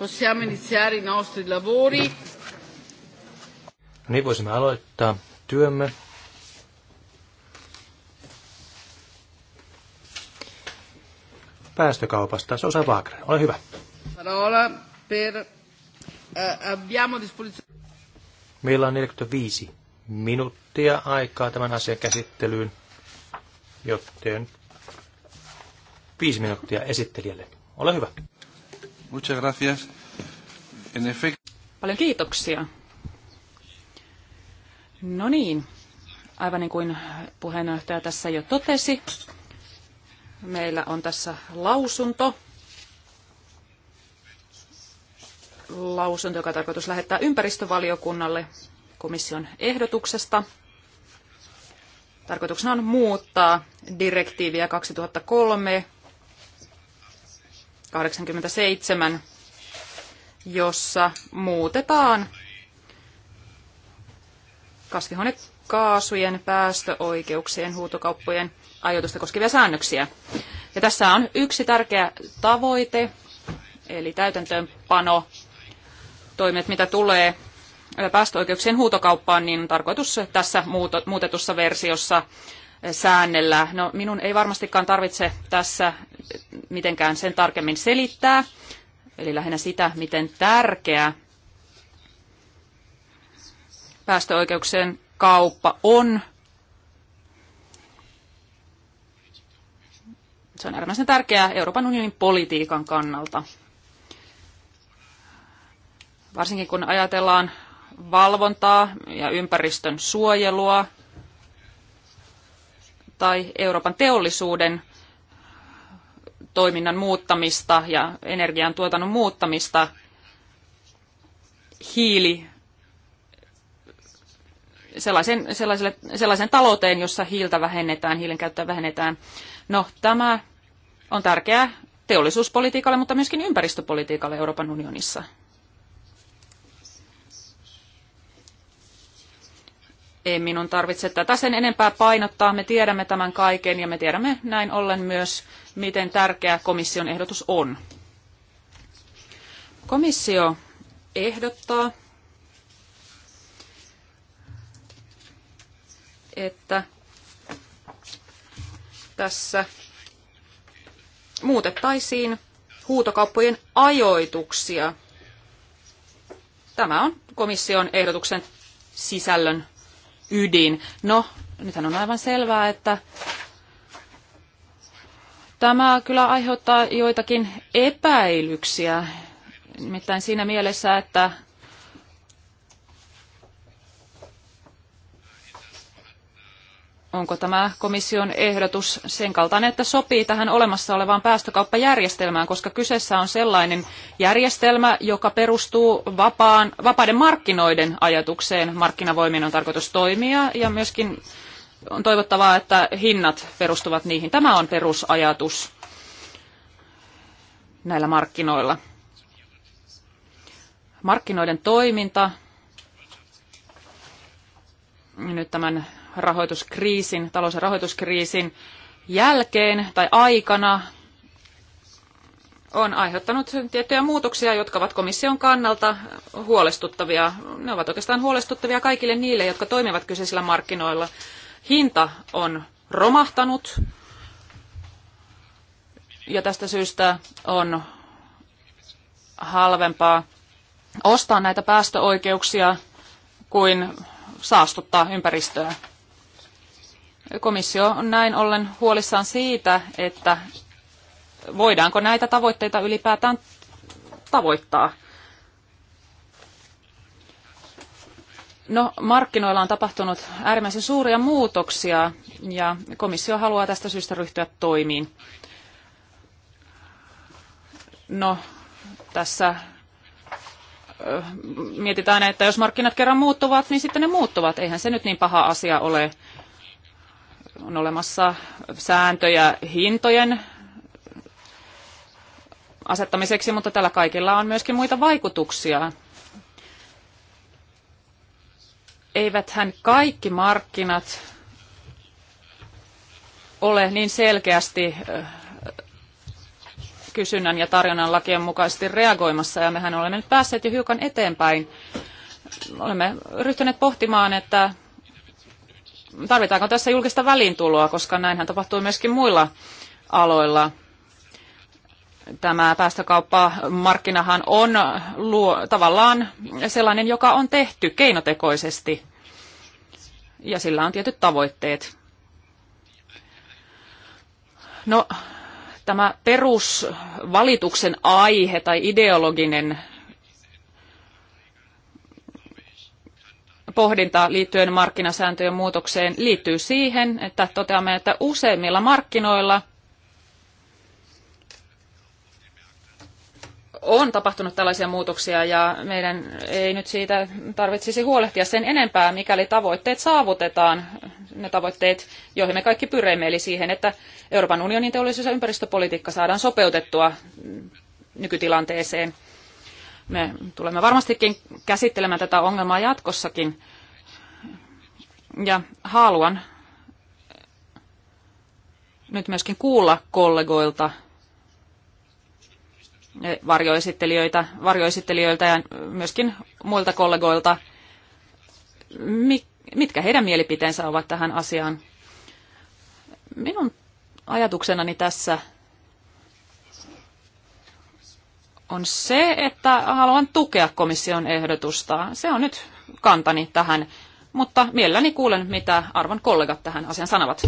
Possiamo iniziare i nostri lavori. Niin voisimme aloittaa työmme. Päästökaupasta Sosa Wagner, ole hyvä. Parola per, Uh, abbiamo disposizione. Meillä on 45 minuuttia aikaa tämän asian käsittelyyn, joten viisi minuuttia esittelijälle. Ole hyvä. Muchas gracias. Paljon kiitoksia. No niin, aivan niin kuin puheenjohtaja tässä jo totesi, meillä on tässä lausunto. Lausunto, joka tarkoitus lähettää ympäristövaliokunnalle komission ehdotuksesta. Tarkoituksena on muuttaa direktiiviä 2003 87 jossa muutetaan kasvihuonekaasujen päästöoikeuksien huutokauppojen ajoitusta koskevia säännöksiä. Ja tässä on yksi tärkeä tavoite, eli täytäntöönpano toimet, mitä tulee päästöoikeuksien huutokauppaan, niin on tarkoitus tässä muutetussa versiossa säännellä. No, minun ei varmastikaan tarvitse tässä mitenkään sen tarkemmin selittää eli lähinnä sitä, miten tärkeä päästöoikeuksien kauppa on. Se on äärimmäisen tärkeää Euroopan unionin politiikan kannalta. Varsinkin kun ajatellaan valvontaa ja ympäristön suojelua tai Euroopan teollisuuden toiminnan muuttamista ja energiantuotannon muuttamista hiili sellaisen, sellaiselle, sellaisen talouteen, jossa hiiltä vähennetään, hiilen käyttöä vähennetään. No, tämä on tärkeää teollisuuspolitiikalle, mutta myöskin ympäristöpolitiikalle Euroopan unionissa. ei minun tarvitse tätä sen enempää painottaa. Me tiedämme tämän kaiken ja me tiedämme näin ollen myös, miten tärkeä komission ehdotus on. Komissio ehdottaa, että tässä muutettaisiin huutokauppojen ajoituksia. Tämä on komission ehdotuksen sisällön ydin. No, nythän on aivan selvää, että tämä kyllä aiheuttaa joitakin epäilyksiä, nimittäin siinä mielessä, että onko tämä komission ehdotus sen kaltainen, että sopii tähän olemassa olevaan päästökauppajärjestelmään, koska kyseessä on sellainen järjestelmä, joka perustuu vapaan, vapaiden markkinoiden ajatukseen. Markkinavoimien on tarkoitus toimia ja myöskin on toivottavaa, että hinnat perustuvat niihin. Tämä on perusajatus näillä markkinoilla. Markkinoiden toiminta nyt tämän rahoituskriisin, talous- ja rahoituskriisin jälkeen tai aikana on aiheuttanut tiettyjä muutoksia, jotka ovat komission kannalta huolestuttavia. Ne ovat oikeastaan huolestuttavia kaikille niille, jotka toimivat kyseisillä markkinoilla. Hinta on romahtanut ja tästä syystä on halvempaa ostaa näitä päästöoikeuksia kuin saastuttaa ympäristöä. Komissio on näin ollen huolissaan siitä, että voidaanko näitä tavoitteita ylipäätään tavoittaa. No, markkinoilla on tapahtunut äärimmäisen suuria muutoksia ja komissio haluaa tästä syystä ryhtyä toimiin. No, tässä mietitään, että jos markkinat kerran muuttuvat, niin sitten ne muuttuvat. Eihän se nyt niin paha asia ole on olemassa sääntöjä hintojen asettamiseksi, mutta tällä kaikilla on myöskin muita vaikutuksia. Eiväthän kaikki markkinat ole niin selkeästi kysynnän ja tarjonnan lakien mukaisesti reagoimassa, ja mehän olemme nyt päässeet jo hiukan eteenpäin. Olemme ryhtyneet pohtimaan, että tarvitaanko tässä julkista väliintuloa, koska näinhän tapahtuu myöskin muilla aloilla. Tämä päästökauppamarkkinahan on luo, tavallaan sellainen, joka on tehty keinotekoisesti ja sillä on tietyt tavoitteet. No, tämä perusvalituksen aihe tai ideologinen pohdintaa liittyen markkinasääntöjen muutokseen liittyy siihen, että toteamme, että useimmilla markkinoilla on tapahtunut tällaisia muutoksia ja meidän ei nyt siitä tarvitsisi huolehtia sen enempää, mikäli tavoitteet saavutetaan, ne tavoitteet, joihin me kaikki pyrimme, eli siihen, että Euroopan unionin teollisuus- ja ympäristöpolitiikka saadaan sopeutettua nykytilanteeseen – me tulemme varmastikin käsittelemään tätä ongelmaa jatkossakin. Ja haluan nyt myöskin kuulla kollegoilta, eh, varjoesittelijöitä, varjoesittelijöiltä ja myöskin muilta kollegoilta, mitkä heidän mielipiteensä ovat tähän asiaan. Minun ajatuksenani tässä on se, että haluan tukea komission ehdotusta. Se on nyt kantani tähän, mutta mielelläni kuulen, mitä arvon kollegat tähän asian sanovat.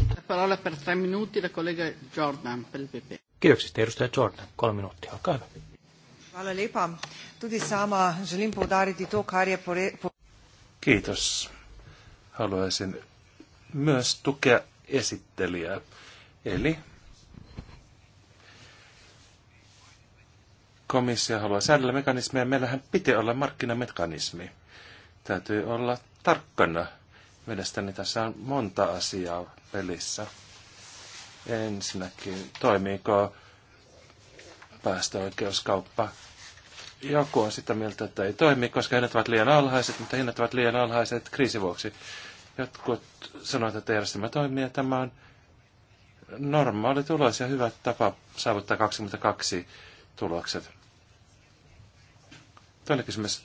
Kiitoksista, edustaja Jordan. Kolme minuuttia, olkaa hyvä. sama Kiitos. Haluaisin myös tukea esittelijää. Eli komissio haluaa säädellä mekanismeja, meillähän pitää olla markkinamekanismi. Täytyy olla tarkkana. Mielestäni tässä on monta asiaa pelissä. Ensinnäkin, toimiiko päästöoikeuskauppa? Joku on sitä mieltä, että ei toimi, koska hinnat ovat liian alhaiset, mutta hinnat ovat liian alhaiset kriisivuoksi. Jotkut sanoivat, että järjestelmä toimii ja tämä on normaali tulos ja hyvä tapa saavuttaa 22 tulokset. Toinen kysymys.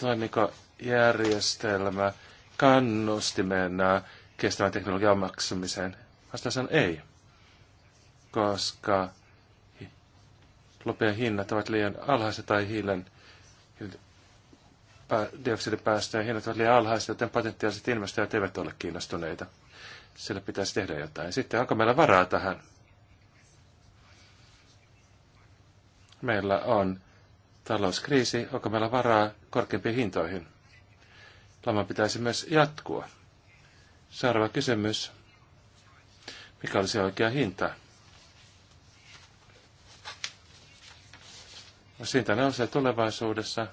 Toimiko järjestelmä kannustimena kestävän teknologian maksamiseen? Vastaus on ei, koska lopien hinnat ovat liian alhaiset tai hiilen dioksidipäästöjen hinnat ovat liian alhaiset, joten potentiaaliset investoijat eivät ole kiinnostuneita. Sillä pitäisi tehdä jotain. Sitten onko meillä varaa tähän? Meillä on talouskriisi, onko meillä varaa korkeampiin hintoihin? Lama pitäisi myös jatkua. Seuraava kysymys. Mikä olisi oikea hinta? Siitä nousee tulevaisuudessa.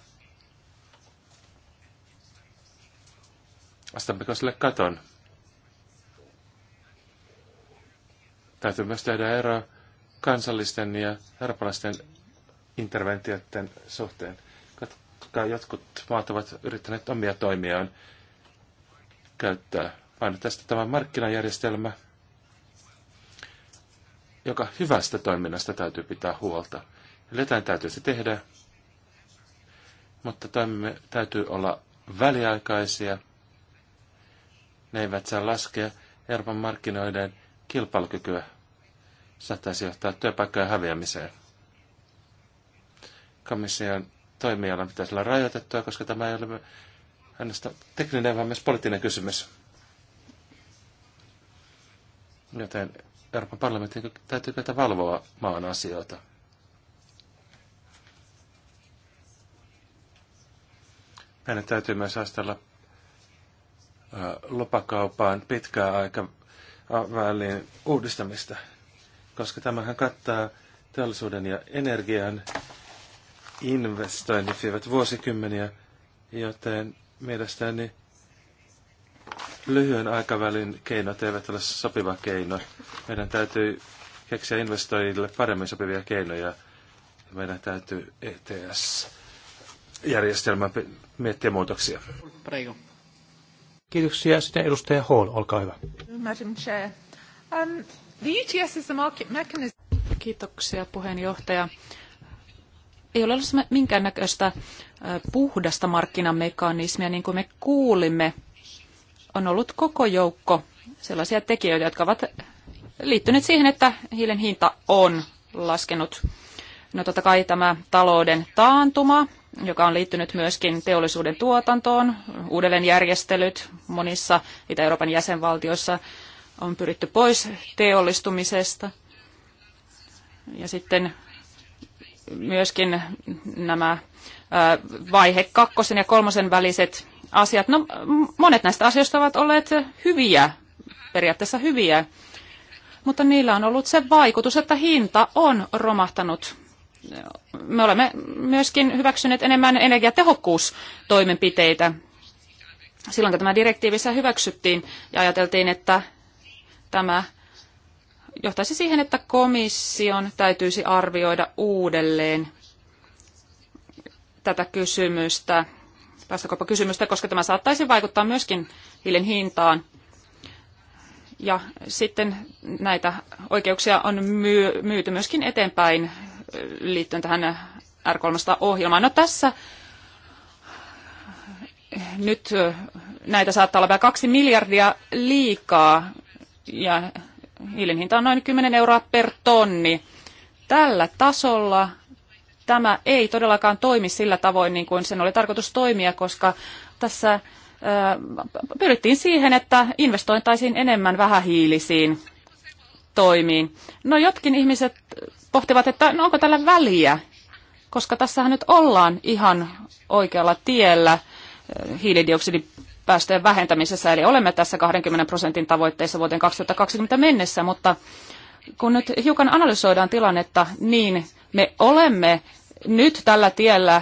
Astammeko sille katon? Täytyy myös tehdä ero kansallisten ja eurooppalaisten interventioiden suhteen. Katsokaa, jotkut maat ovat yrittäneet omia toimiaan käyttää. Vain tästä tämä markkinajärjestelmä, joka hyvästä toiminnasta täytyy pitää huolta. Eli jotain täytyy se tehdä, mutta toimimme täytyy olla väliaikaisia. Ne eivät saa laskea Euroopan markkinoiden kilpailukykyä. Saattaisi johtaa työpaikkojen häviämiseen komission toimialan pitäisi olla rajoitettua, koska tämä ei ole ainoastaan tekninen, vaan myös poliittinen kysymys. Joten Euroopan parlamentin täytyy kyllä valvoa maan asioita. Meidän täytyy myös astella lopakaupaan pitkää aikavälin uudistamista, koska tämähän kattaa teollisuuden ja energian investoinnit vievät vuosikymmeniä, joten mielestäni lyhyen aikavälin keinot eivät ole sopiva keino. Meidän täytyy keksiä investoijille paremmin sopivia keinoja. Meidän täytyy ets järjestelmän miettiä muutoksia. Prego. Kiitoksia. Sitten edustaja Hall, olkaa hyvä. Madam Chair. Um, the ETS is the market mechanism. Kiitoksia puheenjohtaja ei ole ollut minkäännäköistä puhdasta markkinamekanismia, niin kuin me kuulimme. On ollut koko joukko sellaisia tekijöitä, jotka ovat liittyneet siihen, että hiilen hinta on laskenut. No totta kai tämä talouden taantuma, joka on liittynyt myöskin teollisuuden tuotantoon, uudelleenjärjestelyt monissa Itä-Euroopan jäsenvaltioissa on pyritty pois teollistumisesta. Ja sitten myöskin nämä vaihe kakkosen ja kolmosen väliset asiat. No, monet näistä asioista ovat olleet hyviä, periaatteessa hyviä, mutta niillä on ollut se vaikutus, että hinta on romahtanut. Me olemme myöskin hyväksyneet enemmän energiatehokkuustoimenpiteitä. Silloin kun tämä direktiivissä hyväksyttiin ja ajateltiin, että tämä johtaisi siihen, että komission täytyisi arvioida uudelleen tätä kysymystä, päästökauppakysymystä, koska tämä saattaisi vaikuttaa myöskin hiilen hintaan. Ja sitten näitä oikeuksia on myy- myyty myöskin eteenpäin liittyen tähän R300-ohjelmaan. No tässä nyt näitä saattaa olla vielä kaksi miljardia liikaa ja hiilen hinta on noin 10 euroa per tonni. Tällä tasolla tämä ei todellakaan toimi sillä tavoin, niin kuin sen oli tarkoitus toimia, koska tässä pyrittiin siihen, että investointaisiin enemmän vähähiilisiin toimiin. No jotkin ihmiset pohtivat, että no onko tällä väliä, koska tässähän nyt ollaan ihan oikealla tiellä hiilidioksidin päästöjen vähentämisessä, eli olemme tässä 20 prosentin tavoitteessa vuoteen 2020 mennessä, mutta kun nyt hiukan analysoidaan tilannetta, niin me olemme nyt tällä tiellä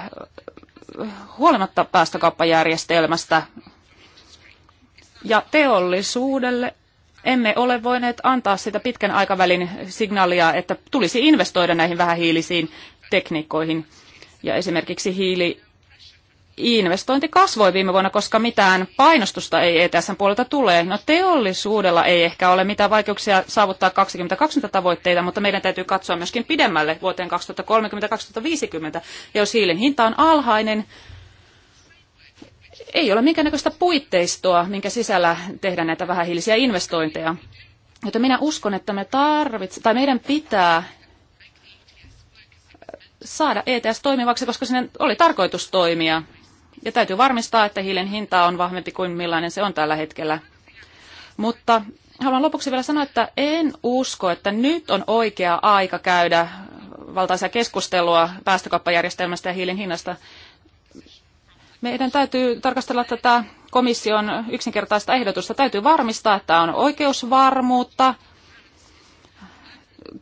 huolimatta päästökauppajärjestelmästä ja teollisuudelle emme ole voineet antaa sitä pitkän aikavälin signaalia, että tulisi investoida näihin vähähiilisiin tekniikoihin. Ja esimerkiksi hiili investointi kasvoi viime vuonna, koska mitään painostusta ei ETSn puolelta tule. No teollisuudella ei ehkä ole mitään vaikeuksia saavuttaa 2020 tavoitteita, mutta meidän täytyy katsoa myöskin pidemmälle vuoteen 2030-2050. Ja jos hiilen hinta on alhainen, ei ole minkäännäköistä puitteistoa, minkä sisällä tehdään näitä vähähiilisiä investointeja. Joten minä uskon, että me tarvitse, tai meidän pitää saada ETS toimivaksi, koska sinne oli tarkoitus toimia. Ja täytyy varmistaa, että hiilen hinta on vahvempi kuin millainen se on tällä hetkellä. Mutta haluan lopuksi vielä sanoa, että en usko, että nyt on oikea aika käydä valtaisia keskustelua päästökauppajärjestelmästä ja hiilen hinnasta. Meidän täytyy tarkastella tätä komission yksinkertaista ehdotusta. Täytyy varmistaa, että on oikeusvarmuutta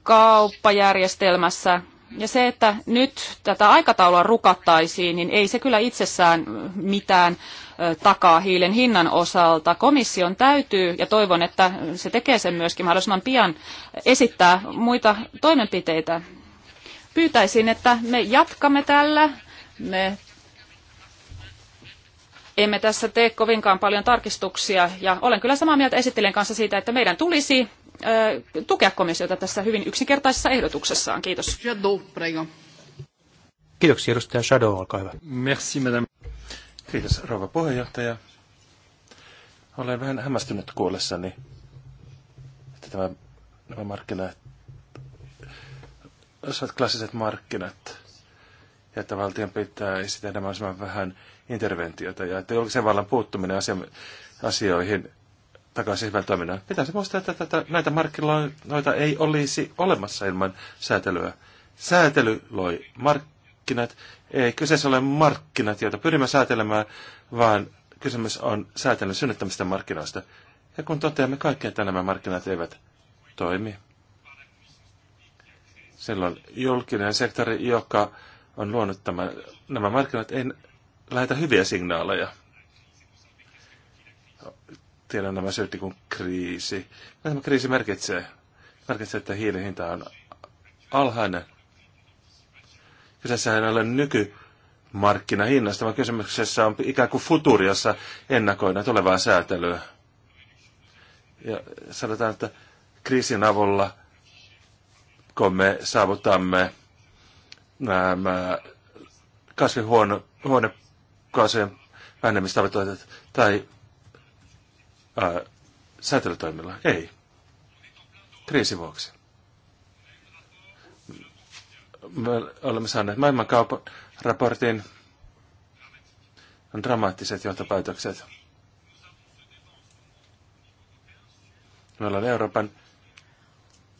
kauppajärjestelmässä – ja se, että nyt tätä aikataulua rukattaisiin, niin ei se kyllä itsessään mitään takaa hiilen hinnan osalta. Komission täytyy, ja toivon, että se tekee sen myöskin mahdollisimman pian, esittää muita toimenpiteitä. Pyytäisin, että me jatkamme tällä. Me emme tässä tee kovinkaan paljon tarkistuksia, ja olen kyllä samaa mieltä esittelijän kanssa siitä, että meidän tulisi tukea komissiota tässä hyvin yksinkertaisessa ehdotuksessaan. Kiitos. Kiitoksia edustaja Shadow, olkaa hyvä. Merci madame. Kiitos rouva puheenjohtaja. Olen vähän hämmästynyt kuullessani, että tämä, nämä markkinat, ovat klassiset markkinat, ja että valtion pitää esittää nämä vähän interventiota ja että julkisen vallan puuttuminen asio- asioihin takaisin hyvän toiminnan. Pitäisi muistaa, että tätä, näitä markkinoita ei olisi olemassa ilman säätelyä. Säätely loi markkinat. Ei kyseessä ole markkinat, joita pyrimme säätelemään, vaan kysymys on säätelyn synnyttämistä markkinoista. Ja kun toteamme kaikki, että nämä markkinat eivät toimi, silloin julkinen sektori, joka on luonut tämän, nämä markkinat, ei lähetä hyviä signaaleja tiedän nämä syytti kuin kriisi. Mitä tämä kriisi merkitsee? Merkitsee, että hiilin hinta on alhainen. Kyseessä ei ole nykymarkkinahinnasta, vaan kysymyksessä on ikään kuin futuri, jossa tulevaa säätelyä. Ja sanotaan, että kriisin avulla, kun me saavutamme nämä kasvihuonekaasujen vähenemistavoitteet tai ää, säätelytoimilla. Ei. Kriisin vuoksi. Me olemme saaneet maailmankaupan raportin on dramaattiset johtopäätökset. Meillä on Euroopan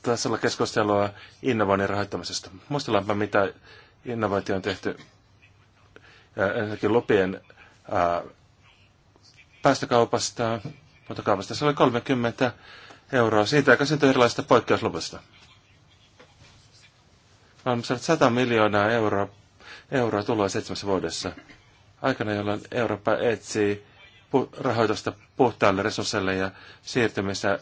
tasolla keskustelua innovoinnin rahoittamisesta. Muistellaanpa, mitä innovaatio on tehty ensinnäkin lupien ää, päästökaupasta, mutta kaupasta se oli 30 euroa. Siitä aika syntyi erilaisista poikkeusluvista. On saaneet 100 miljoonaa euroa, euroa tuloa seitsemässä vuodessa. Aikana, jolloin Eurooppa etsii pu- rahoitusta puhtaalle resursseille ja siirtymistä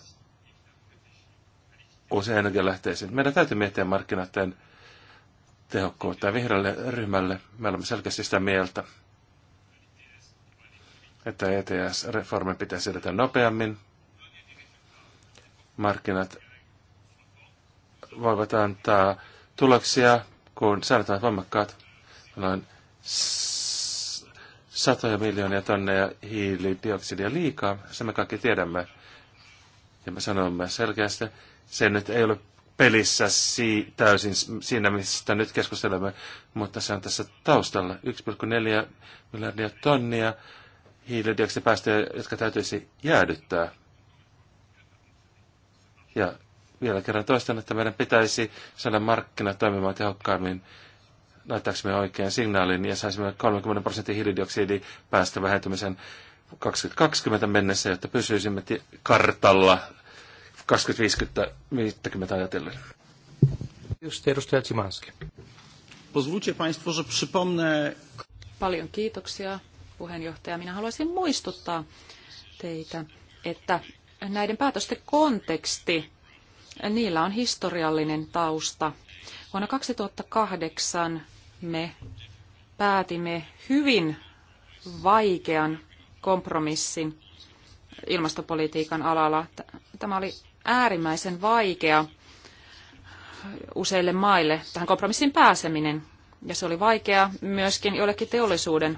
uusien energialähteisiin. Meidän täytyy miettiä markkinoiden tehokkuutta ja vihreälle ryhmälle. Me olemme selkeästi sitä mieltä että ETS-reformi pitäisi edetä nopeammin. Markkinat voivat antaa tuloksia, kun säännöt ovat voimakkaat. Noin satoja miljoonia tonneja hiilidioksidia liikaa, se me kaikki tiedämme. Ja me sanomme selkeästi, se nyt ei ole pelissä si- täysin siinä, mistä nyt keskustelemme, mutta se on tässä taustalla. 1,4 miljardia tonnia hiilidioksidipäästöjä, jotka täytyisi jäädyttää. Ja vielä kerran toistan, että meidän pitäisi saada markkinat toimimaan tehokkaammin näyttääksemme oikean signaalin ja saisimme 30 prosentin vähentymisen 2020 mennessä, jotta pysyisimme kartalla 2050 ajatellen. Just edustaja Tsimanski. Państwo, że przypomnę... Paljon kiitoksia puheenjohtaja. Minä haluaisin muistuttaa teitä, että näiden päätösten konteksti, niillä on historiallinen tausta. Vuonna 2008 me päätimme hyvin vaikean kompromissin ilmastopolitiikan alalla. Tämä oli äärimmäisen vaikea useille maille tähän kompromissiin pääseminen. Ja se oli vaikea myöskin joillekin teollisuuden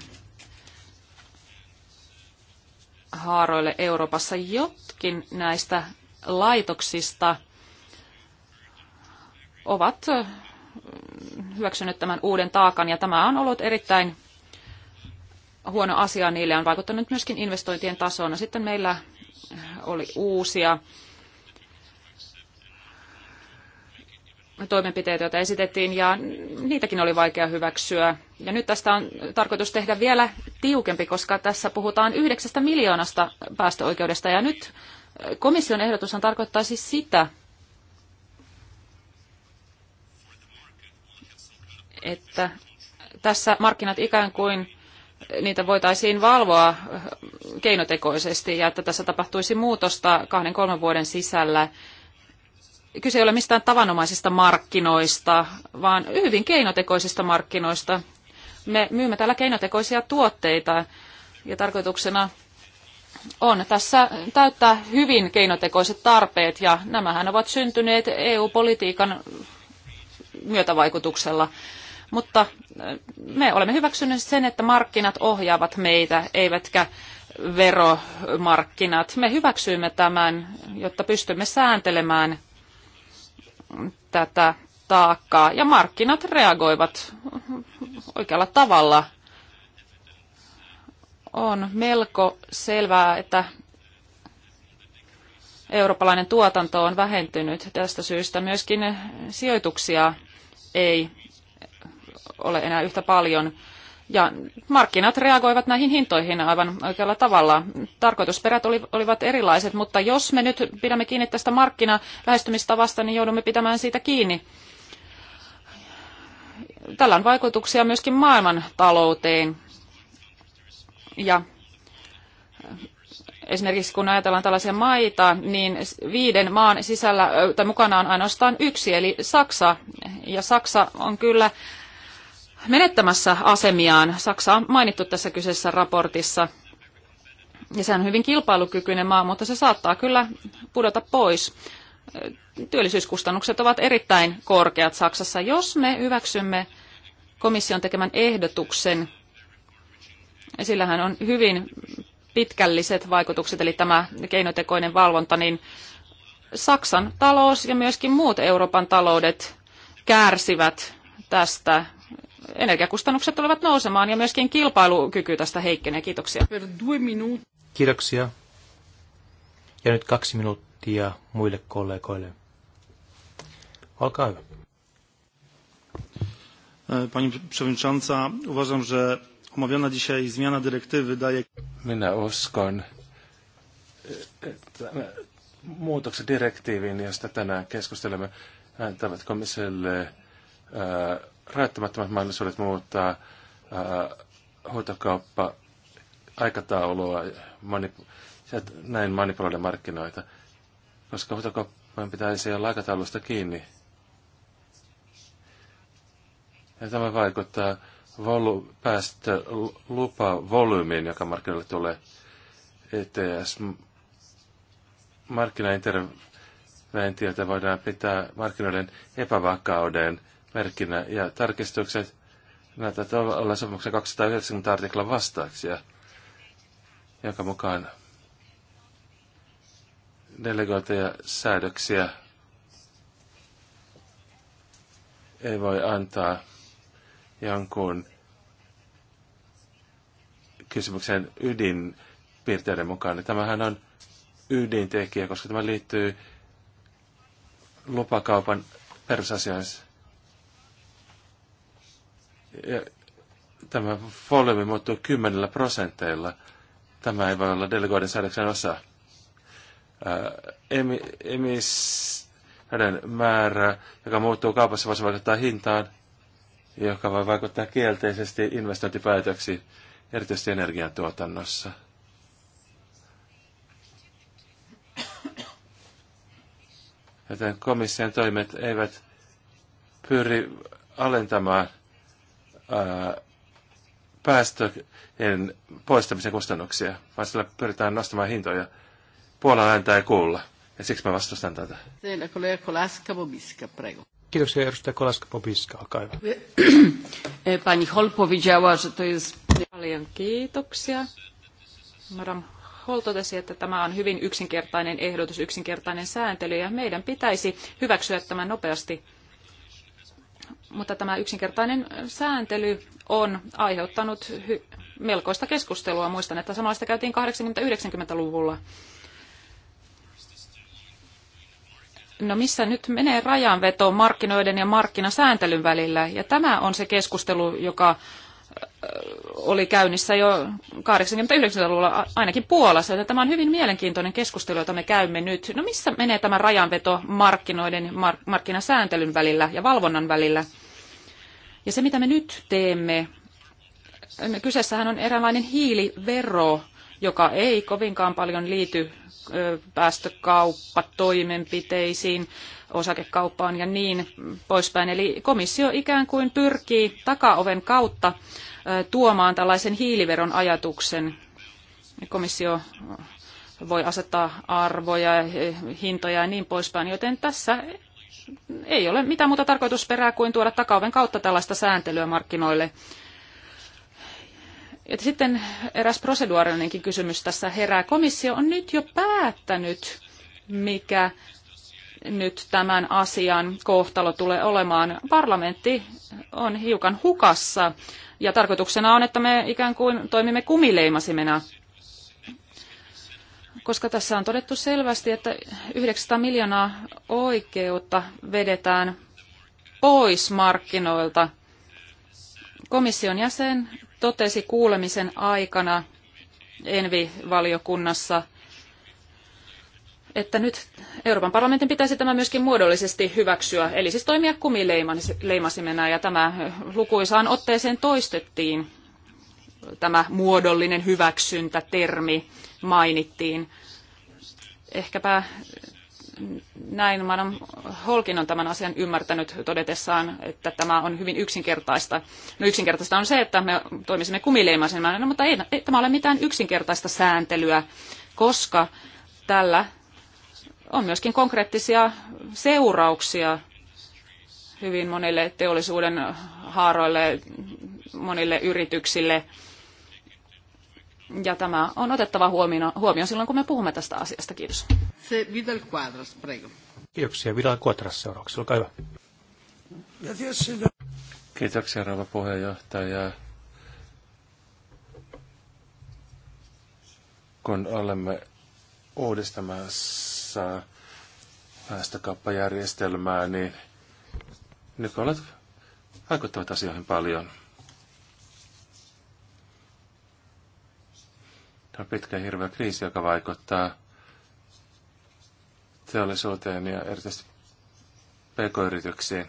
haaroille Euroopassa. Jotkin näistä laitoksista ovat hyväksynyt tämän uuden taakan ja tämä on ollut erittäin huono asia niille on vaikuttanut myöskin investointien tasoon. No sitten meillä oli uusia toimenpiteitä, joita esitettiin, ja niitäkin oli vaikea hyväksyä. Ja nyt tästä on tarkoitus tehdä vielä tiukempi, koska tässä puhutaan yhdeksästä miljoonasta päästöoikeudesta, ja nyt komission ehdotushan tarkoittaisi sitä, että tässä markkinat ikään kuin niitä voitaisiin valvoa keinotekoisesti ja että tässä tapahtuisi muutosta kahden kolmen vuoden sisällä kyse ei ole mistään tavanomaisista markkinoista, vaan hyvin keinotekoisista markkinoista. Me myymme täällä keinotekoisia tuotteita ja tarkoituksena on tässä täyttää hyvin keinotekoiset tarpeet ja nämähän ovat syntyneet EU-politiikan myötävaikutuksella. Mutta eh, me olemme hyväksyneet sen, että markkinat ohjaavat meitä, eivätkä veromarkkinat. Me hyväksyimme tämän, jotta pystymme sääntelemään tätä taakkaa ja markkinat reagoivat oikealla tavalla. On melko selvää, että eurooppalainen tuotanto on vähentynyt. Tästä syystä myöskin sijoituksia ei ole enää yhtä paljon. Ja markkinat reagoivat näihin hintoihin aivan oikealla tavalla. Tarkoitusperät oli, olivat erilaiset, mutta jos me nyt pidämme kiinni tästä markkinalähestymistavasta, niin joudumme pitämään siitä kiinni. Tällä on vaikutuksia myöskin maailman talouteen. Ja esimerkiksi kun ajatellaan tällaisia maita, niin viiden maan sisällä tai mukana on ainoastaan yksi, eli Saksa. Ja Saksa on kyllä menettämässä asemiaan. Saksa on mainittu tässä kyseisessä raportissa. Ja se on hyvin kilpailukykyinen maa, mutta se saattaa kyllä pudota pois. Työllisyyskustannukset ovat erittäin korkeat Saksassa. Jos me hyväksymme komission tekemän ehdotuksen, sillähän on hyvin pitkälliset vaikutukset, eli tämä keinotekoinen valvonta, niin Saksan talous ja myöskin muut Euroopan taloudet kärsivät tästä energiakustannukset tulevat nousemaan ja myöskin kilpailukyky tästä heikkenee. Kiitoksia. Kiitoksia. Ja nyt kaksi minuuttia muille kollegoille. Olkaa hyvä. E, pani przewodnicząca, uważam, że omawiana dzisiaj zmiana dyrektywy daje... Minä uskon, e, että muutokset direktiiviin, josta tänään keskustelemme, antavat komissiolle e, rajoittamattomat mahdollisuudet muuttaa huutokauppa aikataulua manip- näin manipuloida markkinoita, koska huutokauppan pitäisi olla aikataulusta kiinni. Ja tämä vaikuttaa volu- volyymiin, joka markkinoille tulee. ETS markkinainterventiota voidaan pitää markkinoiden epävakauden merkinnä ja tarkistukset näyttävät olla sopimuksen 290 artiklan vastauksia, jonka mukaan delegoituja säädöksiä ei voi antaa jonkun kysymyksen ydinpiirteiden mukaan. Tämähän on ydintekijä, koska tämä liittyy lupakaupan perusasioihin. Ja tämä volyymi muuttuu kymmenellä prosenteilla. Tämä ei voi olla delegoiden säädöksen osa. Emi, emis, hänen määrä, joka muuttuu kaupassa, voisi vaikuttaa hintaan, joka voi vaikuttaa kielteisesti investointipäätöksiin, erityisesti energiantuotannossa. Joten komission toimet eivät pyri alentamaan päästöjen poistamisen kustannuksia, vaan sillä pyritään nostamaan hintoja. Puola ääntä ei kuulla, ja siksi mä vastustan tätä. Kiitoksia edustaja Kolaska-Pobiska, olkaa hyvä. Pani Holpo powiedziała, że Paljon kiitoksia. Madame Hall totesi, että tämä on hyvin yksinkertainen ehdotus, yksinkertainen sääntely ja meidän pitäisi hyväksyä tämä nopeasti mutta tämä yksinkertainen sääntely on aiheuttanut melkoista keskustelua. Muistan, että samanlaista käytiin 80-90-luvulla. No missä nyt menee rajanveto markkinoiden ja markkinasääntelyn välillä? Ja tämä on se keskustelu, joka oli käynnissä jo 89-luvulla ainakin Puolassa, joten tämä on hyvin mielenkiintoinen keskustelu, jota me käymme nyt. No missä menee tämä rajanveto markkinoiden, ja markkinasääntelyn välillä ja valvonnan välillä? Ja se, mitä me nyt teemme, kyseessähän on eräänlainen hiilivero, joka ei kovinkaan paljon liity päästökauppatoimenpiteisiin, osakekauppaan ja niin poispäin. Eli komissio ikään kuin pyrkii takaoven kautta tuomaan tällaisen hiiliveron ajatuksen. Komissio voi asettaa arvoja, hintoja ja niin poispäin, joten tässä ei ole mitään muuta tarkoitusperää kuin tuoda takaoven kautta tällaista sääntelyä markkinoille. Et sitten eräs proseduaarinenkin kysymys tässä herää. Komissio on nyt jo päättänyt, mikä nyt tämän asian kohtalo tulee olemaan. Parlamentti on hiukan hukassa ja tarkoituksena on, että me ikään kuin toimimme kumileimasimena koska tässä on todettu selvästi, että 900 miljoonaa oikeutta vedetään pois markkinoilta. Komission jäsen totesi kuulemisen aikana Envi-valiokunnassa, että nyt Euroopan parlamentin pitäisi tämä myöskin muodollisesti hyväksyä, eli siis toimia kumileimasimena, ja tämä lukuisaan otteeseen toistettiin tämä muodollinen hyväksyntä-termi mainittiin. Ehkäpä näin Madame Holkin on tämän asian ymmärtänyt todetessaan, että tämä on hyvin yksinkertaista. No yksinkertaista on se, että me toimisimme kumileimaisena, no, mutta ei, ei tämä ole mitään yksinkertaista sääntelyä, koska tällä on myöskin konkreettisia seurauksia hyvin monille teollisuuden haaroille, monille yrityksille – ja tämä on otettava huomioon, huomioon silloin, kun me puhumme tästä asiasta. Kiitos. Se Vidal Quadras, prego. Kiitoksia. Vidal Quadras seuraavaksi. Olkaa hyvä. Kiitoksia, rouva puheenjohtaja. Kun olemme uudistamassa päästökauppajärjestelmää, niin nyt olet vaikuttavat asioihin paljon. Tämä on pitkä hirveä kriisi, joka vaikuttaa teollisuuteen ja erityisesti pk-yrityksiin.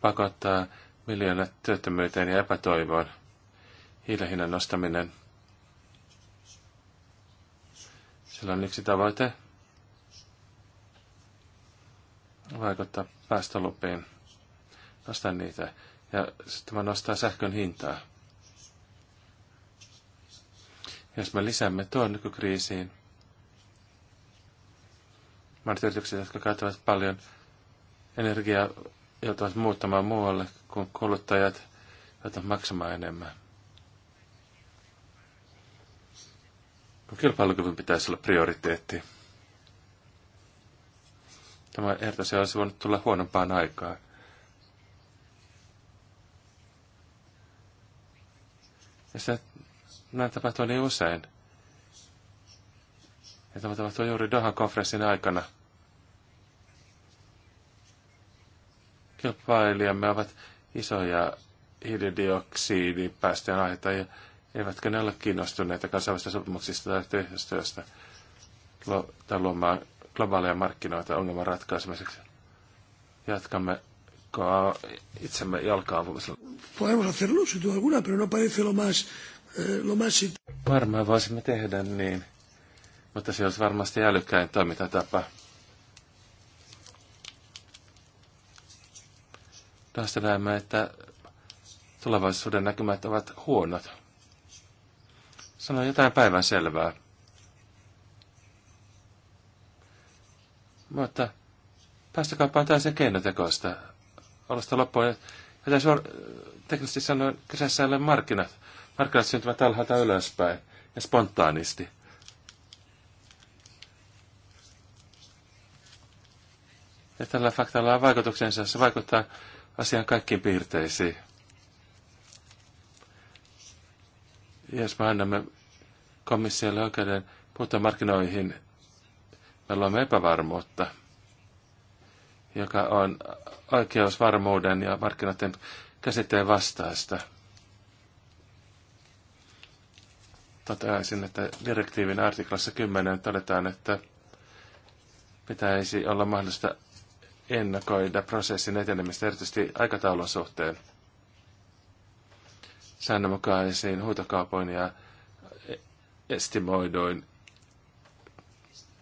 Pakottaa miljoonat työttömyyteen ja epätoivoon. Hiilehinnan nostaminen. Sillä on yksi tavoite. Vaikuttaa päästölupiin. Nostaa niitä ja tämä nostaa sähkön hintaa. Jos me lisäämme tuon nykykriisiin, monet yritykset, jotka käyttävät paljon energiaa, joutuvat muuttamaan muualle, kun kuluttajat joutuvat maksamaan enemmän. Kilpailukyvyn pitäisi olla prioriteetti. Tämä ehdotus olisi voinut tulla huonompaan aikaan. Ja se, näin tapahtuu niin usein. Ja tämä tapahtui juuri Dohan konferenssin aikana. Kilpailijamme ovat isoja hiilidioksidipäästöjen aiheuttajia, eivätkö ne ole kiinnostuneita kansainvälisistä sopimuksista tai yhteistyöstä tai luomaan globaaleja markkinoita ongelman ratkaisemiseksi. Jatkamme takaa itsemme jalkaa. Podemos hacerlo alguna, pero no parece lo más, eh, lo más... Varmaan voisimme tehdä niin, mutta se olisi varmasti älykkäin toimintatapa. Tästä näemme, että tulevaisuuden näkymät ovat huonot. Sano jotain päivän selvää. Mutta päästäkääpä täysin keinotekoista alusta loppuun. Ja joten on äh, teknisesti sanoen kyseessä ei ole markkinat. Markkinat syntyvät alhaalta ylöspäin ja spontaanisti. Ja tällä faktalla on vaikutuksensa, se vaikuttaa asian kaikkiin piirteisiin. Ja jos me annamme komissiolle oikeuden puuttua markkinoihin, me luomme epävarmuutta – joka on oikeusvarmuuden ja markkinoiden käsitteen vastaista. Toteaisin, että direktiivin artiklassa 10 todetaan, että pitäisi olla mahdollista ennakoida prosessin etenemistä erityisesti aikataulun suhteen säännönmukaisiin huutokaupoin ja estimoidoin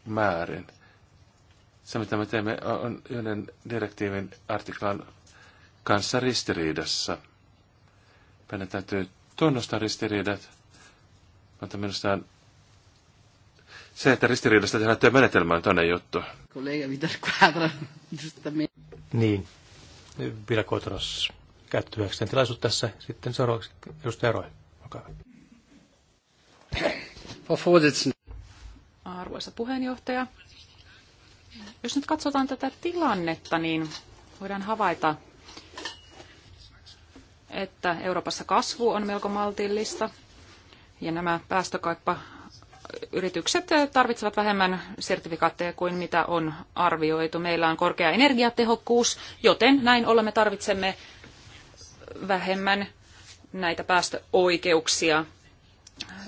määrin se, mitä me teemme, on yhden direktiivin artiklan kanssa ristiriidassa. Meidän täytyy tunnustaa ristiriidat, mutta minusta on se, että ristiriidasta tehdään menetelmä on toinen juttu. Kollega Vidal Quadra, Niin, Vila Kotros käytti hyväkseen tilaisuutta tässä. Sitten seuraavaksi edustaja Roy, olkaa Arvoisa puheenjohtaja, jos nyt katsotaan tätä tilannetta, niin voidaan havaita, että Euroopassa kasvu on melko maltillista ja nämä päästökauppa yritykset tarvitsevat vähemmän sertifikaatteja kuin mitä on arvioitu. Meillä on korkea energiatehokkuus, joten näin olemme tarvitsemme vähemmän näitä päästöoikeuksia.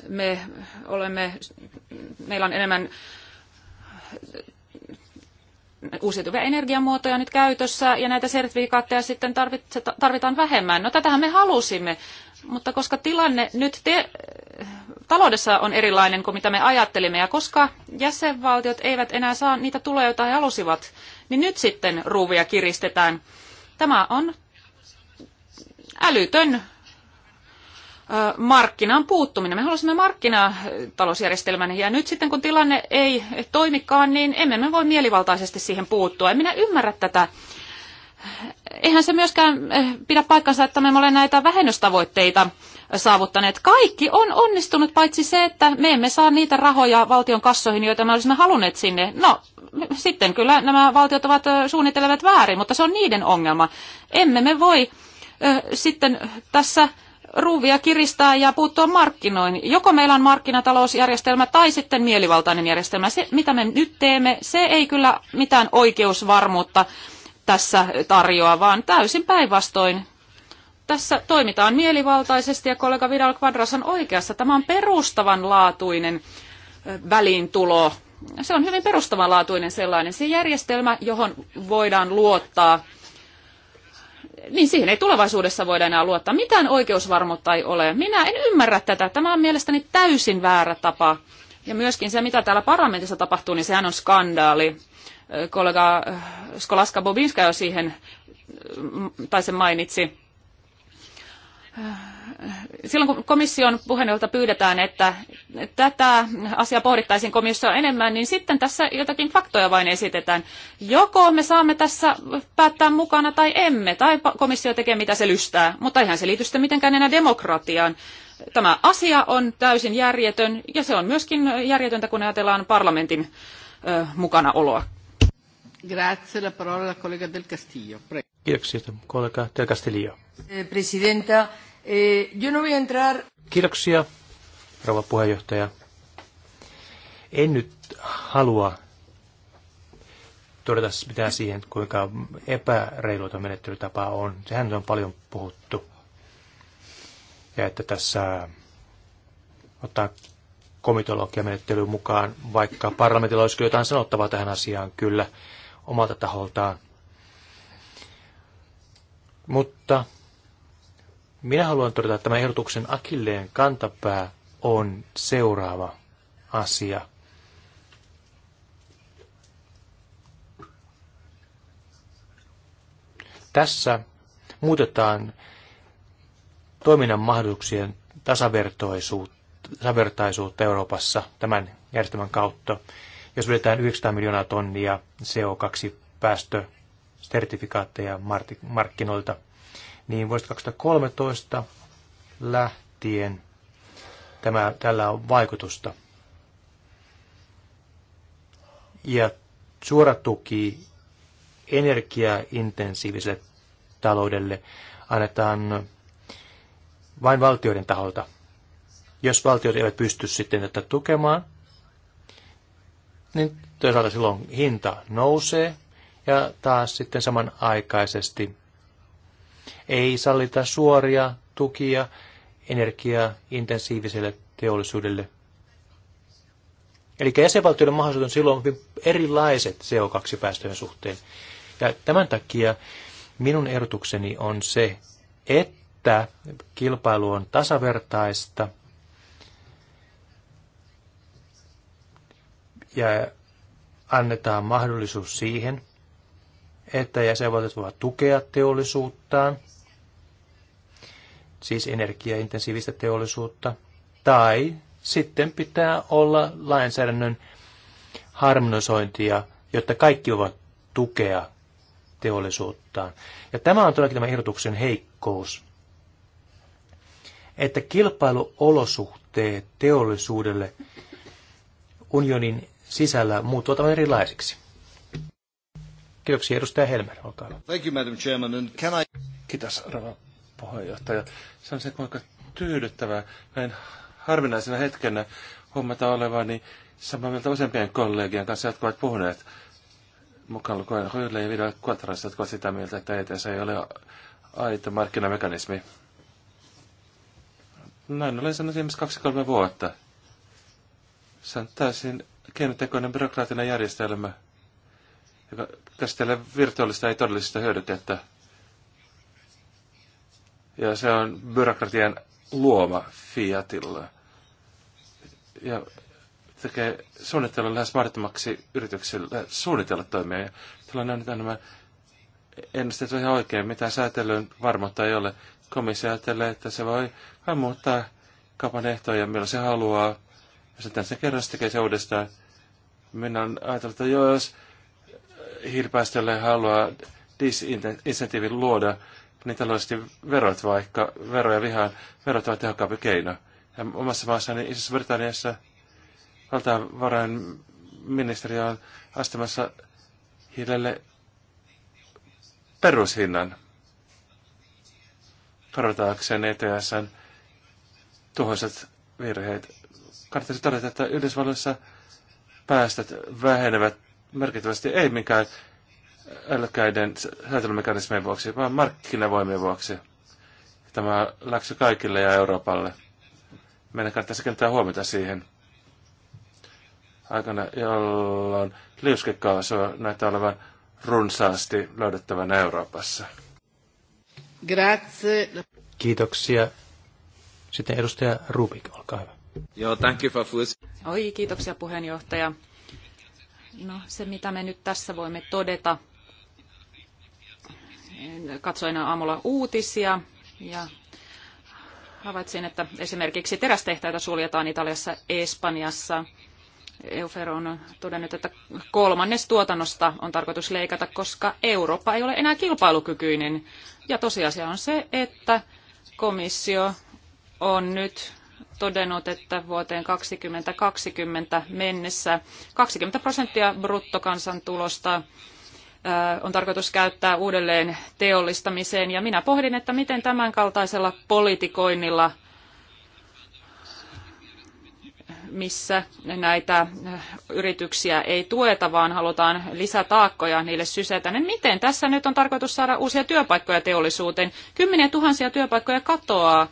Me olemme, meillä on enemmän uusiutuvia energiamuotoja nyt käytössä ja näitä sertifikaatteja sitten tarvitaan vähemmän. No tätähän me halusimme, mutta koska tilanne nyt te- taloudessa on erilainen kuin mitä me ajattelimme ja koska jäsenvaltiot eivät enää saa niitä tuloja, joita he halusivat, niin nyt sitten ruuvia kiristetään. Tämä on älytön markkinaan puuttuminen. Me halusimme markkinatalousjärjestelmän ja nyt sitten kun tilanne ei toimikaan, niin emme me voi mielivaltaisesti siihen puuttua. En minä ymmärrä tätä. Eihän se myöskään eh, pidä paikkansa, että me emme ole näitä vähennystavoitteita saavuttaneet. Kaikki on onnistunut, paitsi se, että me emme saa niitä rahoja valtion kassoihin, joita me olisimme halunneet sinne. No, sitten kyllä nämä valtiot ovat eh, suunnittelevat väärin, mutta se on niiden ongelma. Emme me voi eh, sitten tässä ruuvia kiristää ja puuttua markkinoihin. Joko meillä on markkinatalousjärjestelmä tai sitten mielivaltainen järjestelmä. Se, mitä me nyt teemme, se ei kyllä mitään oikeusvarmuutta tässä tarjoa, vaan täysin päinvastoin. Tässä toimitaan mielivaltaisesti ja kollega Vidal Quadras on oikeassa. Tämä on perustavanlaatuinen väliintulo. Se on hyvin perustavanlaatuinen sellainen. Se järjestelmä, johon voidaan luottaa – niin siihen ei tulevaisuudessa voida enää luottaa. Mitään oikeusvarmuutta ei ole. Minä en ymmärrä tätä. Tämä on mielestäni täysin väärä tapa. Ja myöskin se, mitä täällä parlamentissa tapahtuu, niin sehän on skandaali. Kollega Skolaska Bobinska jo siihen, tai sen mainitsi silloin kun komission puheenjohtajalta pyydetään, että tätä asiaa pohdittaisiin komissiossa enemmän, niin sitten tässä jotakin faktoja vain esitetään. Joko me saamme tässä päättää mukana tai emme, tai komissio tekee mitä se lystää, mutta eihän se liity sitten mitenkään enää demokratiaan. Tämä asia on täysin järjetön, ja se on myöskin järjetöntä, kun ajatellaan parlamentin ö, mukanaoloa. Grazie, la parola del Castillo. Kiitoksia, kollega del Castillo. Eh, presidenta, Eh, yo no voy a entrar... Kiitoksia, rouva puheenjohtaja. En nyt halua todeta mitään siihen, kuinka epäreiluita menettelytapa on. Sehän on paljon puhuttu. Ja että tässä ottaa menettelyyn mukaan, vaikka parlamentilla olisi jotain sanottavaa tähän asiaan kyllä omalta taholtaan. Mutta minä haluan todeta, että tämän ehdotuksen akilleen kantapää on seuraava asia. Tässä muutetaan toiminnan mahdollisuuksien tasavertaisuutta Euroopassa tämän järjestelmän kautta. Jos vedetään 900 miljoonaa tonnia CO2-päästösertifikaatteja markkinoilta – niin vuodesta 2013 lähtien tämä, tällä on vaikutusta. Ja suora tuki energiaintensiiviselle taloudelle annetaan vain valtioiden taholta. Jos valtiot eivät pysty sitten tätä tukemaan, niin toisaalta silloin hinta nousee ja taas sitten samanaikaisesti ei sallita suoria tukia energiaintensiiviselle teollisuudelle. Eli jäsenvaltioiden mahdollisuudet on silloin hyvin erilaiset CO2-päästöjen suhteen. Ja tämän takia minun ehdotukseni on se, että kilpailu on tasavertaista ja annetaan mahdollisuus siihen, että jäsenvaltiot voivat tukea teollisuuttaan, siis energiaintensiivistä teollisuutta, tai sitten pitää olla lainsäädännön harmonisointia, jotta kaikki voivat tukea teollisuuttaan. Ja tämä on todellakin tämä ehdotuksen heikkous, että kilpailuolosuhteet teollisuudelle unionin sisällä muuttuvat erilaisiksi. Kiitoksia edustaja Helmer, olkaa hyvä. Thank you, Madam Chairman. And can I... Kiitos, rouva puheenjohtaja. Se on se kuinka tyydyttävää näin harvinaisena hetkenä huomata niin samaa mieltä useampien kollegien kanssa, jotka ovat puhuneet mukaan lukujen Ryle ja Vidal Quattras, jotka ovat sitä mieltä, että ETS ei ole aito markkinamekanismi. Näin olen sanonut viimeiset kaksi-kolme vuotta. Se on täysin keinotekoinen byrokraattinen järjestelmä, joka käsittelee virtuaalista ei todellista hyödykettä. Ja se on byrokratian luoma Fiatilla. Ja tekee suunnittelun lähes mahdottomaksi yrityksille suunnitella toimia. Ja tällä on nämä ennustettu ihan oikein. mitä säätelyn varmuutta ei ole. Komissio ajattelee, että se voi vain muuttaa kaupan ehtoja, millä se haluaa. Ja sitten se kerran se tekee se uudestaan. Minä olen ajatellut, että jos hiilipäästöille haluaa disinsentiivin luoda, niin taloudellisesti verot vaikka, veroja vihaan, verot ovat tehokkaampi keino. Ja omassa maassani Isossa Britanniassa valtiovarainministeriö on astamassa hiilelle perushinnan korvataakseen ETSn tuhoiset virheet. Kannattaisi todeta, että Yhdysvalloissa päästöt vähenevät merkittävästi ei minkään älkäiden säätelymekanismien vuoksi, vaan markkinavoimien vuoksi. Tämä läksy kaikille ja Euroopalle. Meidän kannattaisi kiinnittää huomiota siihen. Aikana, jolloin liuskekaasu näyttää olevan runsaasti löydettävänä Euroopassa. Grazie. Kiitoksia. Sitten edustaja Rubik, olkaa hyvä. Joo, thank you for Oi, kiitoksia puheenjohtaja. No se, mitä me nyt tässä voimme todeta, katsoin aamulla uutisia ja havaitsin, että esimerkiksi terästehtäitä suljetaan Italiassa Espanjassa. Eufer on todennut, että kolmannes tuotannosta on tarkoitus leikata, koska Eurooppa ei ole enää kilpailukykyinen. Ja tosiasia on se, että komissio on nyt todennut, että vuoteen 2020 mennessä 20 prosenttia bruttokansantulosta on tarkoitus käyttää uudelleen teollistamiseen. Ja minä pohdin, että miten tämän kaltaisella politikoinnilla, missä näitä yrityksiä ei tueta, vaan halutaan lisätaakkoja niille sysätä, niin miten tässä nyt on tarkoitus saada uusia työpaikkoja teollisuuteen? Kymmeniä tuhansia työpaikkoja katoaa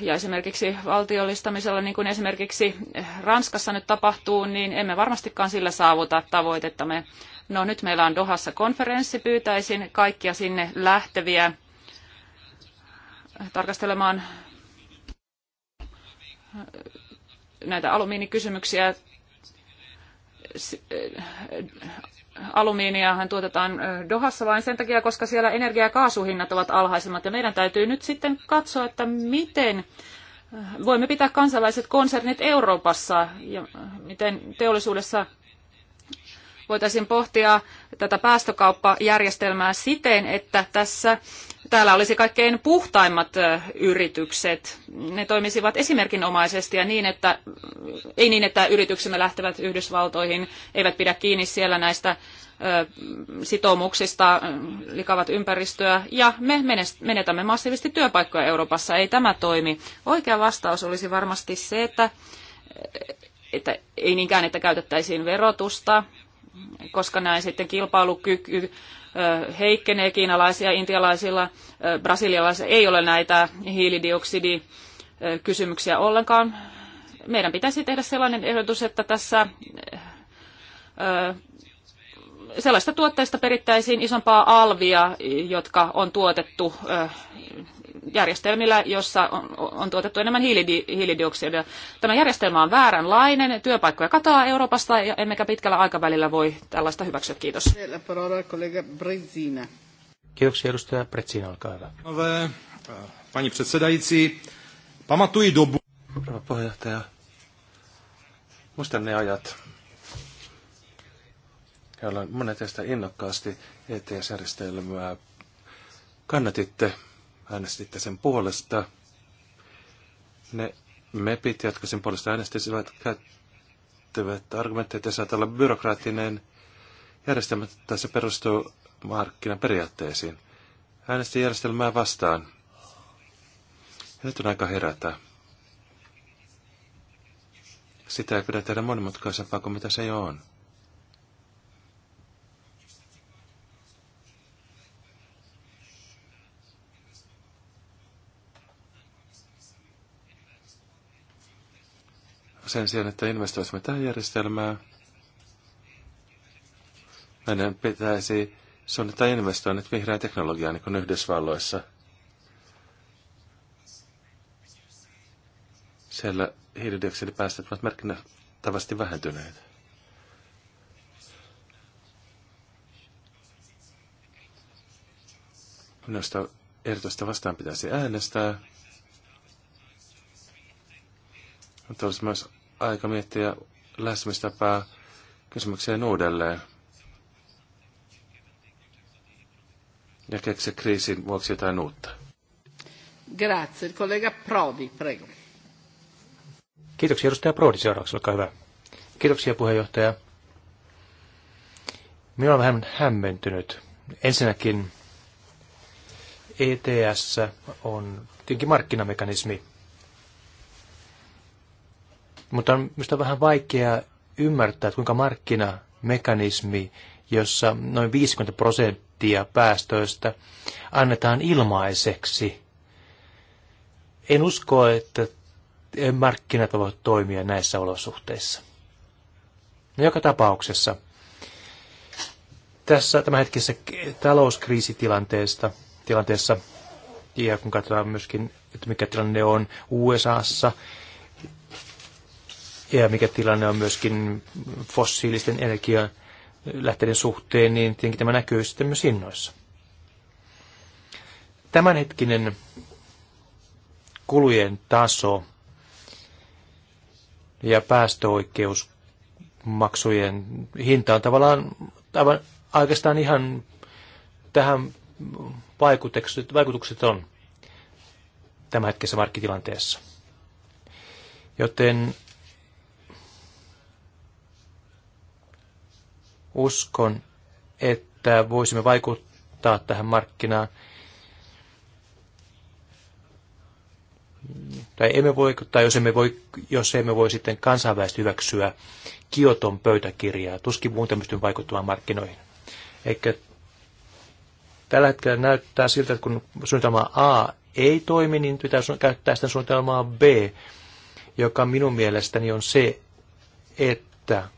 ja esimerkiksi valtiollistamisella, niin kuin esimerkiksi Ranskassa nyt tapahtuu, niin emme varmastikaan sillä saavuta tavoitettamme. No nyt meillä on Dohassa konferenssi, pyytäisin kaikkia sinne lähteviä tarkastelemaan näitä alumiinikysymyksiä alumiiniahan tuotetaan Dohassa vain sen takia, koska siellä energia- ja kaasuhinnat ovat alhaisemmat. Ja meidän täytyy nyt sitten katsoa, että miten voimme pitää kansalaiset konsernit Euroopassa ja miten teollisuudessa voitaisiin pohtia tätä päästökauppajärjestelmää siten, että tässä täällä olisi kaikkein puhtaimmat yritykset. Ne toimisivat esimerkinomaisesti ja niin, että, ei niin, että yrityksemme lähtevät Yhdysvaltoihin, eivät pidä kiinni siellä näistä sitoumuksista, likavat ympäristöä ja me menetämme massiivisesti työpaikkoja Euroopassa. Ei tämä toimi. Oikea vastaus olisi varmasti se, että, että ei niinkään, että käytettäisiin verotusta, koska näin sitten kilpailukyky heikkenee kiinalaisilla, intialaisilla, brasilialaisilla ei ole näitä hiilidioksidikysymyksiä ollenkaan. Meidän pitäisi tehdä sellainen ehdotus, että tässä sellaista tuotteista perittäisiin isompaa alvia, jotka on tuotettu järjestelmillä, jossa on, on tuotettu enemmän hiilidi, hiilidioksidia. Tämä järjestelmä on vääränlainen, työpaikkoja kataa Euroopasta, ja emmekä pitkällä aikavälillä voi tällaista hyväksyä. Kiitos. Kiitoksia edustaja Brezina, olkaa hyvä. Pani předsedající, pamatui dobu. Rouva puheenjohtaja, muistan ne ajat, jolloin monet teistä innokkaasti ETS-järjestelmää kannatitte äänestitte sen puolesta. Ne mepit, jotka sen puolesta äänestisivät, käyttävät argumentteja, että saattaa olla byrokraattinen järjestelmä, tai se perustuu markkinaperiaatteisiin. Äänestin järjestelmää vastaan. Ja nyt on aika herätä. Sitä ei pidä tehdä monimutkaisempaa kuin mitä se jo on. sen sijaan, että investoisimme tähän järjestelmään, meidän pitäisi suunnittaa investoinnit vihreään teknologiaan, niin kuin Yhdysvalloissa. Siellä hiilidioksidipäästöt ovat merkittävästi vähentyneet. Minusta ehdotusta vastaan pitäisi äänestää. Mutta olisi myös aika miettiä lähestymistapaa kysymykseen uudelleen. Ja keksiä kriisin vuoksi jotain uutta. Grazie. Kollega Prodi, prego. Kiitoksia edustaja Prodi seuraavaksi, olkaa hyvä. Kiitoksia puheenjohtaja. Minä olen vähän hämmentynyt. Ensinnäkin ETS on tietenkin markkinamekanismi, mutta on minusta vähän vaikea ymmärtää, että kuinka markkinamekanismi, jossa noin 50 prosenttia päästöistä annetaan ilmaiseksi. En usko, että markkinat voivat toimia näissä olosuhteissa. No joka tapauksessa tässä tämänhetkisessä talouskriisitilanteesta tilanteessa, ja kun katsotaan myöskin, että mikä tilanne on USAssa, ja mikä tilanne on myöskin fossiilisten energialähteiden suhteen, niin tietenkin tämä näkyy sitten myös hinnoissa. Tämänhetkinen kulujen taso ja päästöoikeusmaksujen hinta on tavallaan aivan, oikeastaan ihan tähän vaikutukset, vaikutukset on tämänhetkisessä markkitilanteessa. Joten uskon, että voisimme vaikuttaa tähän markkinaan. Tai emme voi, tai jos emme voi, jos emme voi sitten kansainvälisesti hyväksyä Kioton pöytäkirjaa, tuskin muuten pystymme vaikuttamaan markkinoihin. Eikä tällä hetkellä näyttää siltä, että kun suunnitelma A ei toimi, niin pitää käyttää sitä suunnitelmaa B, joka minun mielestäni on se, että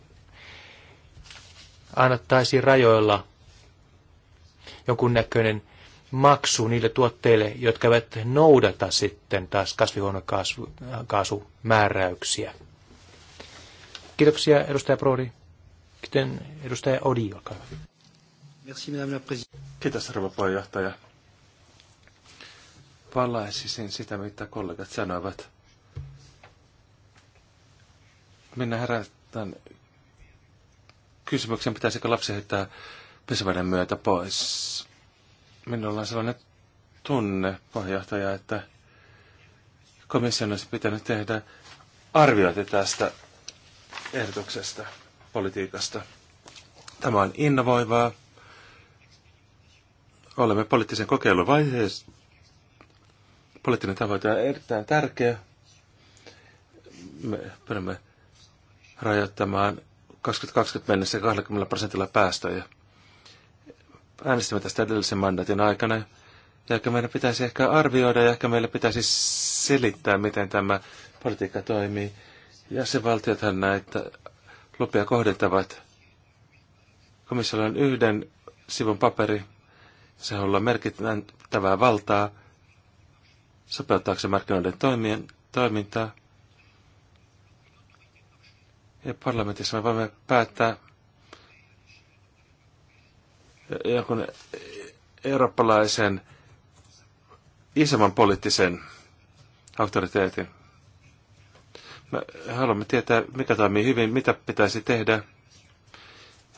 annettaisiin rajoilla jonkunnäköinen maksu niille tuotteille, jotka eivät noudata sitten taas kasvihuonekaasumääräyksiä. Kiitoksia edustaja Prodi. Sitten edustaja Odi, olkaa Merci, madame la Kiitos, rouva puheenjohtaja. Palaisisin sitä, mitä kollegat sanoivat. Minä herätän kysymyksen, pitäisikö lapsi heittää pesuveden myötä pois. Minulla on sellainen tunne, pohjohtaja, että komission olisi pitänyt tehdä arviointi tästä ehdotuksesta, politiikasta. Tämä on innovoivaa. Olemme poliittisen kokeilun vaiheessa. Poliittinen tavoite on erittäin tärkeä. Me pyrimme rajoittamaan 2020 mennessä 20 prosentilla päästöjä. Äänestimme tästä edellisen mandatin aikana, ja ehkä meidän pitäisi ehkä arvioida, ja ehkä meillä pitäisi selittää, miten tämä politiikka toimii. valtiothan näitä lupia kohdentavat. Komissiolla on yhden sivun paperi, se on merkittävää valtaa sopeuttaako se markkinoiden toimien, toimintaa. Ja parlamentissa me voimme päättää jonkun eurooppalaisen isomman poliittisen auktoriteetin. Me haluamme tietää, mikä toimii hyvin, mitä pitäisi tehdä.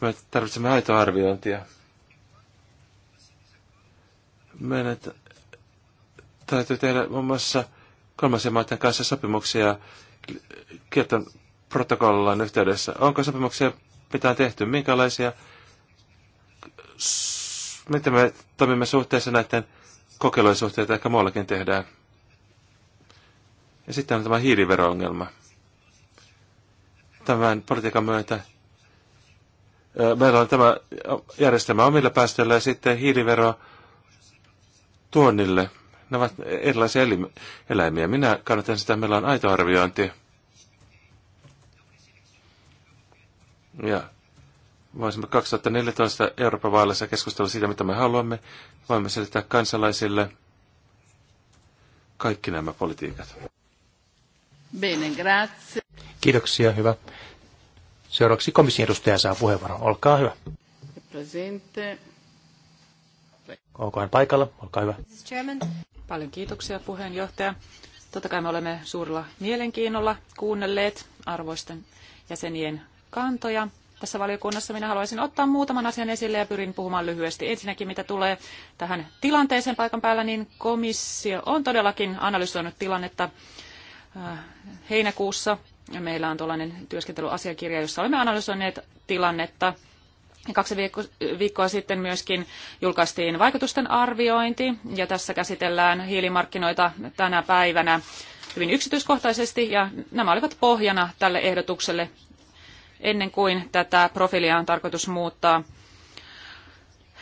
Me tarvitsemme aitoa arviointia. Meidän täytyy tehdä muun muassa kolmansien maiden kanssa sopimuksia kielton protokollan yhteydessä. Onko sopimuksia pitää tehty? Minkälaisia? Miten me toimimme suhteessa näiden kokeilujen suhteita? ehkä muuallakin tehdään? Ja sitten on tämä hiilivero-ongelma. Tämän politiikan myötä meillä on tämä järjestelmä omilla päästöillä ja sitten hiilivero tuonnille. Ne ovat erilaisia eläimiä. Minä kannatan sitä, että meillä on aito arviointi Ja voisimme 2014 Euroopan vaaleissa keskustella siitä, mitä me haluamme. Voimme selittää kansalaisille kaikki nämä politiikat. Bene, grazie. Kiitoksia, hyvä. Seuraavaksi komission edustaja saa puheenvuoron. Olkaa hyvä. Presente. Onko hän paikalla? Olkaa hyvä. Paljon kiitoksia puheenjohtaja. Totta kai me olemme suurella mielenkiinnolla kuunnelleet arvoisten jäsenien kantoja tässä valiokunnassa. Minä haluaisin ottaa muutaman asian esille ja pyrin puhumaan lyhyesti. Ensinnäkin, mitä tulee tähän tilanteeseen paikan päällä, niin komissio on todellakin analysoinut tilannetta äh, heinäkuussa. Meillä on tuollainen työskentelyasiakirja, jossa olemme analysoineet tilannetta. Kaksi viikkoa sitten myöskin julkaistiin vaikutusten arviointi, ja tässä käsitellään hiilimarkkinoita tänä päivänä hyvin yksityiskohtaisesti, ja nämä olivat pohjana tälle ehdotukselle, ennen kuin tätä profiilia on tarkoitus muuttaa.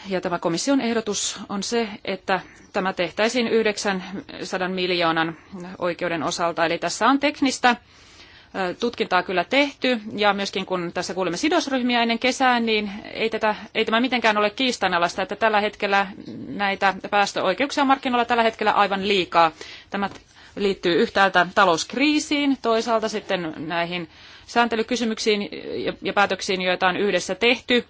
Ja tämä komission ehdotus on se, että tämä tehtäisiin 900 miljoonan oikeuden osalta. Eli tässä on teknistä tutkintaa kyllä tehty, ja myöskin kun tässä kuulemme sidosryhmiä ennen kesää, niin ei, tätä, ei tämä mitenkään ole kiistanalaista, että tällä hetkellä näitä päästöoikeuksia on markkinoilla tällä hetkellä aivan liikaa. Tämä liittyy yhtäältä talouskriisiin, toisaalta sitten näihin sääntelykysymyksiin ja päätöksiin, joita on yhdessä tehty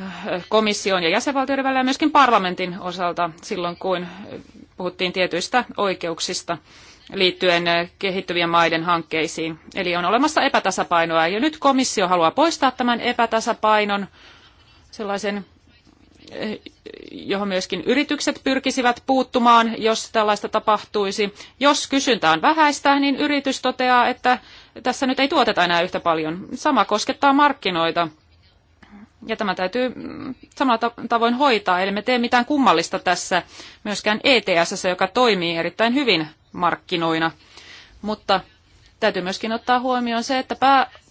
äh, komission ja jäsenvaltioiden välillä ja myöskin parlamentin osalta silloin, kun puhuttiin tietyistä oikeuksista liittyen äh, kehittyvien maiden hankkeisiin. Eli on olemassa epätasapainoa ja nyt komissio haluaa poistaa tämän epätasapainon sellaisen äh, johon myöskin yritykset pyrkisivät puuttumaan, jos tällaista tapahtuisi. Jos kysyntä on vähäistä, niin yritys toteaa, että tässä nyt ei tuoteta enää yhtä paljon. Sama koskettaa markkinoita. Ja tämä täytyy mm, samalla tavoin hoitaa, eli me tee mitään kummallista tässä myöskään ETS, joka toimii erittäin hyvin markkinoina. Mutta täytyy myöskin ottaa huomioon se, että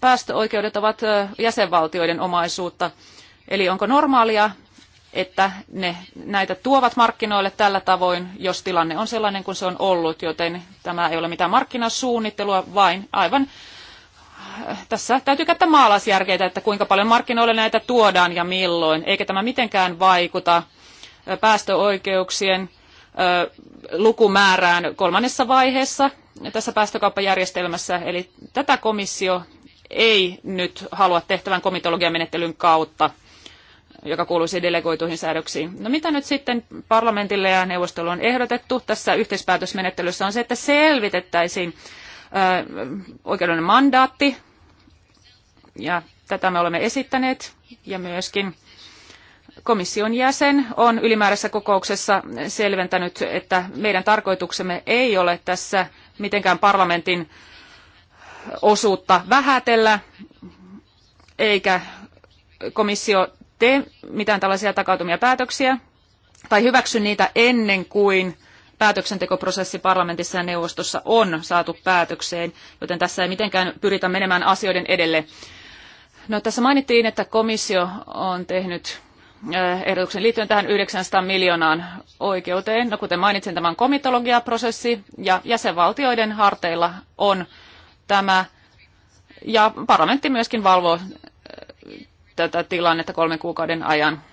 päästöoikeudet ovat jäsenvaltioiden omaisuutta. Eli onko normaalia että ne näitä tuovat markkinoille tällä tavoin, jos tilanne on sellainen kuin se on ollut, joten tämä ei ole mitään markkinasuunnittelua, vain aivan äh, tässä täytyy käyttää maalaisjärkeitä, että kuinka paljon markkinoille näitä tuodaan ja milloin, eikä tämä mitenkään vaikuta äh, päästöoikeuksien äh, lukumäärään kolmannessa vaiheessa tässä päästökauppajärjestelmässä, eli tätä komissio ei nyt halua tehtävän komitologiamenettelyn kautta joka kuuluisi delegoituihin säädöksiin. No mitä nyt sitten parlamentille ja neuvostolle on ehdotettu tässä yhteispäätösmenettelyssä on se, että selvitettäisiin oikeudellinen mandaatti, ja tätä me olemme esittäneet, ja myöskin komission jäsen on ylimääräisessä kokouksessa selventänyt, että meidän tarkoituksemme ei ole tässä mitenkään parlamentin osuutta vähätellä, eikä komissio tee mitään tällaisia takautumia päätöksiä tai hyväksy niitä ennen kuin päätöksentekoprosessi parlamentissa ja neuvostossa on saatu päätökseen, joten tässä ei mitenkään pyritä menemään asioiden edelle. No, tässä mainittiin, että komissio on tehnyt eh, ehdotuksen liittyen tähän 900 miljoonaan oikeuteen. No, kuten mainitsin, tämän komitologiaprosessi ja jäsenvaltioiden harteilla on tämä. Ja parlamentti myöskin valvoo tätä tilannetta kolmen kuukauden ajan.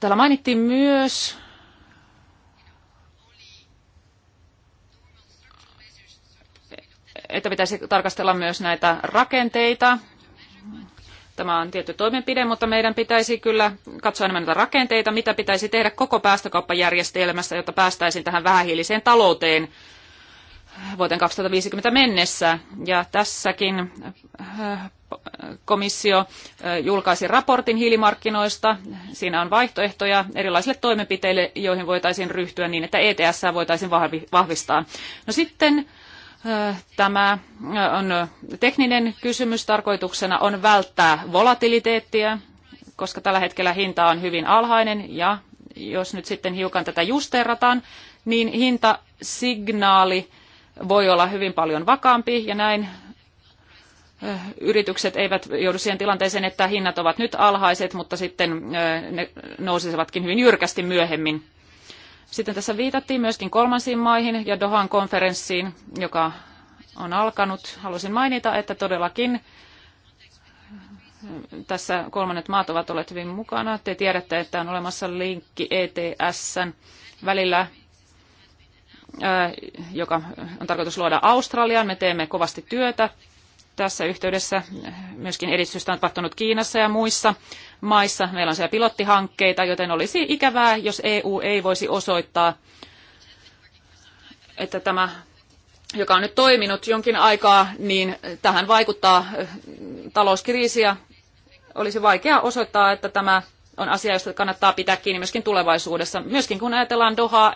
Täällä mainittiin myös että pitäisi tarkastella myös näitä rakenteita. Tämä on tietty toimenpide, mutta meidän pitäisi kyllä katsoa enemmän näitä rakenteita, mitä pitäisi tehdä koko päästökauppajärjestelmässä, jotta päästäisiin tähän vähähiiliseen talouteen vuoteen 2050 mennessä. Ja tässäkin äh, komissio äh, julkaisi raportin hiilimarkkinoista. Siinä on vaihtoehtoja erilaisille toimenpiteille, joihin voitaisiin ryhtyä niin, että ETS voitaisiin vahvistaa. No sitten äh, Tämä on tekninen kysymys. Tarkoituksena on välttää volatiliteettia, koska tällä hetkellä hinta on hyvin alhainen ja jos nyt sitten hiukan tätä justeerataan, niin hintasignaali voi olla hyvin paljon vakaampi ja näin yritykset eivät joudu siihen tilanteeseen, että hinnat ovat nyt alhaiset, mutta sitten ne nousisivatkin hyvin jyrkästi myöhemmin. Sitten tässä viitattiin myöskin kolmansiin maihin ja Dohan konferenssiin, joka on alkanut. Haluaisin mainita, että todellakin tässä kolmannet maat ovat olleet hyvin mukana. Te tiedätte, että on olemassa linkki ETSn välillä joka on tarkoitus luoda Australiaan. Me teemme kovasti työtä tässä yhteydessä. Myöskin edistystä on tapahtunut Kiinassa ja muissa maissa. Meillä on siellä pilottihankkeita, joten olisi ikävää, jos EU ei voisi osoittaa, että tämä joka on nyt toiminut jonkin aikaa, niin tähän vaikuttaa talouskriisi ja olisi vaikea osoittaa, että tämä on asia, josta kannattaa pitää kiinni myöskin tulevaisuudessa. Myöskin kun ajatellaan Dohaa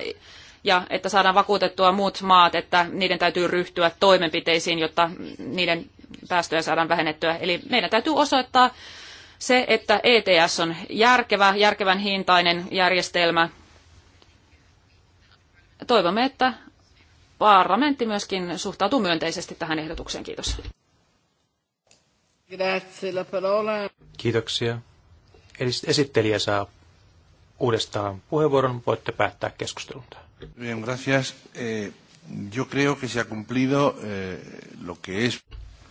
ja että saadaan vakuutettua muut maat, että niiden täytyy ryhtyä toimenpiteisiin, jotta niiden päästöjä saadaan vähennettyä. Eli meidän täytyy osoittaa se, että ETS on järkevä, järkevän hintainen järjestelmä. Toivomme, että parlamentti myöskin suhtautuu myönteisesti tähän ehdotukseen. Kiitos. Kiitoksia. Esittelijä saa uudestaan puheenvuoron. Voitte päättää keskustelun. Bien, gracias. Eh, yo creo que se ha cumplido eh, lo que es.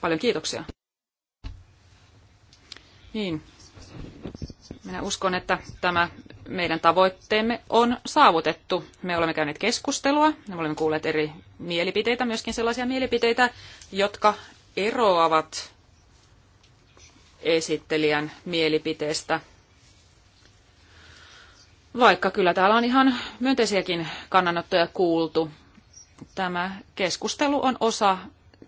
Paljon kiitoksia. Niin. Minä uskon, että tämä meidän tavoitteemme on saavutettu. Me olemme käyneet keskustelua me olemme kuulleet eri mielipiteitä, myöskin sellaisia mielipiteitä, jotka eroavat esittelijän mielipiteestä – vaikka kyllä täällä on ihan myönteisiäkin kannanottoja kuultu. Tämä keskustelu on osa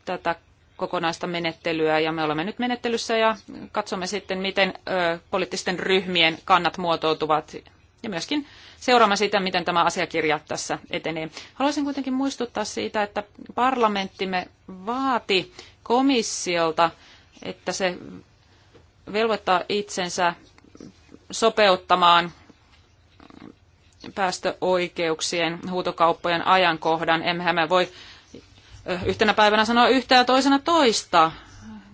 tätä kokonaista menettelyä ja me olemme nyt menettelyssä ja katsomme sitten, miten ö, poliittisten ryhmien kannat muotoutuvat ja myöskin seuraamme sitä, miten tämä asiakirja tässä etenee. Haluaisin kuitenkin muistuttaa siitä, että parlamenttimme vaati komissiolta, että se velvoittaa itsensä sopeuttamaan päästöoikeuksien huutokauppojen ajankohdan. Emmehän me voi yhtenä päivänä sanoa yhtä ja toisena toista.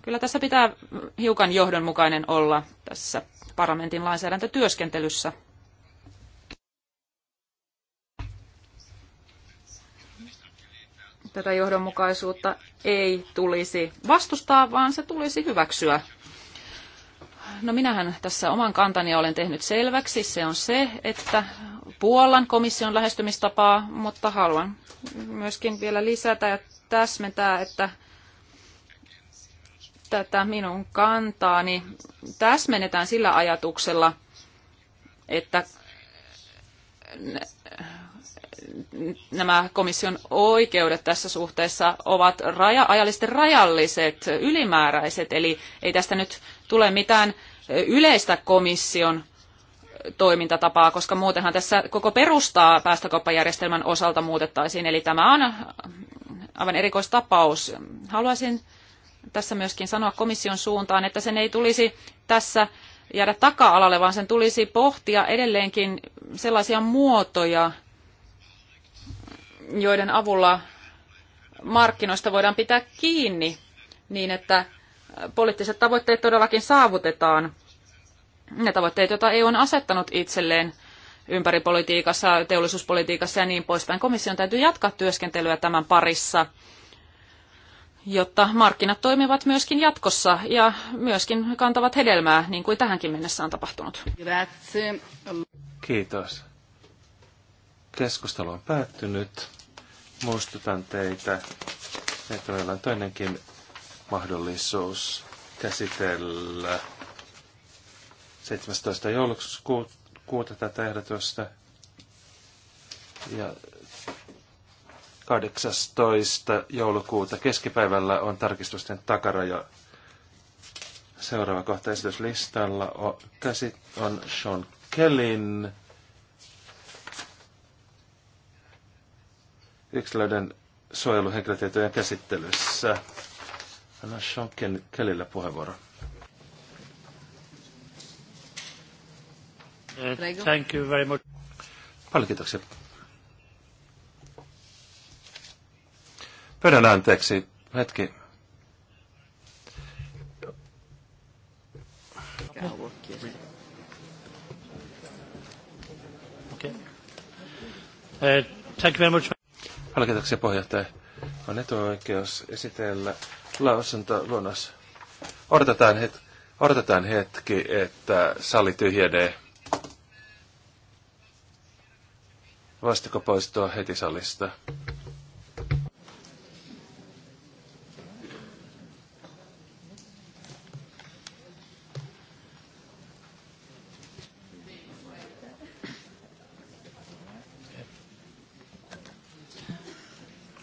Kyllä tässä pitää hiukan johdonmukainen olla tässä parlamentin lainsäädäntötyöskentelyssä. Tätä johdonmukaisuutta ei tulisi vastustaa, vaan se tulisi hyväksyä. No minähän tässä oman kantani olen tehnyt selväksi. Se on se, että Puolan komission lähestymistapaa, mutta haluan myöskin vielä lisätä ja täsmentää, että tätä minun kantaani täsmennetään sillä ajatuksella, että nämä komission oikeudet tässä suhteessa ovat raja, ajallisesti rajalliset, ylimääräiset, eli ei tästä nyt tule mitään yleistä komission toimintatapaa, koska muutenhan tässä koko perustaa päästökauppajärjestelmän osalta muutettaisiin. Eli tämä on aivan erikoistapaus. Haluaisin tässä myöskin sanoa komission suuntaan, että sen ei tulisi tässä jäädä taka-alalle, vaan sen tulisi pohtia edelleenkin sellaisia muotoja, joiden avulla markkinoista voidaan pitää kiinni niin, että poliittiset tavoitteet todellakin saavutetaan ne tavoitteet, joita EU on asettanut itselleen ympäripolitiikassa, teollisuuspolitiikassa ja niin poispäin. Komission täytyy jatkaa työskentelyä tämän parissa, jotta markkinat toimivat myöskin jatkossa ja myöskin kantavat hedelmää, niin kuin tähänkin mennessä on tapahtunut. Grazie. Kiitos. Keskustelu on päättynyt. Muistutan teitä, että meillä on toinenkin mahdollisuus käsitellä 17. joulukuuta tätä ehdotusta ja 18. joulukuuta keskipäivällä on tarkistusten takaraja. Seuraava kohta esityslistalla on, käsit on Sean Kellin yksilöiden suojeluhenkilötietojen käsittelyssä. Anna Sean Kellillä puheenvuoro. Eh, Prego. Thank you very much. Paljon kiitoksia. Pyydän anteeksi. Hetki. Eh, thank you very much. Paljon kiitoksia puheenjohtaja. On etuoikeus esitellä lausuntoluonnos. Odotetaan, het- odotetaan hetki, että sali tyhjenee. Voisitteko poistua heti salista?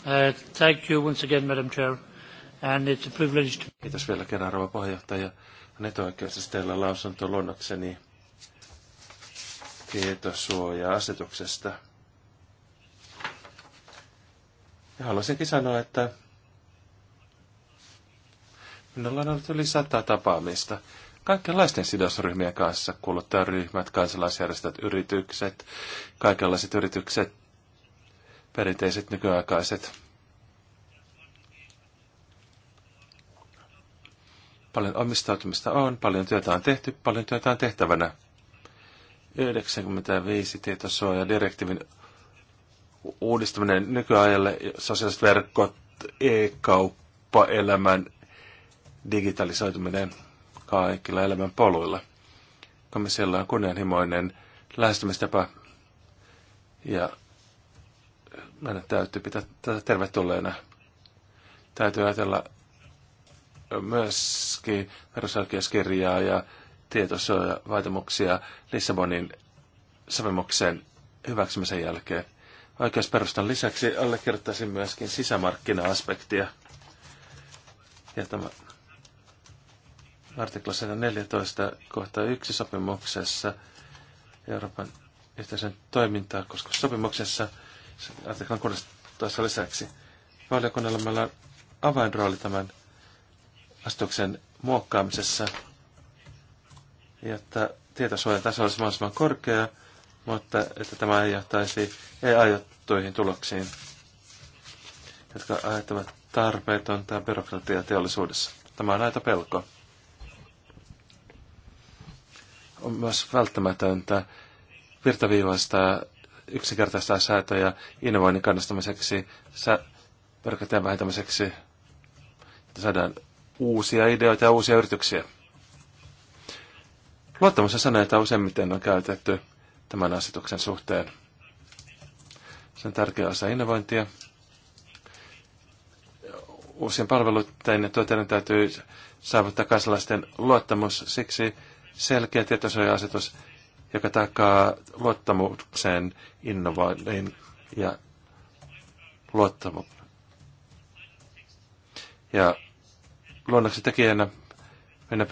Uh, thank you once again, Madam Chair. And it's a privilege to... Kiitos vielä kerran, rouva puheenjohtaja. On etuoikeus teillä lausunto luonnokseni tietosuoja-asetuksesta. Ja haluaisinkin sanoa, että minulla on ollut yli sata tapaamista kaikenlaisten sidosryhmien kanssa, kuluttajaryhmät, kansalaisjärjestöt, yritykset, kaikenlaiset yritykset, perinteiset nykyaikaiset. Paljon omistautumista on, paljon työtä on tehty, paljon työtä on tehtävänä. 95 tietosuoja direktiivin uudistaminen nykyajalle, sosiaaliset verkot, e-kauppa, elämän digitalisoituminen kaikilla elämän poluilla. Komissiolla on kunnianhimoinen lähestymistapa ja meidän täytyy pitää tätä tervetulleena. Täytyy ajatella myöskin perusoikeuskirjaa ja tietosuojavaatimuksia Lissabonin sopimuksen hyväksymisen jälkeen – oikeusperustan lisäksi allekirjoittaisin myöskin sisämarkkina-aspektia. Ja tämä artikla 114 kohta 1 sopimuksessa Euroopan yhteisön toimintaa koska sopimuksessa artiklan 16 lisäksi. Valiokunnalla meillä on avainrooli tämän astuksen muokkaamisessa, jotta tietosuojan taso olisi mahdollisimman korkea – mutta että tämä ei johtaisi ei-aiottuihin tuloksiin, jotka aiheuttavat tarpeetonta byrokratiaa teollisuudessa. Tämä on aito pelko. On myös välttämätöntä virtaviivaista yksinkertaistaa säätöjä innovoinnin kannustamiseksi, sä, byrokratian vähentämiseksi, että saadaan uusia ideoita ja uusia yrityksiä. Luottamus on sana, jota useimmiten on käytetty tämän asetuksen suhteen. Se on tärkeä osa innovointia. Uusien palveluiden ja tuotteiden täytyy saavuttaa kansalaisten luottamus. Siksi selkeä tietosuoja-asetus, joka takaa luottamukseen innovoinnin ja luottamuksen Ja luonnoksen tekijänä minä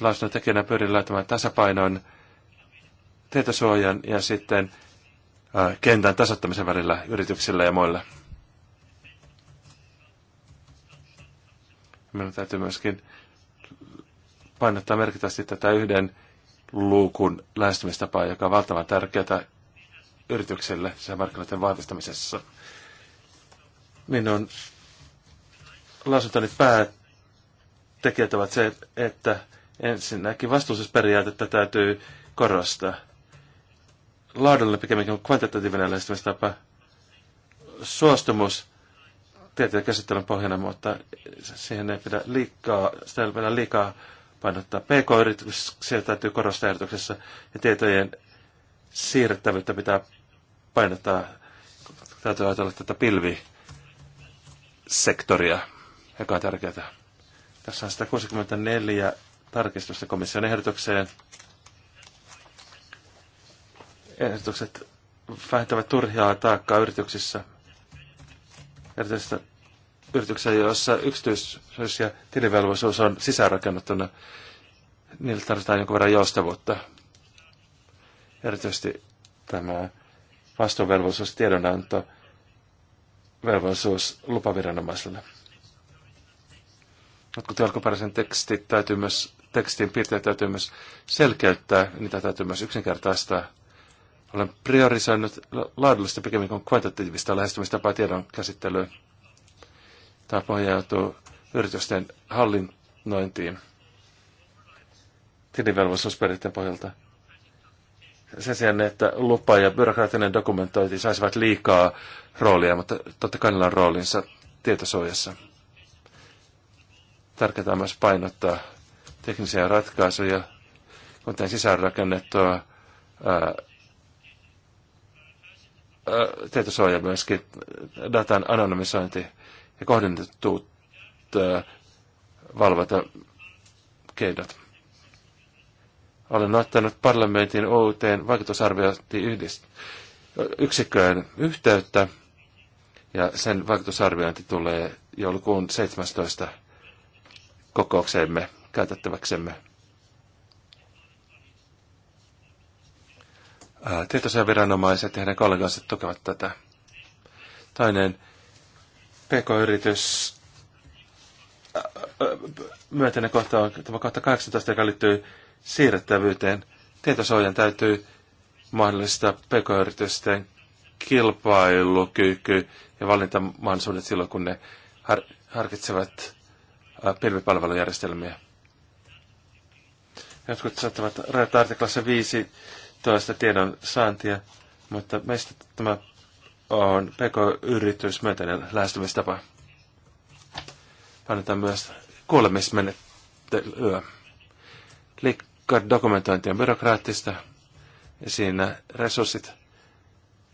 lausunnon tekijänä pyrin löytämään tasapainon tietosuojan ja sitten kentän tasoittamisen välillä yrityksillä ja muilla. Meidän täytyy myöskin painottaa merkittävästi tätä yhden luukun lähestymistapaa, joka on valtavan tärkeää yritykselle markkinoiden vahvistamisessa. Minun lausuntoni päätekijät ovat se, että Ensinnäkin vastuullisuusperiaatetta täytyy korostaa. Laadullinen pikemminkin kuin kvantitatiivinen lähestymistapa. Suostumus tieteen käsittelyn pohjana, mutta siihen ei pidä liikaa, sitä ei pidä liikaa painottaa. PK-yrityksiä täytyy korostaa ehdotuksessa ja tietojen siirrettävyyttä pitää painottaa. Täytyy ajatella tätä pilvisektoria, joka on tärkeää. Tässä on 164 tarkistusta komission ehdotukseen. Ehdotukset vähentävät turhaa taakkaa yrityksissä, erityisesti yrityksissä, joissa yksityisyys ja tilivelvollisuus on sisäänrakennettuna. Niille tarvitaan jonkun verran joustavuutta. Erityisesti tämä vastuuvelvollisuus, tiedonanto, velvollisuus lupaviranomaiselle. Jotkut alkuperäisen tekstit täytyy myös tekstin piirteitä täytyy myös selkeyttää, niitä täytyy myös yksinkertaistaa. Olen priorisoinut laadullista pikemmin kuin kvantitatiivista lähestymistapaa tiedon käsittelyyn. Tämä pohjautuu yritysten hallinnointiin tilivelvollisuusperiaatteen pohjalta. Sen sijaan, että lupa ja byrokraattinen dokumentointi saisivat liikaa roolia, mutta totta kai niillä on roolinsa tietosuojassa. Tärkeää on myös painottaa teknisiä ratkaisuja, kuten sisäänrakennettua ää, tietosuoja myöskin, datan anonymisointi ja kohdennetut valvota keinot. Olen ottanut parlamentin uuteen vaikutusarviointiyksikköön yhteyttä ja sen vaikutusarviointi tulee joulukuun 17 kokoukseemme käytettäväksemme. viranomaiset ja heidän kollegansa tukevat tätä. Toinen PK-yritys myönteinen kohta on tämä kohta 18, joka liittyy siirrettävyyteen. Tietosuojan täytyy mahdollistaa pk-yritysten kilpailukyky ja valintamahdollisuudet silloin, kun ne har- harkitsevat pilvipalvelujärjestelmiä. Jotkut saattavat rajata artiklassa 15 tiedon saantia, mutta meistä tämä on PK-yritys lähestymistapa. Annetaan myös kuulemismenettelyä. liikkaa dokumentointi on byrokraattista ja siinä resurssit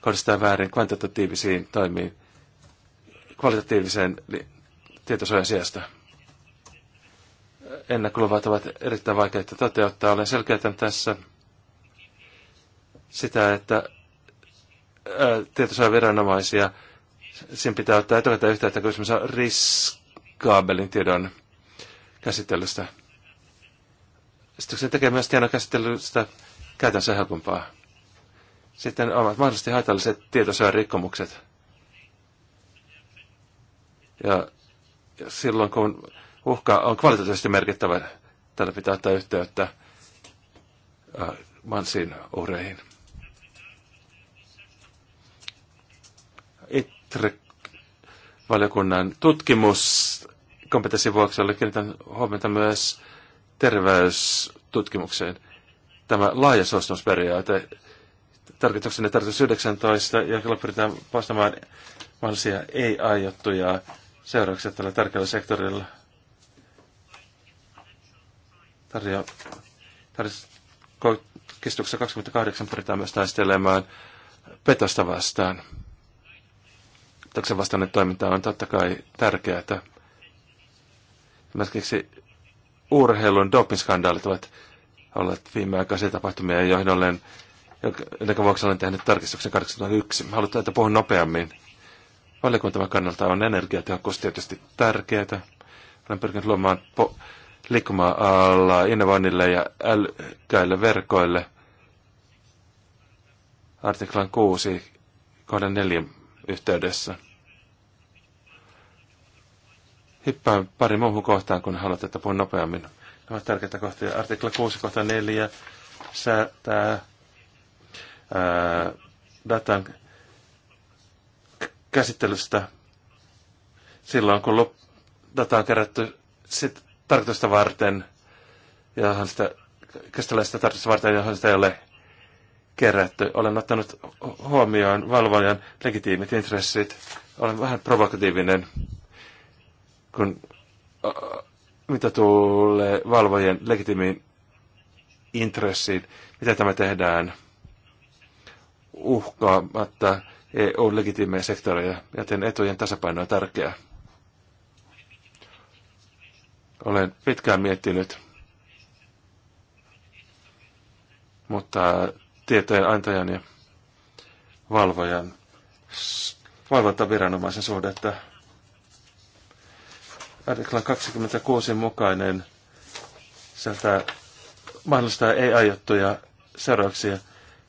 kohdistetaan väärin kvantitatiivisiin toimiin kvalitatiiviseen niin, tietosuojan sijasta ennakkoluvat ovat erittäin vaikeita toteuttaa. Olen selkeytän tässä sitä, että viranomaisia, siinä pitää ottaa etukäteen yhteyttä, kun esimerkiksi on riskaabelin tiedon käsittelystä. Sitten se tekee myös tiedon käsittelystä käytännössä helpompaa. Sitten ovat mahdollisesti haitalliset rikkomukset Ja, ja silloin kun uhka on kvalitatiivisesti merkittävä. Tällä pitää ottaa yhteyttä äh, mansiin uhreihin. ITRE-valiokunnan tutkimus kompetenssin vuoksi oli kiinnitän huomenta myös terveystutkimukseen. Tämä laaja suostumusperiaate, tarkoituksena tarkoitus 19, ja kyllä pyritään poistamaan mahdollisia ei-aiottuja seurauksia tällä tärkeällä sektorilla – tarja, tarkistuksessa 28 pyritään myös taistelemaan petosta vastaan. Petoksen vastainen toiminta on totta kai tärkeää. Esimerkiksi urheilun dopingskandaalit ovat olleet viimeaikaisia tapahtumia, joihin olen, jonka vuoksi olen tehnyt tarkistuksen 81. Halutaan, että puhun nopeammin. Valiokuntamme kannalta on energiatehokkuus tietysti tärkeää. Olen pyrkinyt luomaan po- liikkumaa-alla innovoinnille ja älykkäille verkoille. Artiklan 6, kohdan 4 yhteydessä. Hyppään pari muuhun kohtaan, kun haluat, että puhun nopeammin. Nämä ovat tärkeitä kohtia. Artikla 6, kohta 4 säätää ää, datan käsittelystä silloin, kun lop- data on kerätty sit, tarkoitusta varten, johon sitä, kestäläistä tarkoitusta varten, johon sitä ei ole kerätty. Olen ottanut huomioon valvojan legitiimit intressit. Olen vähän provokatiivinen, kun mitä tulee valvojen legitiimiin intressiin, mitä tämä tehdään uhkaamatta EU-legitiimejä sektoreja, joten etujen tasapaino on tärkeää. Olen pitkään miettinyt, mutta tietojen antajan ja valvojan, valvontaviranomaisen suhdetta. Artikla 26 mukainen sieltä mahdollistaa ei-aiottuja seurauksia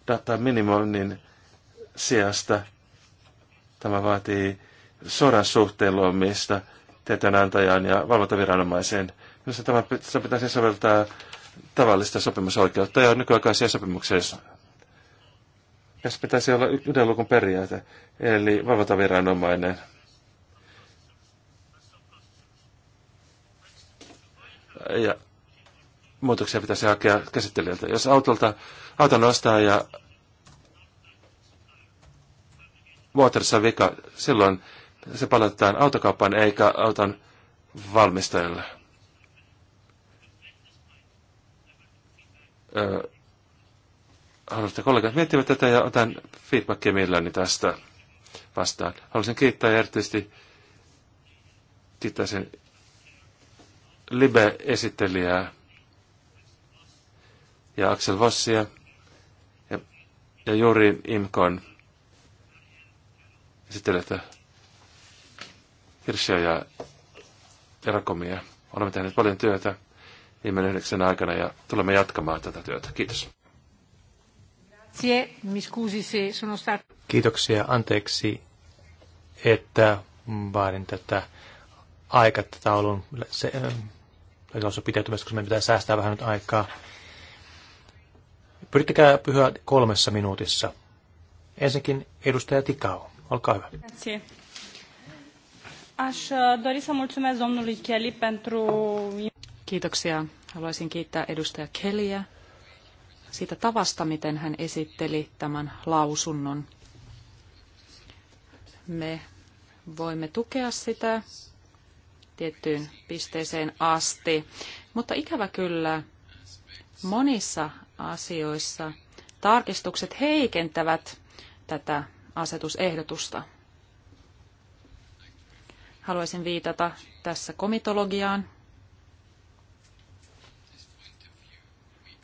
datan minimoinnin sijasta. Tämä vaatii sodan luomista tieteenantajaan ja valvontaviranomaiseen. Minusta tämä pitäisi soveltaa tavallista sopimusoikeutta ja nykyaikaisia sopimuksia. Tässä pitäisi olla yhden lukun periaate, eli valvontaviranomainen. Ja muutoksia pitäisi hakea käsittelijältä. Jos autolta, auton ostaa ja moottorissa vika, silloin se palautetaan autokauppaan eikä auton valmistajalle. Öö, kollegat miettivät tätä ja otan feedbackia mielelläni tästä vastaan. Haluaisin kiittää erityisesti kiittää sen Libe-esittelijää ja Axel Vossia ja, ja Juri Imkon esittelijöitä hirsiä ja erakomia. Olemme tehneet paljon työtä viime yhdeksän aikana ja tulemme jatkamaan tätä työtä. Kiitos. Kiitoksia. Anteeksi, että vaadin tätä aikataulun se, se pitäytymistä, koska meidän pitää säästää vähän nyt aikaa. Pyrittäkää pyhä kolmessa minuutissa. Ensinnäkin edustaja Tikao, olkaa hyvä. Kiitoksia. Aș uh, dori să mulțumesc domnului Kelly pentru... Kiitoksia. Haluaisin kiittää edustaja Kellyä siitä tavasta, miten hän esitteli tämän lausunnon. Me voimme tukea sitä tiettyyn pisteeseen asti, mutta ikävä kyllä monissa asioissa tarkistukset heikentävät tätä asetusehdotusta. Haluaisin viitata tässä komitologiaan.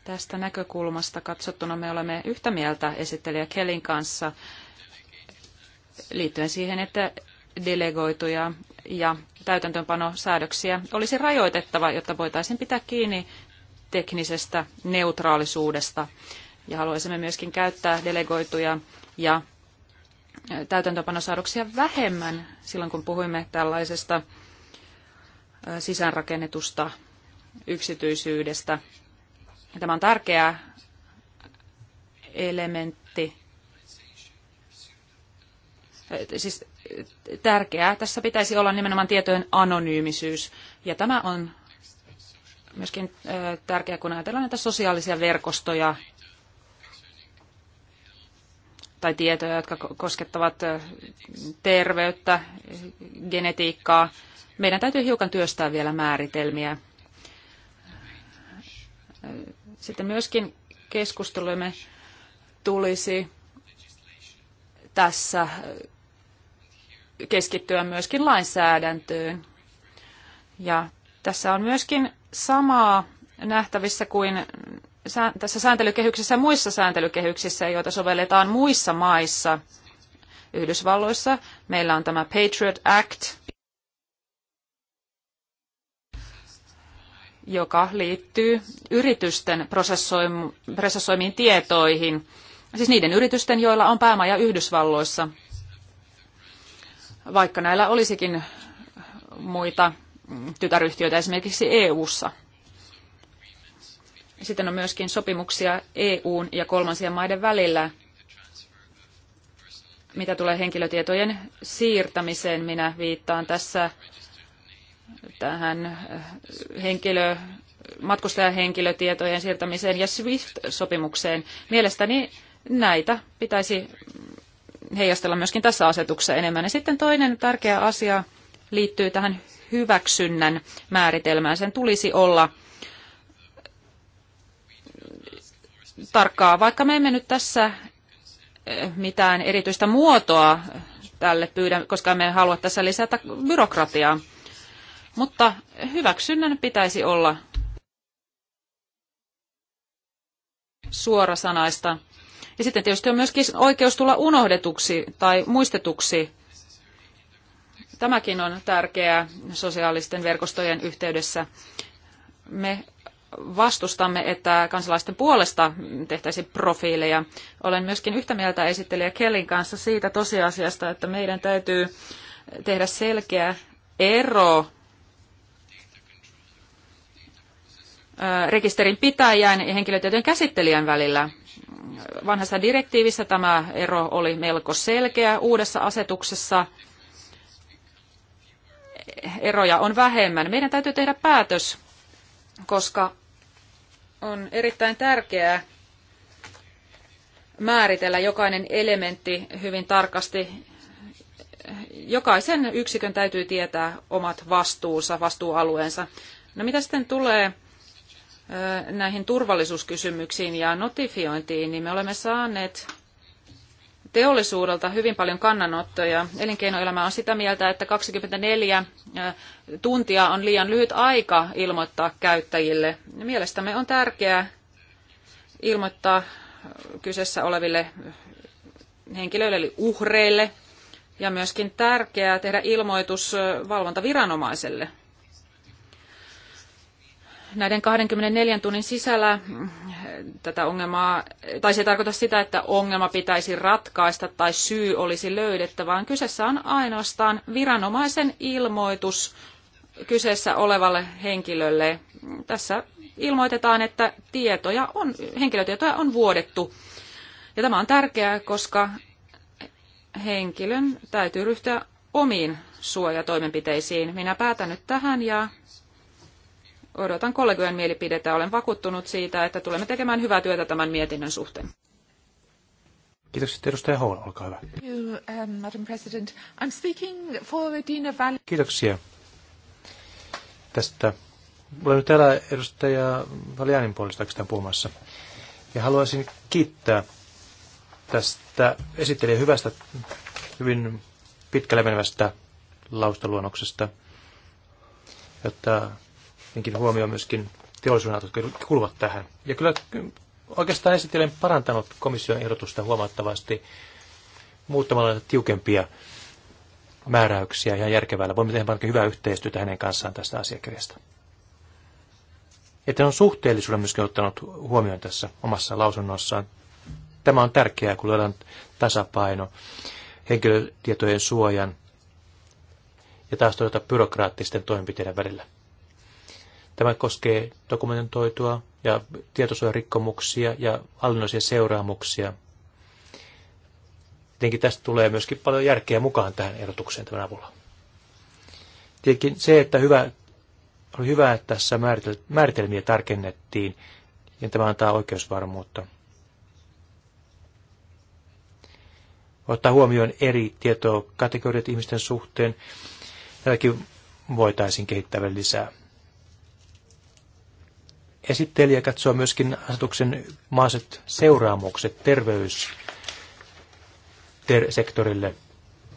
Tästä näkökulmasta katsottuna me olemme yhtä mieltä esittelijä Kelin kanssa liittyen siihen, että delegoituja ja täytäntöönpanosäädöksiä olisi rajoitettava, jotta voitaisiin pitää kiinni teknisestä neutraalisuudesta. Ja haluaisimme myöskin käyttää delegoituja ja täytäntöpanosäädöksiä vähemmän silloin, kun puhuimme tällaisesta sisäänrakennetusta yksityisyydestä. Ja tämä on tärkeä elementti. Siis tärkeää tässä pitäisi olla nimenomaan tietojen anonyymisyys. Ja tämä on myöskin tärkeää, kun ajatellaan näitä sosiaalisia verkostoja tai tietoja, jotka koskettavat terveyttä, genetiikkaa. Meidän täytyy hiukan työstää vielä määritelmiä. Sitten myöskin keskustelumme tulisi tässä keskittyä myöskin lainsäädäntöön. Ja tässä on myöskin samaa nähtävissä kuin tässä sääntelykehyksessä muissa sääntelykehyksissä, joita sovelletaan muissa maissa. Yhdysvalloissa meillä on tämä Patriot Act, joka liittyy yritysten prosessoimiin tietoihin, siis niiden yritysten, joilla on päämaja Yhdysvalloissa, vaikka näillä olisikin muita tytäryhtiöitä esimerkiksi EU-ssa. Sitten on myöskin sopimuksia EUn ja kolmansien maiden välillä, mitä tulee henkilötietojen siirtämiseen. Minä viittaan tässä tähän eh, henkilö, henkilötietojen siirtämiseen ja SWIFT-sopimukseen. Mielestäni näitä pitäisi heijastella myöskin tässä asetuksessa enemmän. Ja sitten toinen tärkeä asia liittyy tähän hyväksynnän määritelmään. Sen tulisi olla – tarkkaa. Vaikka me emme nyt tässä eh, mitään erityistä muotoa tälle pyydä, koska emme halua tässä lisätä byrokratiaa. Mutta hyväksynnän pitäisi olla suorasanaista. Ja sitten tietysti on myöskin oikeus tulla unohdetuksi tai muistetuksi. Tämäkin on tärkeää sosiaalisten verkostojen yhteydessä. Me vastustamme, että kansalaisten puolesta tehtäisiin profiileja. Olen myöskin yhtä mieltä esittelijä Kellin kanssa siitä tosiasiasta, että meidän täytyy tehdä selkeä ero rekisterin pitäjän ja henkilötietojen käsittelijän välillä. Vanhassa direktiivissä tämä ero oli melko selkeä. Uudessa asetuksessa eroja on vähemmän. Meidän täytyy tehdä päätös, koska on erittäin tärkeää määritellä jokainen elementti hyvin tarkasti. Jokaisen yksikön täytyy tietää omat vastuunsa, vastuualueensa. No mitä sitten tulee näihin turvallisuuskysymyksiin ja notifiointiin, niin me olemme saaneet teollisuudelta hyvin paljon kannanottoja. Elinkeinoelämä on sitä mieltä, että 24 tuntia on liian lyhyt aika ilmoittaa käyttäjille. Mielestämme on tärkeää ilmoittaa kyseessä oleville henkilöille eli uhreille ja myöskin tärkeää tehdä ilmoitus valvontaviranomaiselle. Näiden 24 tunnin sisällä tätä ongelmaa, tai se ei tarkoita sitä, että ongelma pitäisi ratkaista tai syy olisi löydettä, vaan kyseessä on ainoastaan viranomaisen ilmoitus kyseessä olevalle henkilölle. Tässä ilmoitetaan, että tietoja on, henkilötietoja on vuodettu. Ja tämä on tärkeää, koska henkilön täytyy ryhtyä omiin suojatoimenpiteisiin. Minä päätän nyt tähän ja odotan kollegojen mielipidettä. Olen vakuuttunut siitä, että tulemme tekemään hyvää työtä tämän mietinnön suhteen. Kiitos. Edustaja Hall, olkaa hyvä. Um, Madam President. I'm speaking for Kiitoksia tästä. Olen nyt täällä edustaja Valianin puolesta puhumassa. Ja haluaisin kiittää tästä esittelijä hyvästä, hyvin pitkälle menevästä laustaluonnoksesta, jotta tietenkin huomioon myöskin teollisuuden jotka kuuluvat tähän. Ja kyllä oikeastaan esitellen parantanut komission ehdotusta huomattavasti muuttamalla tiukempia määräyksiä ihan järkevällä. Voimme tehdä paljon hyvää yhteistyötä hänen kanssaan tästä asiakirjasta. Että on suhteellisuuden myöskin ottanut huomioon tässä omassa lausunnossaan. Tämä on tärkeää, kun löydään tasapaino henkilötietojen suojan ja taas toisaalta byrokraattisten toimenpiteiden välillä. Tämä koskee dokumentoitua ja tietosuojarikkomuksia ja hallinnollisia seuraamuksia. Tietenkin tästä tulee myöskin paljon järkeä mukaan tähän erotukseen tämän avulla. Tietenkin se, että hyvä, oli hyvä, että tässä määritelmiä tarkennettiin, ja tämä antaa oikeusvarmuutta. Ottaa huomioon eri tietokategoriat ihmisten suhteen, tätäkin voitaisiin kehittää vielä lisää esittelijä katsoa myöskin asetuksen maaset seuraamukset terveyssektorille.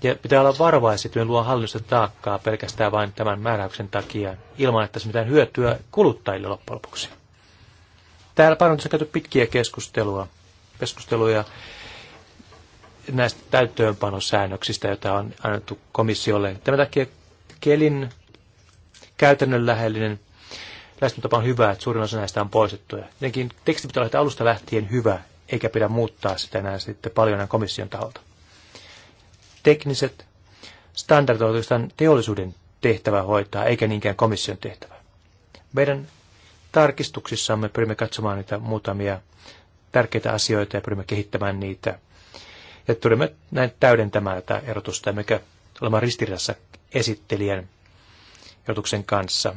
Ja pitää olla varovaisia, että luo hallinnosta taakkaa pelkästään vain tämän määräyksen takia, ilman että se mitään hyötyä kuluttajille loppujen lopuksi. Täällä paljon on käyty pitkiä keskustelua, keskusteluja näistä täyttöönpanosäännöksistä, joita on annettu komissiolle. Tämän takia Kelin käytännönläheinen lähestymistapa on hyvä, että suurin osa näistä on poistettu. Jotenkin teksti pitää olla alusta lähtien hyvä, eikä pidä muuttaa sitä enää sitten paljon enää komission taholta. Tekniset standardit ovat oikeastaan teollisuuden tehtävä hoitaa, eikä niinkään komission tehtävä. Meidän tarkistuksissamme pyrimme katsomaan niitä muutamia tärkeitä asioita ja pyrimme kehittämään niitä. Ja tulemme näin täydentämään tätä erotusta, emmekä olemaan ristiriidassa esittelijän erotuksen kanssa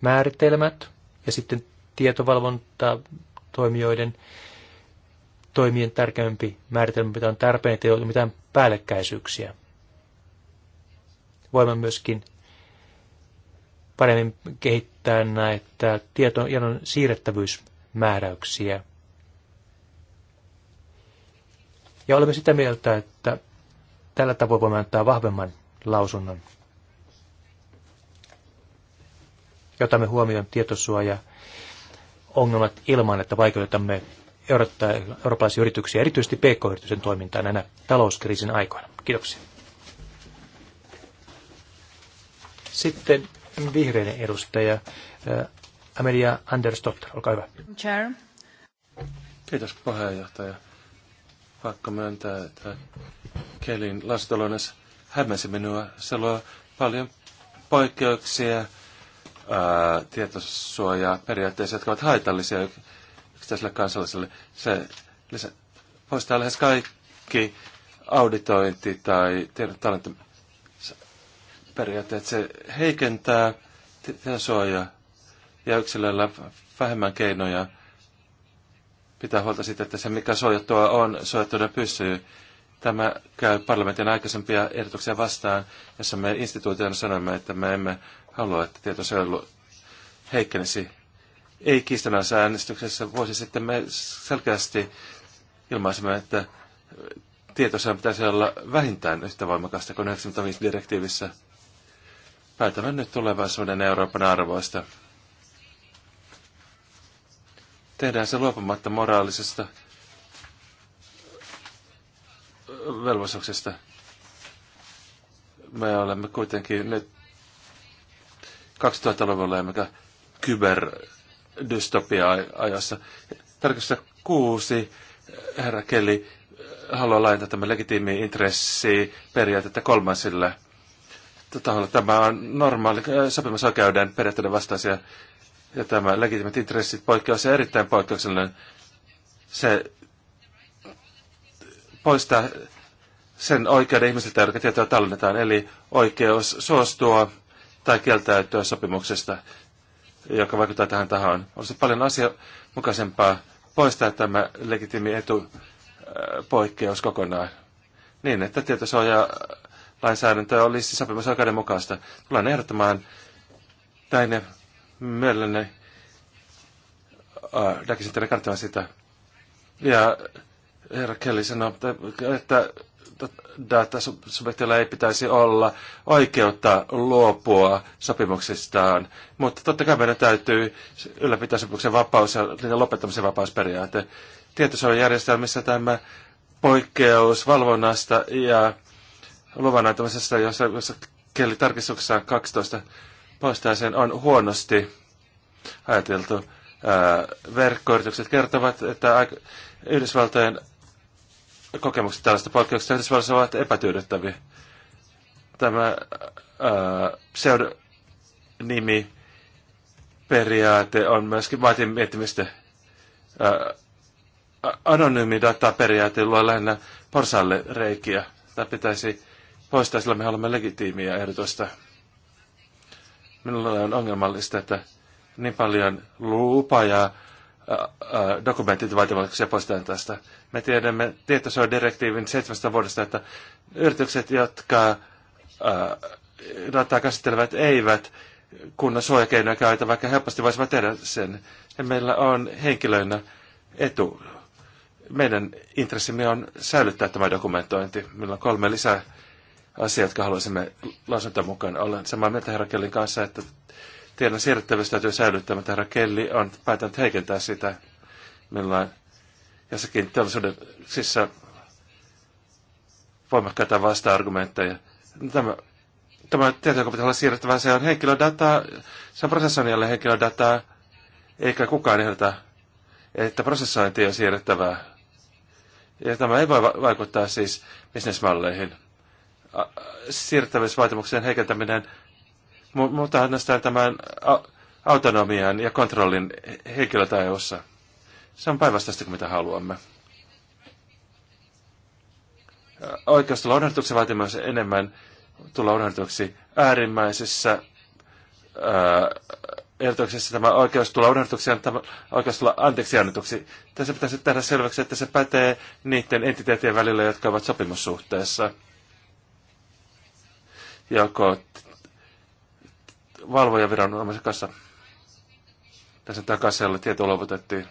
määritelmät ja sitten tietovalvontatoimijoiden toimien tärkeämpi määritelmä, mitä on tarpeen, ettei ole mitään päällekkäisyyksiä. Voimme myöskin paremmin kehittää näitä tietojen siirrettävyysmääräyksiä. Ja olemme sitä mieltä, että tällä tavoin voimme antaa vahvemman lausunnon ja otamme huomioon tietosuoja ongelmat ilman, että vaikeutamme eurooppalaisia yrityksiä, erityisesti pk-yritysten toimintaa näinä talouskriisin aikoina. Kiitoksia. Sitten vihreiden edustaja äh, Amelia Andersdotter, olkaa hyvä. Chair. Kiitos puheenjohtaja. Pakko myöntää, että Kelin lastaloudessa hämmäsi minua. Se luo paljon poikkeuksia tietosuojaa periaatteessa, jotka ovat haitallisia yksittäiselle kansalliselle. Se lisä, poistaa lähes kaikki auditointi tai tiedon periaatteet. Se heikentää tietosuojaa ja yksilöllä vähemmän keinoja pitää huolta siitä, että se mikä suojattua on, suojattuna pysyy. Tämä käy parlamentin aikaisempia ehdotuksia vastaan, jossa me instituutioina sanoimme, että me emme haluaa, että tietosuojelu heikkenisi. Ei kiistanansa äänestyksessä vuosi sitten me selkeästi ilmaisimme, että tietosuojan pitäisi olla vähintään yhtä voimakasta kuin 95 direktiivissä. Päätämme nyt tulevaisuuden Euroopan arvoista. Tehdään se luopumatta moraalisesta velvollisuuksista. Me olemme kuitenkin nyt 2000-luvulla emmekä kyberdystopia-ajassa. Tarkassa kuusi, herra Kelly, haluaa laajentaa tämän legitiimi intressi periaatetta kolmansille taholle. Tämä on normaali äh, sopimusoikeuden periaatteiden vastaisia ja tämä legitiimit intressit poikkeus on erittäin poikkeuksellinen. Se poistaa sen oikeuden ihmisiltä, jotka tietoa tallennetaan, eli oikeus suostua tai kieltäytyä sopimuksesta, joka vaikuttaa tähän tahoon. Olisi paljon asianmukaisempaa poistaa tämä legitimi etu äh, poikkeus kokonaan. Niin, että tietosuoja lainsäädäntö olisi sopimus oikeudenmukaista. Tullaan ehdottamaan näin mielelläni äh, näkisin teille kantavan sitä. Ja herra Kelly sanoi, että, että subjektilla ei pitäisi olla oikeutta luopua sopimuksistaan, mutta totta kai meidän täytyy ylläpitää sopimuksen vapaus ja niiden lopettamisen vapausperiaate. Tietosuojajärjestelmissä tämä poikkeus valvonnasta ja luvan antamisesta, jossa, jossa kielitarkistuksessa 12 poistaisen on huonosti ajateltu. Verkkoyritykset kertovat, että Yhdysvaltojen kokemukset tällaista poikkeuksista Yhdysvalloissa ovat epätyydyttäviä. Tämä pseudonimi periaate on myöskin vaatii miettimistä. anonyymi dataperiaate luo lähinnä porsalle reikiä. Tämä pitäisi poistaa, sillä me haluamme legitiimiä ehdotusta. Minulla on ongelmallista, että niin paljon lupa- ja dokumentit vaatimuksia poistetaan tästä. Me tiedämme tietosuojadirektiivin seitsemästä vuodesta, että yritykset, jotka dataa käsittelevät, eivät kunnan suojakeinoja käytä, vaikka helposti voisivat tehdä sen. Ja meillä on henkilöinä etu. Meidän intressimme on säilyttää tämä dokumentointi. Meillä on kolme lisää asiaa, jotka haluaisimme lausuntaa mukaan. Olen samaa mieltä herra Kellin kanssa, että tiedän siirrettävästä täytyy mutta Herra Kelli on päätänyt heikentää sitä, millä jossakin sissä voimakkaita vasta-argumentteja. Tämä, tämä tieto, joka pitää olla siirrettävä, se on henkilödataa, se on prosessoinnille henkilödataa, eikä kukaan ehdota, että prosessointi on siirrettävää. Ja tämä ei voi vaikuttaa siis bisnesmalleihin. Siirrettävyysvaatimuksen heikentäminen mutta ainoastaan tämän autonomian ja kontrollin henkilötajossa. E se on päinvastaista kuin mitä haluamme. Oikeus tulla unohdetuksi vaatii myös enemmän tulla unohdetuksi äärimmäisissä ehdotuksessa tämä oikeus tulla unohdetuksi ja oikeus tulla anteeksi annetuksi. Tässä pitäisi tehdä selväksi, että se pätee niiden entiteettien välillä, jotka ovat sopimussuhteessa. Joko valvojaviranomaisen kanssa. Tässä kassalla tieto luovutettiin.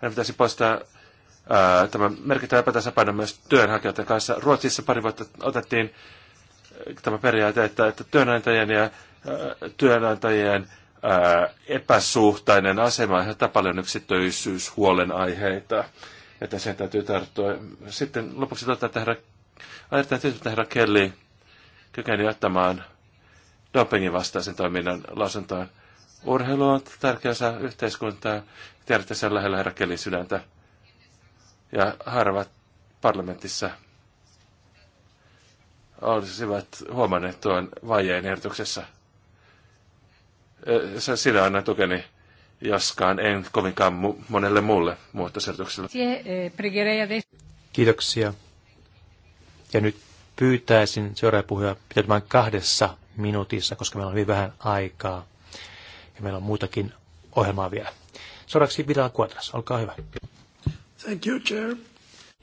Meidän pitäisi poistaa ää, tämä merkittävä epätasapaino myös työnhakijoiden kanssa. Ruotsissa pari vuotta otettiin tämä periaate, että, että työnantajien ja ää, työnantajien ää, epäsuhtainen asema aiheuttaa paljon yksityisyyshuolenaiheita. Että sen täytyy tarttua. Sitten lopuksi totta, että herra, ajattelin tietysti, että herra Kelly kykeni ottamaan dopingin vastaisen toiminnan lausuntoon. Urheilu on tärkeä osa yhteiskuntaa. Tiedätte, se on lähellä Kelin sydäntä. Ja harvat parlamentissa olisivat huomanneet tuon vajeen ehdotuksessa. sinä anna tukeni, joskaan en kovinkaan mu- monelle muulle muotoisertukselle. Kiitoksia. Ja nyt pyytäisin seuraavia puhuja pitämään kahdessa minuutissa, koska meillä on hyvin vähän aikaa ja meillä on muutakin ohjelmaa vielä. Seuraavaksi Vidal Quadras, olkaa hyvä. Thank you, Chair.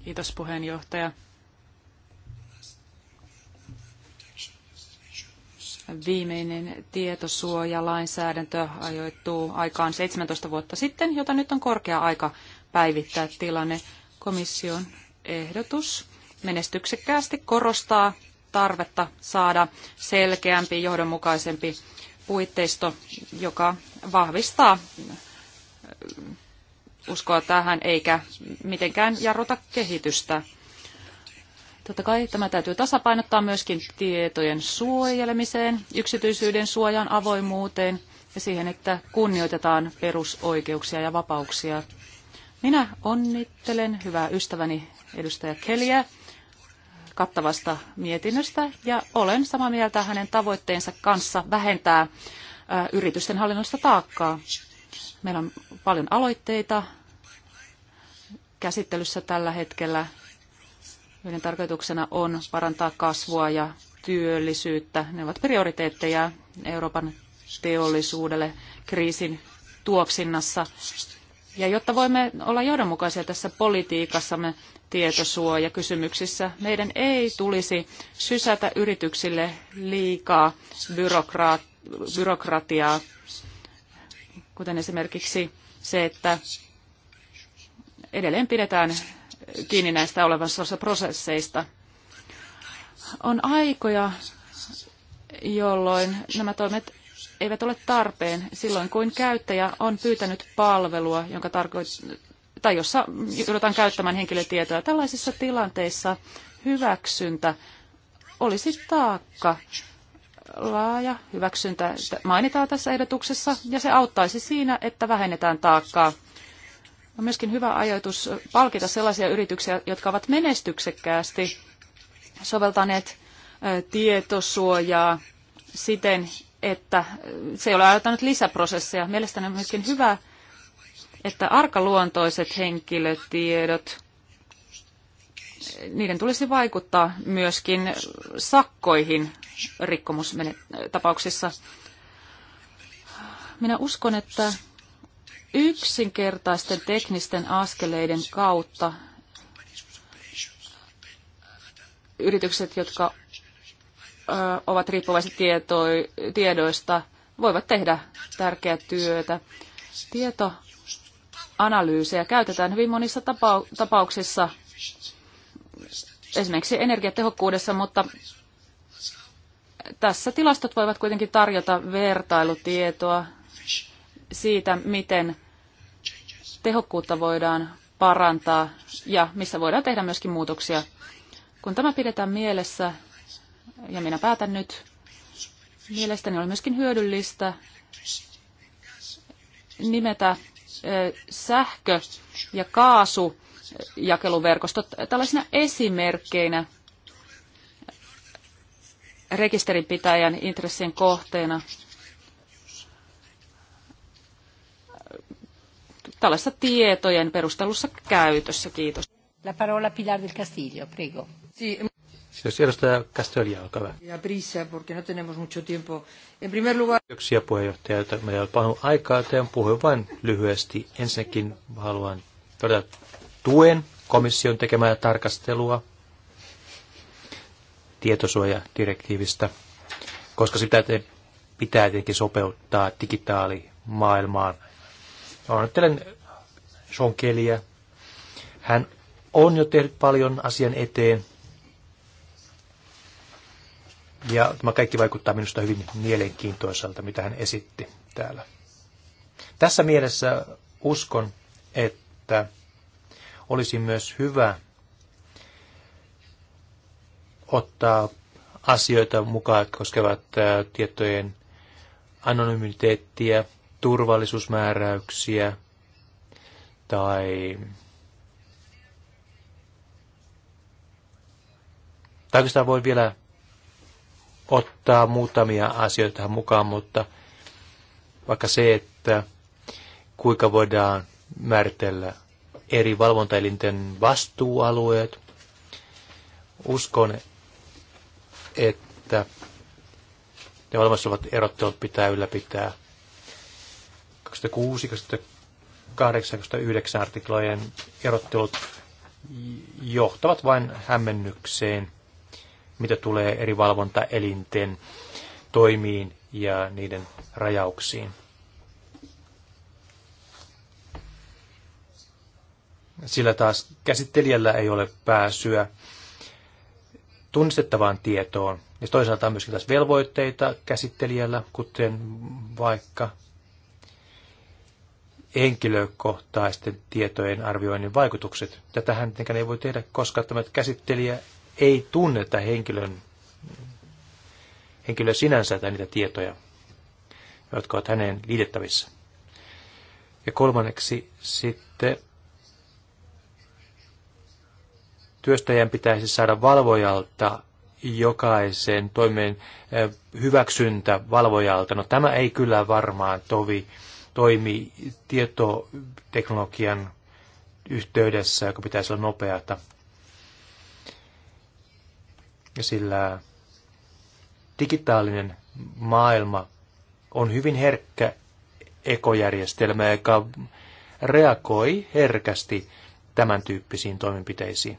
Kiitos puheenjohtaja. Viimeinen tietosuojalainsäädäntö ajoittuu aikaan 17 vuotta sitten, jota nyt on korkea aika päivittää tilanne. Komission ehdotus menestyksekkäästi korostaa tarvetta saada selkeämpi, johdonmukaisempi puitteisto, joka vahvistaa äh, uskoa tähän eikä mitenkään jarruta kehitystä. Totta kai tämä täytyy tasapainottaa myöskin tietojen suojelemiseen, yksityisyyden suojan avoimuuteen ja siihen, että kunnioitetaan perusoikeuksia ja vapauksia. Minä onnittelen hyvää ystäväni edustaja Keliä kattavasta mietinnöstä ja olen samaa mieltä hänen tavoitteensa kanssa vähentää yritysten hallinnollista taakkaa. Meillä on paljon aloitteita käsittelyssä tällä hetkellä, joiden tarkoituksena on parantaa kasvua ja työllisyyttä. Ne ovat prioriteetteja Euroopan teollisuudelle kriisin tuoksinnassa ja jotta voimme olla johdonmukaisia tässä politiikassamme tietosuojakysymyksissä, meidän ei tulisi sysätä yrityksille liikaa byrokratiaa, kuten esimerkiksi se, että edelleen pidetään kiinni näistä olevassa prosesseista. On aikoja, jolloin nämä toimet eivät ole tarpeen silloin, kun käyttäjä on pyytänyt palvelua, jonka tarkoit- tai jossa joudutaan käyttämään henkilötietoja. Tällaisissa tilanteissa hyväksyntä olisi taakka. Laaja hyväksyntä mainitaan tässä ehdotuksessa ja se auttaisi siinä, että vähennetään taakkaa. On myöskin hyvä ajoitus palkita sellaisia yrityksiä, jotka ovat menestyksekkäästi soveltaneet tietosuojaa siten, että se ei ole aiheuttanut lisäprosesseja. Mielestäni on myöskin hyvä, että arkaluontoiset henkilötiedot, niiden tulisi vaikuttaa myöskin sakkoihin rikkomustapauksissa. Minä uskon, että yksinkertaisten teknisten askeleiden kautta yritykset, jotka ovat riippuvaiset tieto, tiedoista, voivat tehdä tärkeää työtä. Tietoanalyysejä käytetään hyvin monissa tapauksissa, esimerkiksi energiatehokkuudessa, mutta tässä tilastot voivat kuitenkin tarjota vertailutietoa siitä, miten tehokkuutta voidaan parantaa ja missä voidaan tehdä myöskin muutoksia. Kun tämä pidetään mielessä, ja minä päätän nyt, mielestäni oli myöskin hyödyllistä nimetä sähkö- ja kaasujakeluverkostot tällaisina esimerkkeinä rekisterinpitäjän intressien kohteena. Tällaisessa tietojen perustelussa käytössä. Kiitos. La parola Pilar del Castillo, prego. Kiitos edustaja Castellia, olkaa hyvä. Ja prisa, porque no tenemos mucho tiempo. En primer lugar... Kiitoksia puheenjohtaja, jota meillä ole paljon aikaa. Teidän puhuin vain lyhyesti. Ensinnäkin haluan todeta tuen komission tekemää tarkastelua tietosuojadirektiivistä, koska sitä te pitää tietenkin sopeuttaa digitaalimaailmaan. Onnittelen Sean Kellyä. Hän on jo tehnyt paljon asian eteen, ja tämä kaikki vaikuttaa minusta hyvin mielenkiintoiselta, mitä hän esitti täällä. Tässä mielessä uskon, että olisi myös hyvä ottaa asioita mukaan, jotka koskevat tietojen anonymiteettiä, turvallisuusmääräyksiä tai tai oikeastaan voi vielä ottaa muutamia asioita tähän mukaan, mutta vaikka se, että kuinka voidaan määritellä eri valvontaelinten vastuualueet. Uskon, että ne olemassa olevat erottelut pitää ylläpitää. 26, 28, 29 artiklojen erottelut johtavat vain hämmennykseen mitä tulee eri valvontaelinten toimiin ja niiden rajauksiin. Sillä taas käsittelijällä ei ole pääsyä tunnistettavaan tietoon. Ja toisaalta on myöskin taas velvoitteita käsittelijällä, kuten vaikka henkilökohtaisten tietojen arvioinnin vaikutukset. Tätähän tietenkään ei voi tehdä, koska tämä käsittelijä ei tunneta henkilön, henkilö sinänsä tai niitä tietoja, jotka ovat häneen liitettävissä. Ja kolmanneksi sitten työstäjän pitäisi saada valvojalta jokaisen toimeen eh, hyväksyntä valvojalta. No tämä ei kyllä varmaan tovi, toimi tietoteknologian yhteydessä, joka pitäisi olla nopeata sillä digitaalinen maailma on hyvin herkkä ekojärjestelmä, joka reagoi herkästi tämän tyyppisiin toimenpiteisiin.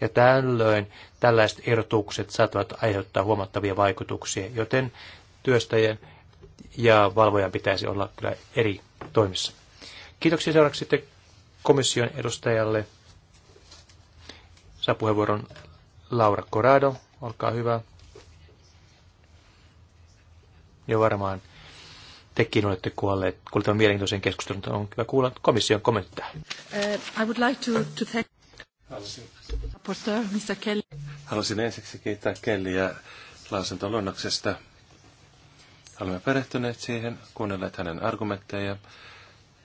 Ja tällöin tällaiset erotukset saattavat aiheuttaa huomattavia vaikutuksia, joten työstäjien ja valvojan pitäisi olla kyllä eri toimissa. Kiitoksia seuraavaksi sitten komission edustajalle saa puheenvuoron Laura Corrado, olkaa hyvä. Ja varmaan tekin olette kuolleet. Kuulitte on mielenkiintoisen keskustelun, mutta on hyvä kuulla komission kommenttia. Uh, I would like to, to thank... Haluaisin. Mr. Kelly. Haluaisin ensiksi kiittää Kellyä lausuntoluonnoksesta. Olemme perehtyneet siihen, kuunnelleet hänen argumentteja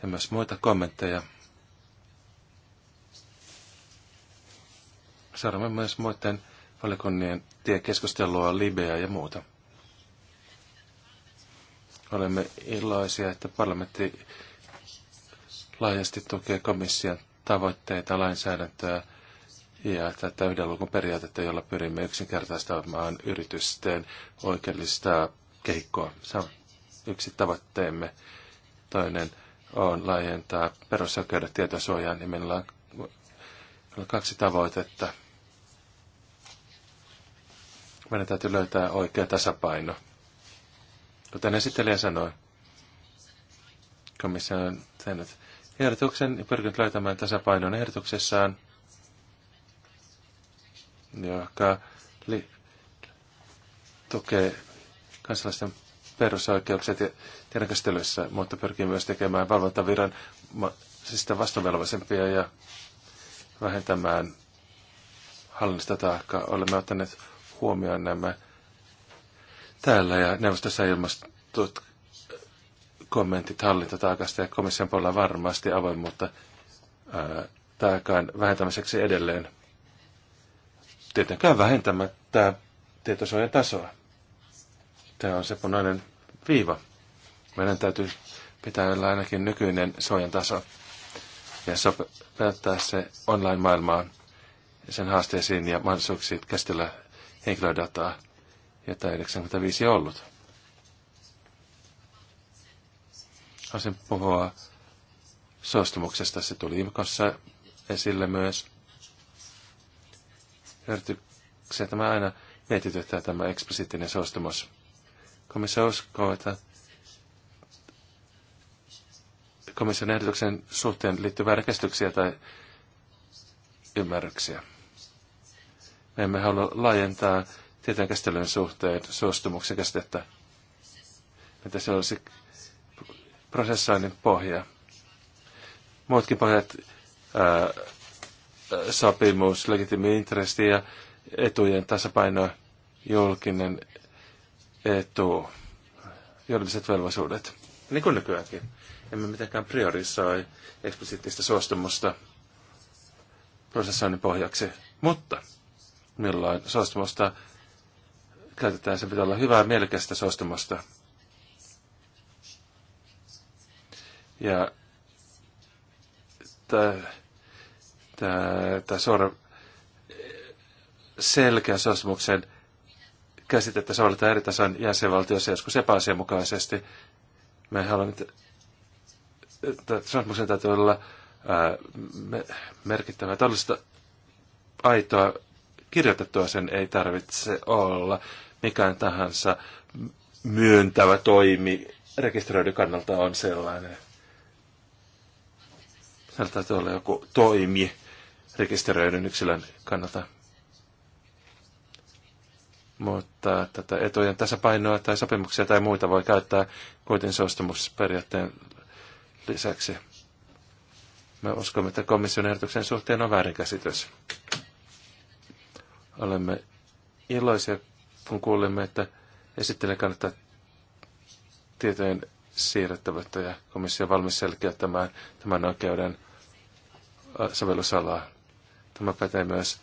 ja myös muita kommentteja. saadaan myös muiden valikonnien tiekeskustelua, keskustelua, libeä ja muuta. Olemme iloisia, että parlamentti laajasti tukee komission tavoitteita, lainsäädäntöä ja tätä yhden lukun periaatetta, jolla pyrimme yksinkertaistamaan yritysten oikeellista kehikkoa. Se on yksi tavoitteemme. Toinen on laajentaa perusoikeudet tietosuojaan, niin meillä on kaksi tavoitetta meidän täytyy löytää oikea tasapaino. Kuten esittelijä sanoi, komissio on tehnyt ehdotuksen ja pyrkinyt löytämään tasapainon ehdotuksessaan, joka li- tukee kansalaisten ja tiedonkäsittelyssä, mutta pyrkii myös tekemään valvontaviran siis vastuunvelvollisempia ja vähentämään hallinnista taakkaa. Olemme ottaneet huomioon nämä täällä ja neuvostossa ilmastot kommentit hallintotaakasta ja komission puolella varmasti avoimuutta ää, taakan vähentämiseksi edelleen. Tietenkään vähentämättä tietosuojan tasoa. Tämä on se punainen viiva. Meidän täytyy pitää yllä ainakin nykyinen suojan taso ja sopeuttaa se online-maailmaan sen haasteisiin ja mahdollisuuksiin käsitellä henkilödataa, jota ei 95 ollut. Haluaisin puhua suostumuksesta. Se tuli IMKossa esille myös. Yrityksiä tämä aina mietityttää tämä eksplisiittinen suostumus. Komissio uskoo, että komission ehdotuksen suhteen liittyy väärä tai ymmärryksiä. Me emme halua laajentaa tieteen käsittelyn suhteen suostumuksen käsitettä, että se olisi prosessoinnin pohja. Muutkin pohjat, ää, sopimus, legitimi intressi ja etujen tasapaino, julkinen etu, juridiset velvollisuudet. Niin kuin nykyäänkin. Emme mitenkään priorisoi eksplisiittistä suostumusta prosessoinnin pohjaksi. Mutta milloin suostumusta käytetään. Se pitää olla hyvää, mielekästä suostumusta. Ja tämä suora selkeä suostumuksen käsitettä sovelletaan eri tason jäsenvaltiossa joskus epäasianmukaisesti. Me haluamme, että suostumuksen täytyy olla ää, me, merkittävää tällaista aitoa kirjoitettua sen ei tarvitse olla. Mikään tahansa myöntävä toimi rekisteröidyn kannalta on sellainen. Siellä täytyy olla joku toimi rekisteröidyn yksilön kannalta. Mutta tätä etujen tasapainoa tai sopimuksia tai muita voi käyttää kuitenkin suostumusperiaatteen lisäksi. Me uskomme, että komission ehdotuksen suhteen on väärinkäsitys. Olemme iloisia, kun kuulemme, että esittelen kannattaa tietojen siirrettävyyttä ja komissio on valmis selkeyttämään tämän oikeuden sovellusalaa. Tämä pätee myös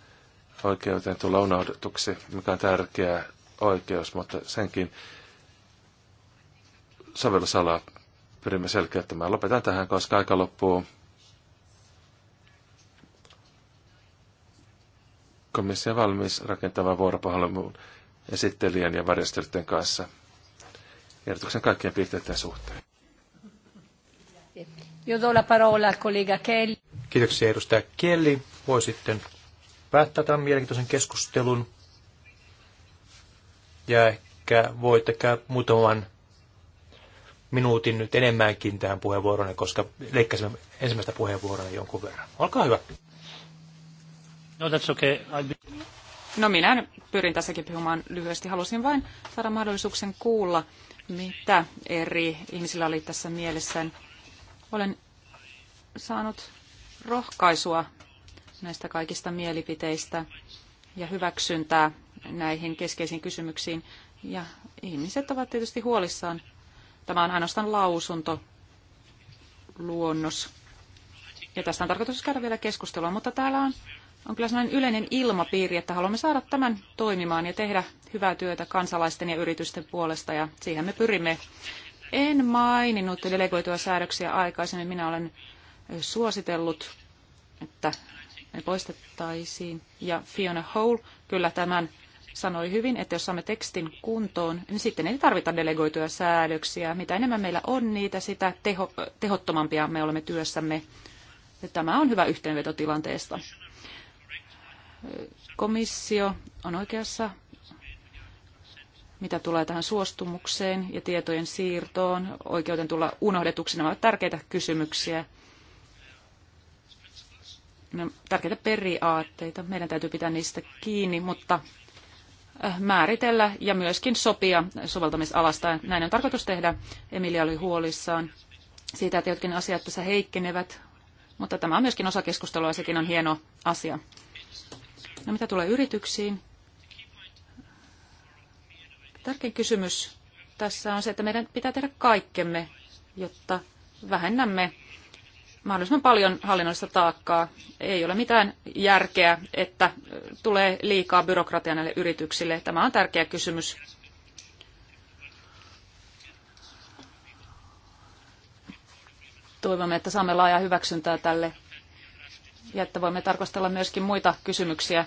oikeuteen tulla unohdetuksi, mikä on tärkeä oikeus, mutta senkin sovellusalaa pyrimme selkeyttämään. Lopetan tähän, koska aika loppuu. komissio valmis rakentavaan vuoropuhelun esittelijän ja varjostelijoiden kanssa ehdotuksen kaikkien piirteiden suhteen. Io do la parola al collega Kelly. Kiitoksia edustaja Kelly. Voi sitten päättää tämän mielenkiintoisen keskustelun. Ja ehkä voitte käydä muutaman minuutin nyt enemmänkin tähän puheenvuoroon, koska leikkasimme ensimmäistä puheenvuoroa jonkun verran. Olkaa hyvä. No, that's okay. I'll be... No minä pyrin tässäkin puhumaan lyhyesti. Halusin vain saada mahdollisuuksen kuulla, mitä eri ihmisillä oli tässä mielessä. Olen saanut rohkaisua näistä kaikista mielipiteistä ja hyväksyntää näihin keskeisiin kysymyksiin. Ja ihmiset ovat tietysti huolissaan. Tämä on ainoastaan lausunto, luonnos. Ja tästä on tarkoitus käydä vielä keskustelua, mutta täällä on on kyllä sellainen yleinen ilmapiiri, että haluamme saada tämän toimimaan ja tehdä hyvää työtä kansalaisten ja yritysten puolesta ja siihen me pyrimme. En maininnut delegoituja säädöksiä aikaisemmin. Minä olen suositellut, että ne poistettaisiin. Ja Fiona Hole kyllä tämän sanoi hyvin, että jos saamme tekstin kuntoon, niin sitten ei tarvita delegoituja säädöksiä. Mitä enemmän meillä on niitä, sitä teho, tehottomampia me olemme työssämme. Ja tämä on hyvä yhteenveto tilanteesta komissio on oikeassa, mitä tulee tähän suostumukseen ja tietojen siirtoon, oikeuden tulla unohdetuksi. Nämä ovat tärkeitä kysymyksiä, tärkeitä periaatteita. Meidän täytyy pitää niistä kiinni, mutta äh, määritellä ja myöskin sopia soveltamisalasta. Näin on tarkoitus tehdä. Emilia oli huolissaan siitä, että jotkin asiat tässä heikkenevät, mutta tämä on myöskin osa keskustelua ja sekin on hieno asia. No mitä tulee yrityksiin? Tärkein kysymys tässä on se, että meidän pitää tehdä kaikkemme, jotta vähennämme mahdollisimman paljon hallinnollista taakkaa. Ei ole mitään järkeä, että tulee liikaa byrokratiaa näille yrityksille. Tämä on tärkeä kysymys. Toivomme, että saamme laajaa hyväksyntää tälle ja että voimme tarkastella myöskin muita kysymyksiä,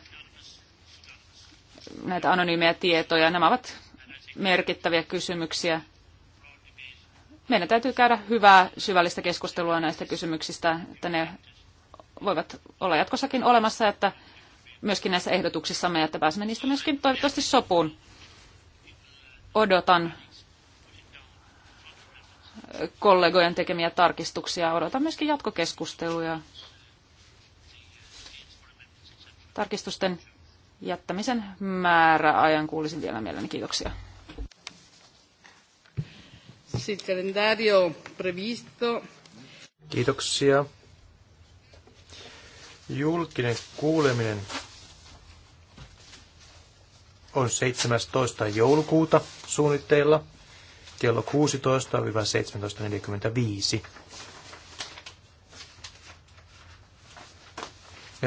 näitä anonyymejä tietoja. Nämä ovat merkittäviä kysymyksiä. Meidän täytyy käydä hyvää syvällistä keskustelua näistä kysymyksistä, että ne voivat olla jatkossakin olemassa, että myöskin näissä ehdotuksissamme, että pääsemme niistä myöskin toivottavasti sopuun. Odotan kollegojen tekemiä tarkistuksia. Odotan myöskin jatkokeskusteluja Tarkistusten jättämisen määräajan kuulisin vielä mielelläni. Kiitoksia. Kiitoksia. Julkinen kuuleminen on 17. joulukuuta suunnitteilla kello 16-17.45.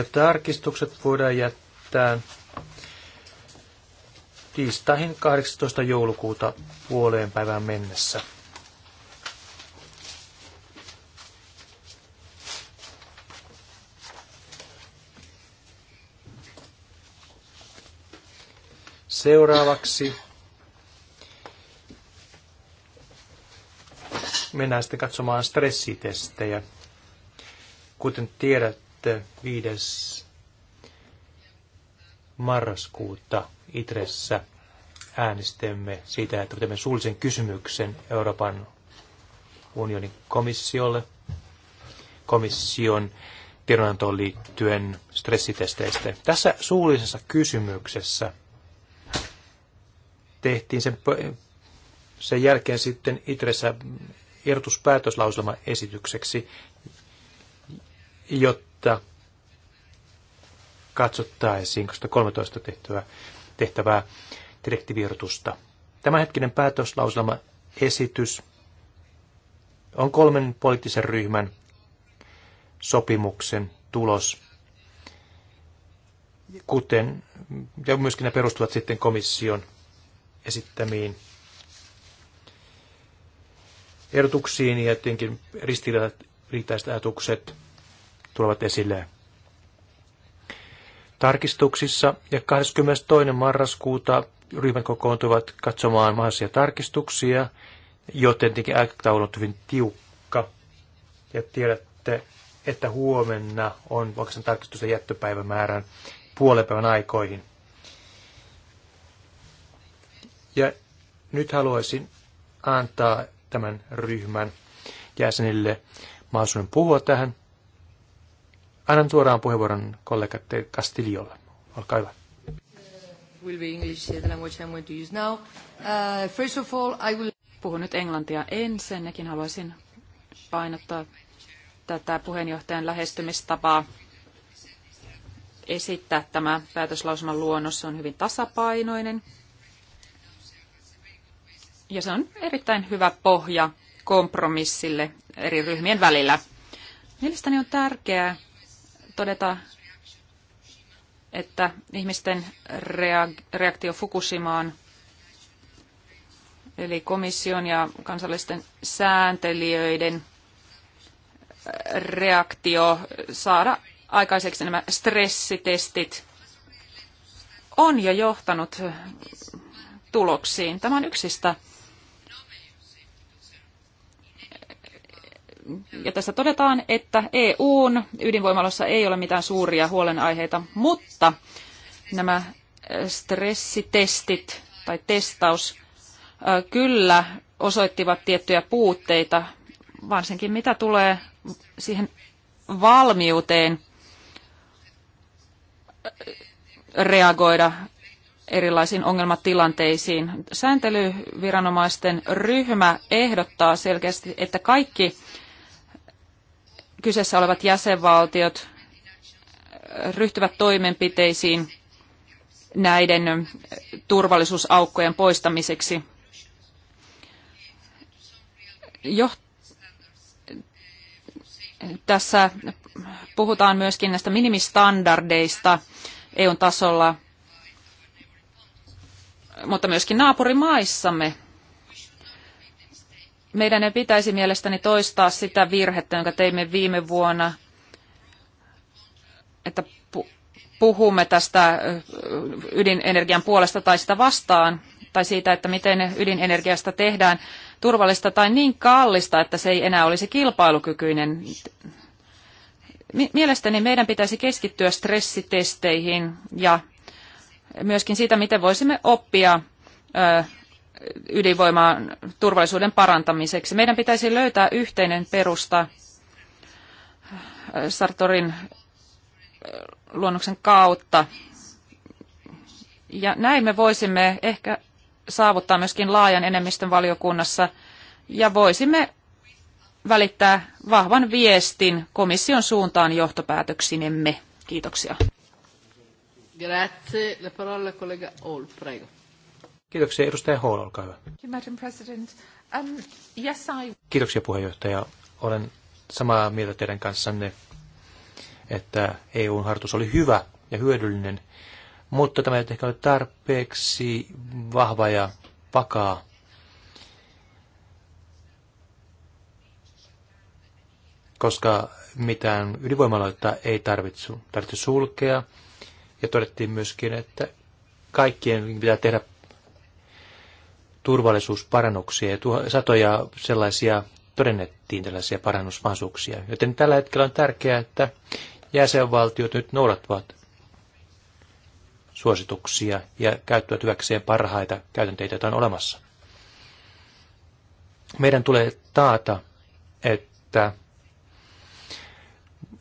Ja tarkistukset voidaan jättää tiistaihin 18. joulukuuta puoleen päivään mennessä. Seuraavaksi mennään sitten katsomaan stressitestejä. Kuten tiedät, sitten 5. marraskuuta Itressä äänestämme siitä, että teemme suullisen kysymyksen Euroopan unionin komissiolle komission tiedonantoon liittyen stressitesteistä. Tässä suullisessa kysymyksessä tehtiin sen, sen jälkeen sitten Itressä erotuspäätöslauselman esitykseksi, jotta jotta katsottaisiin 13 tehtävää, tehtävää Tämä Tämänhetkinen päätöslauselma esitys on kolmen poliittisen ryhmän sopimuksen tulos, kuten, ja myöskin ne perustuvat sitten komission esittämiin erotuksiin ja tietenkin ristiriitaiset ajatukset tulevat esille tarkistuksissa ja 22. marraskuuta ryhmät kokoontuivat katsomaan mahdollisia tarkistuksia, joten tietenkin aikataulu on hyvin tiukka. Ja tiedätte, että huomenna on vaikka tarkistusten jättöpäivämäärän puolen päivän aikoihin. Ja nyt haluaisin antaa tämän ryhmän jäsenille mahdollisuuden puhua tähän. Annan suoraan puheenvuoron kollega Castillolle. Olkaa hyvä. Will be English, the language I'm going to use now. Uh, first of all, I will... Puhun nyt englantia ensinnäkin. Haluaisin painottaa tätä puheenjohtajan lähestymistapaa esittää tämä päätöslausuman luonnos. Se on hyvin tasapainoinen ja se on erittäin hyvä pohja kompromissille eri ryhmien välillä. Mielestäni on tärkeää, todeta, että ihmisten reaktio Fukushimaan, eli komission ja kansallisten sääntelijöiden äh, reaktio saada aikaiseksi nämä stressitestit, on jo johtanut tuloksiin. Tämä on yksistä ja tässä todetaan, että EUn ydinvoimalossa ei ole mitään suuria huolenaiheita, mutta nämä äh, stressitestit tai testaus äh, kyllä osoittivat tiettyjä puutteita, varsinkin mitä tulee siihen valmiuteen äh, reagoida erilaisiin ongelmatilanteisiin. Sääntelyviranomaisten ryhmä ehdottaa selkeästi, että kaikki kyseessä olevat jäsenvaltiot ryhtyvät toimenpiteisiin näiden turvallisuusaukkojen poistamiseksi. Jo, tässä puhutaan myöskin näistä minimistandardeista EUn tasolla, mutta myöskin naapurimaissamme meidän ei pitäisi mielestäni toistaa sitä virhettä, jonka teimme viime vuonna, että puhumme tästä ydinenergian puolesta tai sitä vastaan, tai siitä, että miten ydinenergiasta tehdään turvallista tai niin kallista, että se ei enää olisi kilpailukykyinen. Mielestäni meidän pitäisi keskittyä stressitesteihin ja myöskin siitä, miten voisimme oppia ydinvoiman turvallisuuden parantamiseksi. Meidän pitäisi löytää yhteinen perusta äh, Sartorin äh, luonnoksen kautta. Ja näin me voisimme ehkä saavuttaa myöskin laajan enemmistön valiokunnassa ja voisimme välittää vahvan viestin komission suuntaan johtopäätöksinemme. Kiitoksia. Grazie. La parola collega Hall, prego. Kiitoksia. Edustaja Hall, olkaa hyvä. Um, Kiitoksia puheenjohtaja. Olen samaa mieltä teidän kanssanne, että EUn harjoitus oli hyvä ja hyödyllinen, mutta tämä ei ehkä ole tarpeeksi vahva ja vakaa. Koska mitään ydinvoimaloita ei tarvitse, tarvitse sulkea. Ja todettiin myöskin, että kaikkien pitää tehdä turvallisuusparannuksia ja satoja sellaisia todennettiin tällaisia parannusmahdollisuuksia. Joten tällä hetkellä on tärkeää, että jäsenvaltiot nyt noudattavat suosituksia ja käyttävät hyväkseen parhaita käytänteitä, joita on olemassa. Meidän tulee taata, että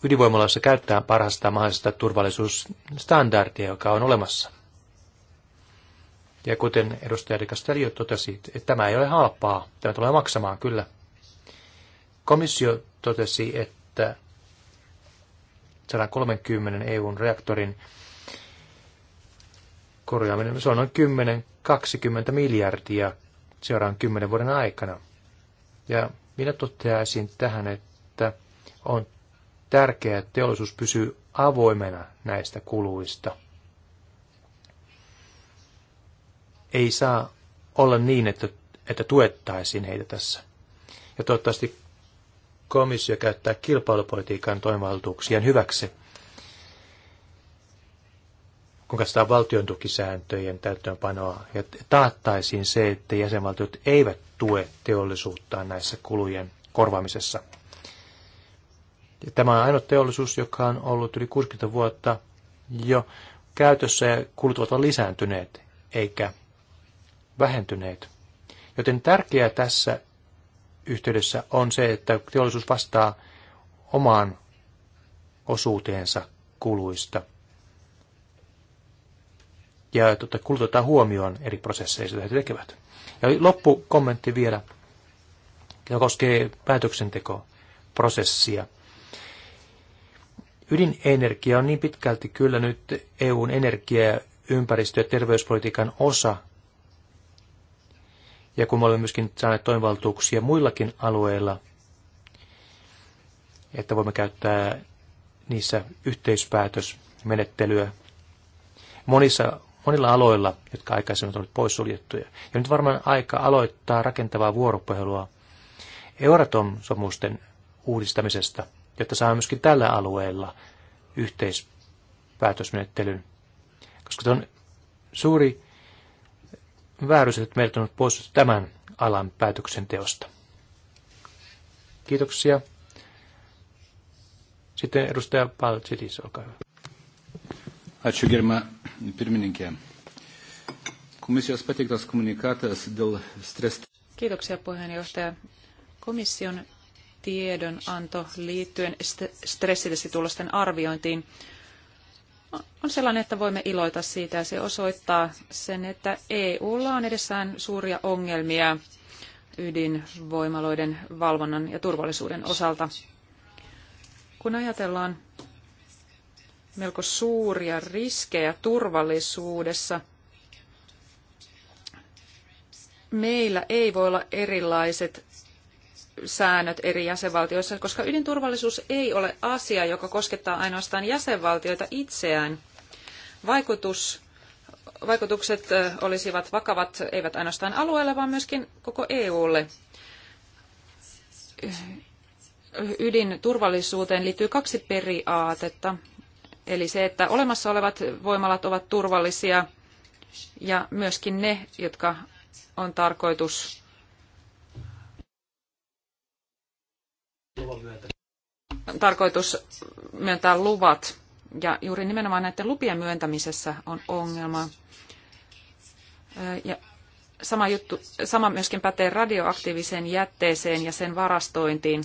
ydinvoimalassa käyttää parhaasta mahdollisesta turvallisuusstandardia, joka on olemassa. Ja kuten edustaja Rikastelio totesi, että tämä ei ole halpaa, tämä tulee maksamaan kyllä. Komissio totesi, että 130 EUn reaktorin korjaaminen, se on noin 10-20 miljardia seuraavan 10 vuoden aikana. Ja minä toteaisin tähän, että on tärkeää, että teollisuus pysyy avoimena näistä kuluista – ei saa olla niin, että, että tuettaisiin heitä tässä. Ja toivottavasti komissio käyttää kilpailupolitiikan toimivaltuuksien hyväksi, kun katsotaan valtion tukisääntöjen täyttöönpanoa, ja taattaisiin se, että jäsenvaltiot eivät tue teollisuuttaan näissä kulujen korvaamisessa. Ja tämä on ainoa teollisuus, joka on ollut yli 60 vuotta jo käytössä ja kulut ovat lisääntyneet, eikä vähentyneet. Joten tärkeää tässä yhteydessä on se, että teollisuus vastaa omaan osuuteensa kuluista. Ja tuota, kulutetaan huomioon eri prosesseissa, joita he tekevät. Ja loppukommentti vielä, joka koskee päätöksentekoprosessia. Ydinenergia on niin pitkälti kyllä nyt EUn energia-, ympäristö- ja terveyspolitiikan osa, ja kun me olemme myöskin saaneet toimivaltuuksia muillakin alueilla, että voimme käyttää niissä yhteispäätösmenettelyä monissa, monilla aloilla, jotka aikaisemmin olivat poissuljettuja. Ja nyt varmaan aika aloittaa rakentavaa vuoropuhelua euratom sopimusten uudistamisesta, jotta saamme myöskin tällä alueella yhteispäätösmenettelyn, koska se on suuri vääryys, että on pois tämän alan päätöksenteosta. Kiitoksia. Sitten edustaja Paltsidis, olkaa hyvä. Ačiū germa pirmininkė. Komisijos pateiktas komunikatas dėl stress. Kiitoksia puheenjohtaja. Komission tiedonanto liittyen stressitestitulosten arviointiin on sellainen, että voimme iloita siitä ja se osoittaa sen, että EUlla on edessään suuria ongelmia ydinvoimaloiden valvonnan ja turvallisuuden osalta. Kun ajatellaan melko suuria riskejä turvallisuudessa, meillä ei voi olla erilaiset säännöt eri jäsenvaltioissa, koska ydinturvallisuus ei ole asia, joka koskettaa ainoastaan jäsenvaltioita itseään. Vaikutus, vaikutukset olisivat vakavat eivät ainoastaan alueelle, vaan myöskin koko EUlle. Ydinturvallisuuteen liittyy kaksi periaatetta. Eli se, että olemassa olevat voimalat ovat turvallisia ja myöskin ne, jotka on tarkoitus tarkoitus myöntää luvat. Ja juuri nimenomaan näiden lupien myöntämisessä on ongelma. Ja sama, juttu, sama myöskin pätee radioaktiiviseen jätteeseen ja sen varastointiin.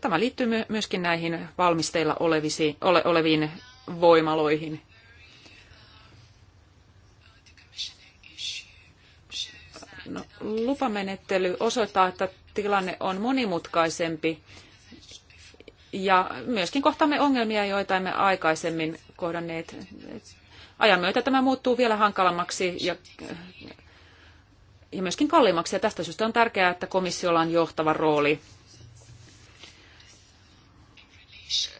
Tämä liittyy myöskin näihin valmisteilla oleviin voimaloihin. No, lupamenettely osoittaa, että tilanne on monimutkaisempi ja myöskin kohtaamme ongelmia, joita emme aikaisemmin kohdanneet. Ajan myötä tämä muuttuu vielä hankalammaksi ja, ja myöskin kalliimmaksi. Ja tästä syystä on tärkeää, että komissiolla on johtava rooli.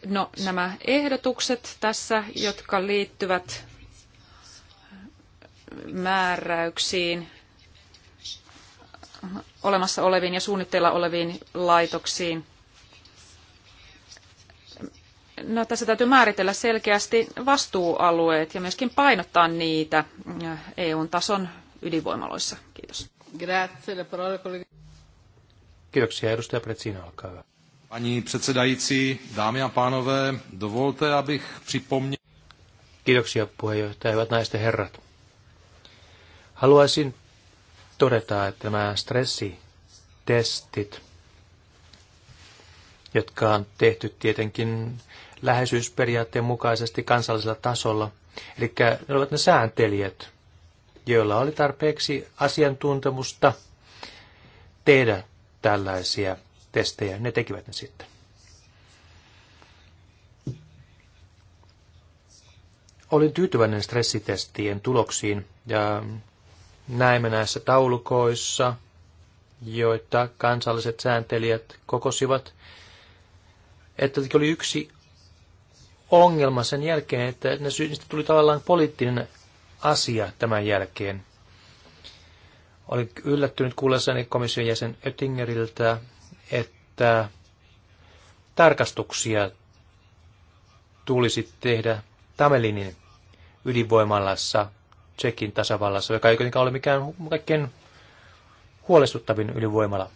No, nämä ehdotukset tässä, jotka liittyvät määräyksiin olemassa oleviin ja suunnitteilla oleviin laitoksiin. No, tässä täytyy määritellä selkeästi vastuualueet ja myöskin painottaa niitä EU-tason ydinvoimaloissa. Kiitos. Kiitoksia. Edustaja Pretsina, olkaa hyvä. Pani předsedající, dámy a pánové, dovolte, abych připomněl... Kiitoksia puheenjohtaja, hyvät naiset ja herrat. Haluaisin todetaan, että nämä stressitestit, jotka on tehty tietenkin läheisyysperiaatteen mukaisesti kansallisella tasolla, eli ne ovat ne sääntelijät, joilla oli tarpeeksi asiantuntemusta tehdä tällaisia testejä. Ne tekivät ne sitten. Olin tyytyväinen stressitestien tuloksiin ja näemme näissä taulukoissa, joita kansalliset sääntelijät kokosivat, että oli yksi ongelma sen jälkeen, että niistä tuli tavallaan poliittinen asia tämän jälkeen. Olin yllättynyt kuullessani komission jäsen Oettingeriltä, että tarkastuksia tulisi tehdä Tamelinin ydinvoimalassa Tsekin tasavallassa, joka ei kuitenkaan ole mikään kaikkein huolestuttavin ylivoimala.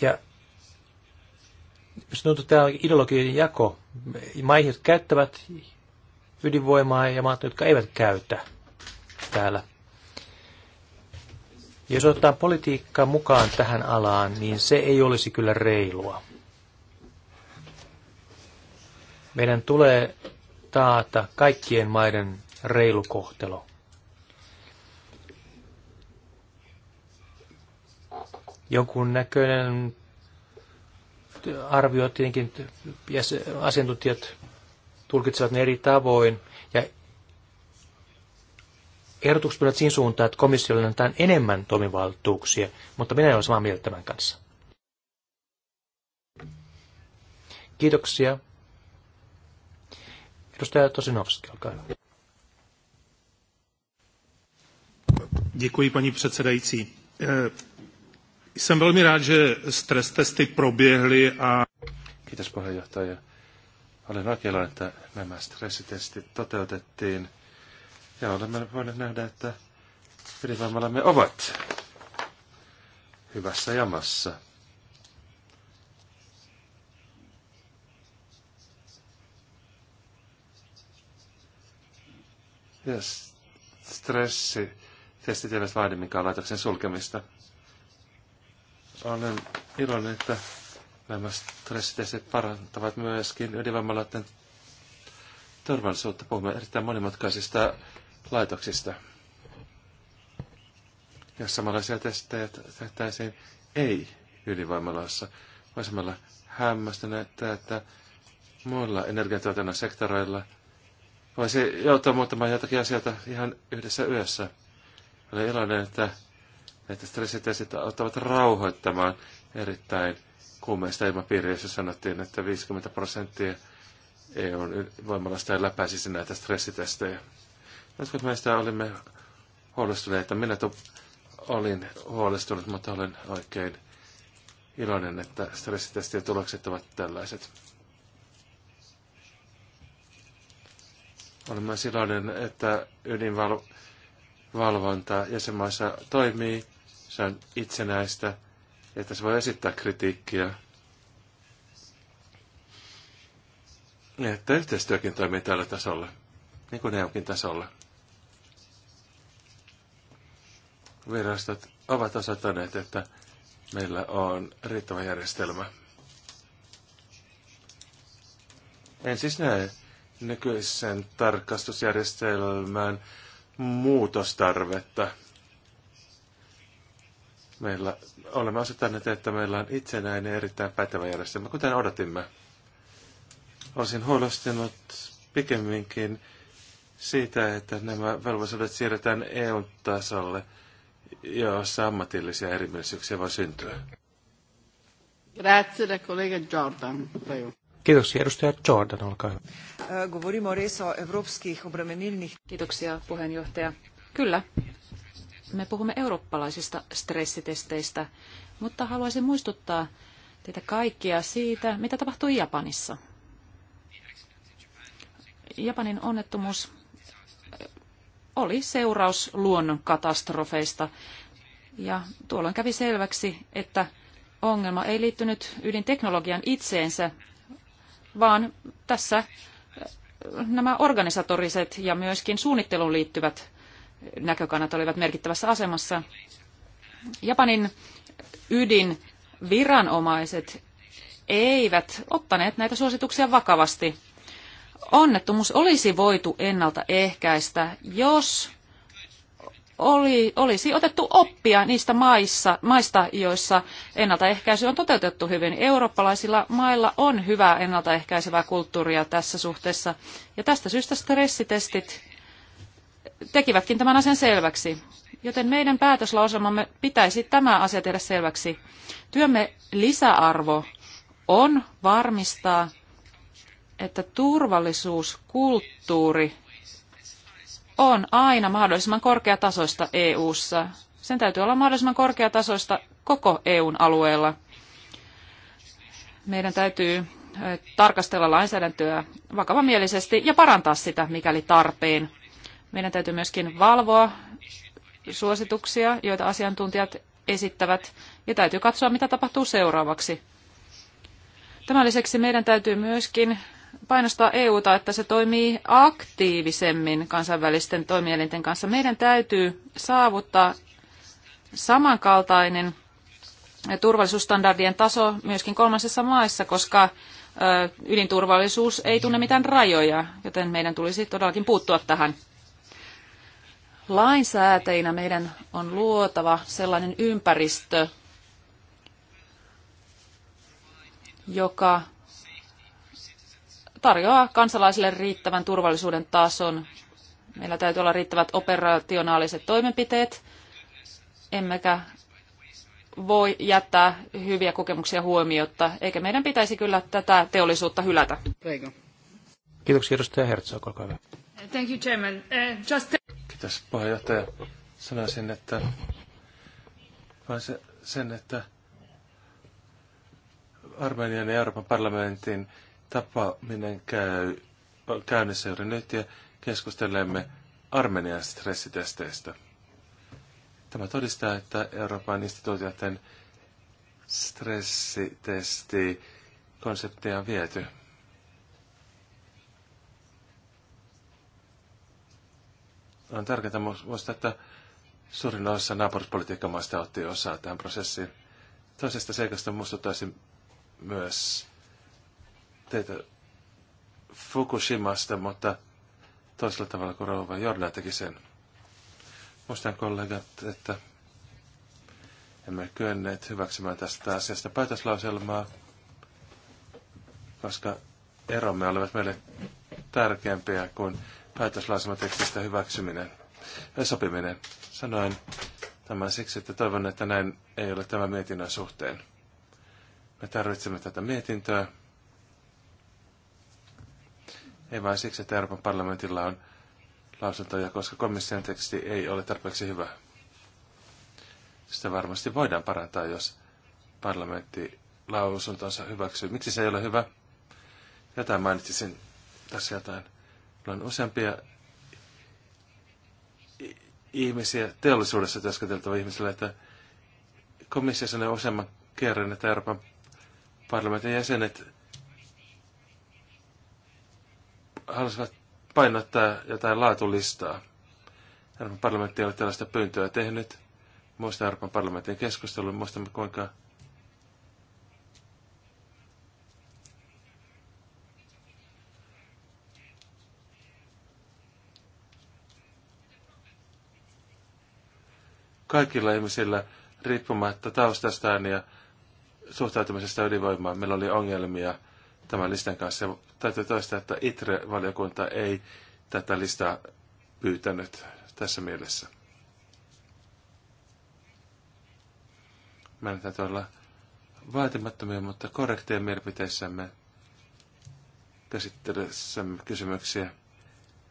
Ja jos tuntuu, että tämä on ideologinen jako, maihin, jotka käyttävät ydinvoimaa ja maat, jotka eivät käytä täällä. Jos otetaan politiikkaa mukaan tähän alaan, niin se ei olisi kyllä reilua. Meidän tulee taata kaikkien maiden reilu kohtelo. Jonkun näköinen arvio tietenkin asiantuntijat tulkitsevat ne eri tavoin ja ehdotukset menevät siinä suuntaan, että komissiolle annetaan enemmän toimivaltuuksia, mutta minä en ole samaa mieltä tämän kanssa. Kiitoksia. Edustaja Tosinovski, olkaa hyvä. Děkuji, paní předsedající. Eh, jsem velmi rád, že stres testy proběhly a... Kiitos puheenjohtaja. Olen oikeilla, että nämä stressitestit toteutettiin. Ja olemme voineet nähdä, että ydinvoimalamme ovat hyvässä jamassa. Ja stressi testit eivät vaadi minkään laitoksen sulkemista. Olen iloinen, että nämä stressitestit parantavat myöskin ydinvoimalaiden turvallisuutta. Puhumme erittäin monimutkaisista laitoksista. Jos samanlaisia testejä tehtäisiin ei-ydinvoimaloissa, voisimme olla hämmästyneitä, että muilla energiatuotannon sektoreilla – voisi joutua muuttamaan jotakin asioita ihan yhdessä yössä. Olen iloinen, että näitä stressitestit auttavat rauhoittamaan erittäin kuumeista ilmapiiriä, jossa sanottiin, että 50 prosenttia EUn voimalasta ei läpäisisi näitä stressitestejä. Joskus meistä olimme huolestuneita. Minä olin huolestunut, mutta olen oikein iloinen, että stressitestien tulokset ovat tällaiset. Olen myös iloinen, että ydinvalvonta jäsenmaissa toimii, se on itsenäistä, että se voi esittää kritiikkiä. Ja että yhteistyökin toimii tällä tasolla, niin kuin EUkin tasolla. Virastot ovat osoittaneet, että meillä on riittävä järjestelmä. En siis näe nykyisen tarkastusjärjestelmään muutostarvetta. Meillä olemme asettaneet, että meillä on itsenäinen erittäin pätevä järjestelmä, kuten odotimme. Olisin huolestunut pikemminkin siitä, että nämä velvollisuudet siirretään EU-tasolle, jossa ammatillisia erimielisyyksiä voi syntyä. Grazie, kollega Jordan. Prego. Kiitoksia. Edustaja Jordan, olkaa hyvä. Govorimo res o evropskih obremenilnih... Kiitoksia puheenjohtaja. Kyllä, me puhumme eurooppalaisista stressitesteistä, mutta haluaisin muistuttaa teitä kaikkia siitä, mitä tapahtui Japanissa. Japanin onnettomuus oli seuraus luonnon katastrofeista. Ja tuolloin kävi selväksi, että ongelma ei liittynyt ydinteknologian itseensä, vaan tässä äh, nämä organisatoriset ja myöskin suunnitteluun liittyvät näkökannat olivat merkittävässä asemassa. Japanin ydinviranomaiset eivät ottaneet näitä suosituksia vakavasti. Onnettomuus olisi voitu ennaltaehkäistä, jos oli, olisi otettu oppia niistä maissa, maista, joissa ennaltaehkäisy on toteutettu hyvin. Eurooppalaisilla mailla on hyvää ennaltaehkäisevää kulttuuria tässä suhteessa. Ja tästä syystä stressitestit tekivätkin tämän asian selväksi. Joten meidän päätöslauselmamme pitäisi tämä asia tehdä selväksi. Työmme lisäarvo on varmistaa, että turvallisuuskulttuuri on aina mahdollisimman korkeatasoista EU:ssa. Sen täytyy olla mahdollisimman korkeatasoista koko EUn alueella. Meidän täytyy tarkastella lainsäädäntöä vakavamielisesti ja parantaa sitä, mikäli tarpeen. Meidän täytyy myöskin valvoa suosituksia, joita asiantuntijat esittävät, ja täytyy katsoa, mitä tapahtuu seuraavaksi. Tämän lisäksi meidän täytyy myöskin painostaa EUta, että se toimii aktiivisemmin kansainvälisten toimielinten kanssa. Meidän täytyy saavuttaa samankaltainen turvallisuusstandardien taso myöskin kolmansissa maissa, koska ydinturvallisuus ei tunne mitään rajoja, joten meidän tulisi todellakin puuttua tähän. Lainsääteinä meidän on luotava sellainen ympäristö, joka tarjoaa kansalaisille riittävän turvallisuuden tason. Meillä täytyy olla riittävät operationaaliset toimenpiteet, emmekä voi jättää hyviä kokemuksia huomiotta, eikä meidän pitäisi kyllä tätä teollisuutta hylätä. Kiitoksia edustaja Herzog, olkaa hyvä. Thank you, Chairman. Uh, just... Kiitos puheenjohtaja. Sanoisin, että vain se, sen, että Armenian ja Euroopan parlamentin tapaaminen käy, käynnissä juuri nyt ja keskustelemme Armenian stressitesteistä. Tämä todistaa, että Euroopan instituutioiden stressitesti konseptia on viety. On tärkeää muistaa, että suurin osa naapuruspolitiikkamaista otti osaa tähän prosessiin. Toisesta seikasta muistuttaisin myös teitä Fukushimasta, mutta toisella tavalla kuin Rouva Jordan teki sen. Muistan kollegat, että emme kyenneet hyväksymään tästä asiasta päätöslauselmaa, koska eromme olivat meille tärkeämpiä kuin päätöslauselmatekstistä hyväksyminen ja sopiminen. Sanoin tämän siksi, että toivon, että näin ei ole tämän mietinnön suhteen. Me tarvitsemme tätä mietintöä. Ei vain siksi, että Euroopan parlamentilla on lausuntoja, koska komission teksti ei ole tarpeeksi hyvä. Sitä varmasti voidaan parantaa, jos parlamentti lausuntonsa hyväksyy. Miksi se ei ole hyvä? Jotain mainitsisin tässä jotain. Meillä on useampia ihmisiä, teollisuudessa työskenteltävä ihmisillä, että komissio sanoi useamman kerran, että Euroopan parlamentin jäsenet halusivat painottaa jotain laatulistaa. Euroopan parlamentti ei ole tällaista pyyntöä tehnyt. Muista Euroopan parlamentin keskustelun, muistamme kuinka kaikilla ihmisillä riippumatta taustastaan ja suhtautumisesta ydinvoimaan. Meillä oli ongelmia tämän listan kanssa. Täytyy toistaa, että ITRE-valiokunta ei tätä listaa pyytänyt tässä mielessä. Meidän täytyy olla vaatimattomia, mutta korrekteja mielipiteissämme käsittelyssämme kysymyksiä,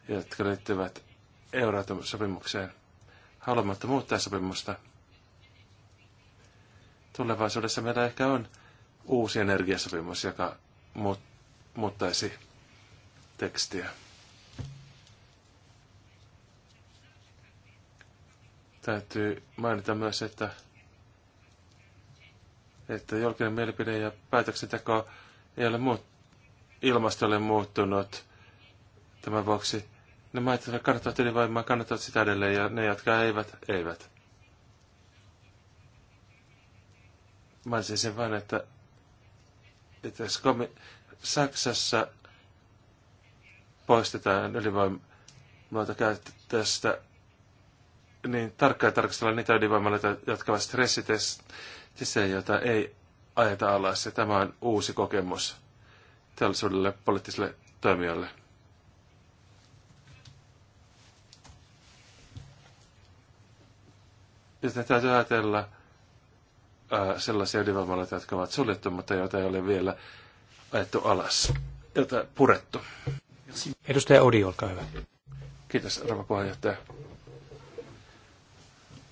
jotka liittyvät Euroopan sopimukseen Haluamatta muuttaa sopimusta. Tulevaisuudessa meillä ehkä on uusi energiasopimus, joka muuttaisi tekstiä. Täytyy mainita myös, että, että julkinen mielipide ja päätöksenteko ei ole muut, ilmastolle muuttunut. Tämän vuoksi ne maat, jotka kannattavat ydinvoimaa, kannattavat sitä edelleen ja ne, jotka eivät, eivät. Mainitsin sen vain, että tässä komi- Saksassa poistetaan ylivoimaloita käyttästä, niin tarkkaan tarkastella niitä ydinvoimaloita, jotka ovat stressitestissä, joita ei ajeta alas. Ja tämä on uusi kokemus teollisuudelle, poliittiselle toimijoille. Joten täytyy ajatella Äh, sellaisia ydinvoimaloita, jotka ovat suljettu, mutta joita ei ole vielä ajettu alas, joita purettu. Edustaja Odi, olkaa hyvä. Kiitos, rouva puheenjohtaja.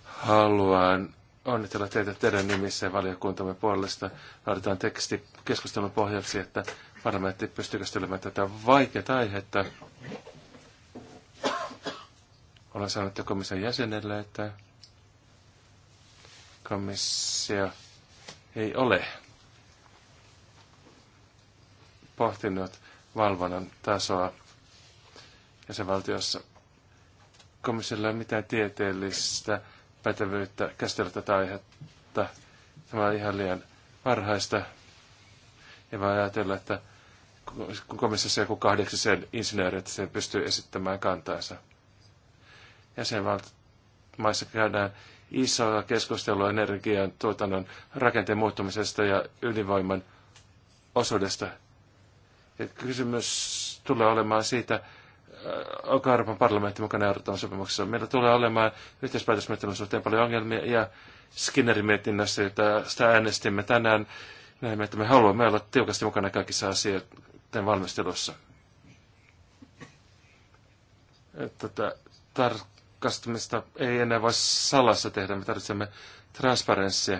Haluan onnitella teitä teidän nimissä valiokuntamme puolesta. Laitetaan teksti keskustelun pohjaksi, että parlamentti pystyy käsittelemään tätä vaikeaa aihetta. Olen sanonut jo komission jäsenelle, että komissio ei ole pohtinut valvonnan tasoa jäsenvaltiossa. Komissiolla ei ole mitään tieteellistä pätevyyttä käsitellä tätä aihetta. Tämä on ihan liian varhaista. Ja voi ajatella, että kun komissiossa joku kahdeksisen insinööri, että se pystyy esittämään kantaansa. maissa käydään isoa keskustelua energian tuotannon rakenteen muuttumisesta ja ydinvoiman osuudesta. Et kysymys tulee olemaan siitä, äh, onko Euroopan parlamentti mukana Euroopan sopimuksessa. Meillä tulee olemaan yhteispäätösmenettelyn suhteen paljon ongelmia ja Skinnerin mietinnässä, jota sitä äänestimme tänään, näemme, että me haluamme olla tiukasti mukana kaikissa asioiden valmistelussa. Tätä tar- tarkastamista ei enää voi salassa tehdä. Me tarvitsemme transparenssia.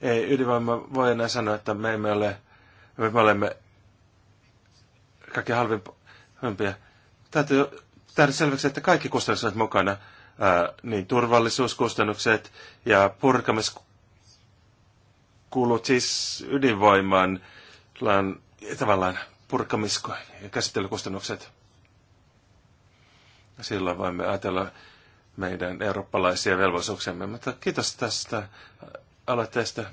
Ei ydinvoima voi enää sanoa, että me emme ole, me olemme kaikki halvimpia. Täytyy tehdä selväksi, että kaikki kustannukset ovat mukana. Ää, niin turvallisuuskustannukset ja purkamiskulut siis ydinvoimaan tavallaan purkamisko- ja käsittelykustannukset Silloin voimme ajatella meidän eurooppalaisia velvollisuuksiamme. Mutta kiitos tästä aloitteesta.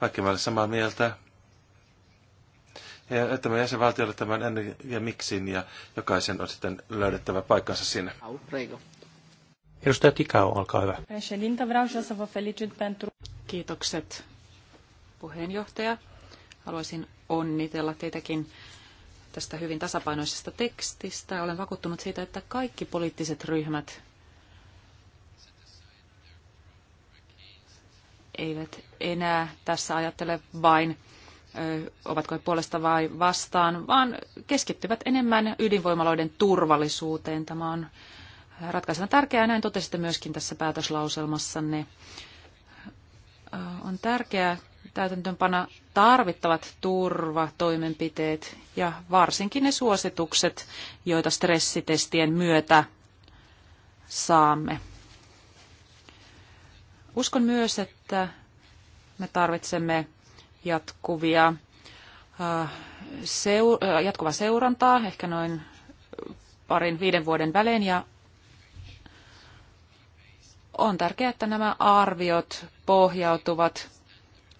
Vaikka olen samaa mieltä. Ja että me jäsenvaltiolle tämän ennen ja miksin ja jokaisen on sitten löydettävä paikkansa sinne. Edustaja Tikau, olkaa hyvä. Kiitokset puheenjohtaja. Haluaisin onnitella teitäkin tästä hyvin tasapainoisesta tekstistä. Olen vakuuttunut siitä, että kaikki poliittiset ryhmät eivät enää tässä ajattele vain, ovatko he puolesta vai vastaan, vaan keskittyvät enemmän ydinvoimaloiden turvallisuuteen. Tämä on ratkaisena tärkeää, näin totesitte myöskin tässä päätöslauselmassanne. On tärkeää täytäntöönpana tarvittavat turvatoimenpiteet ja varsinkin ne suositukset, joita stressitestien myötä saamme. Uskon myös, että me tarvitsemme jatkuvia, äh, äh jatkuvaa seurantaa, ehkä noin parin viiden vuoden välein, ja on tärkeää, että nämä arviot pohjautuvat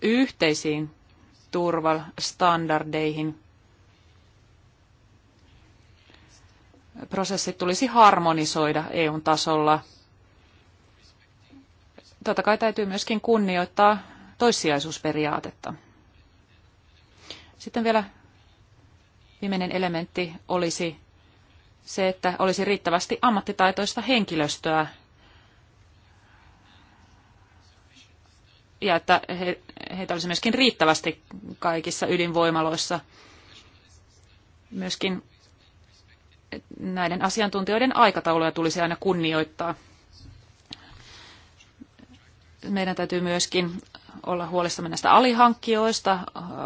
yhteisiin turvastandardeihin. Prosessit tulisi harmonisoida EUn tasolla. Totta kai täytyy myöskin kunnioittaa toissijaisuusperiaatetta. Sitten vielä viimeinen elementti olisi se, että olisi riittävästi ammattitaitoista henkilöstöä ja että he, heitä olisi myöskin riittävästi kaikissa ydinvoimaloissa. Myöskin näiden asiantuntijoiden aikatauluja tulisi aina kunnioittaa. Meidän täytyy myöskin olla huolissamme näistä alihankkijoista,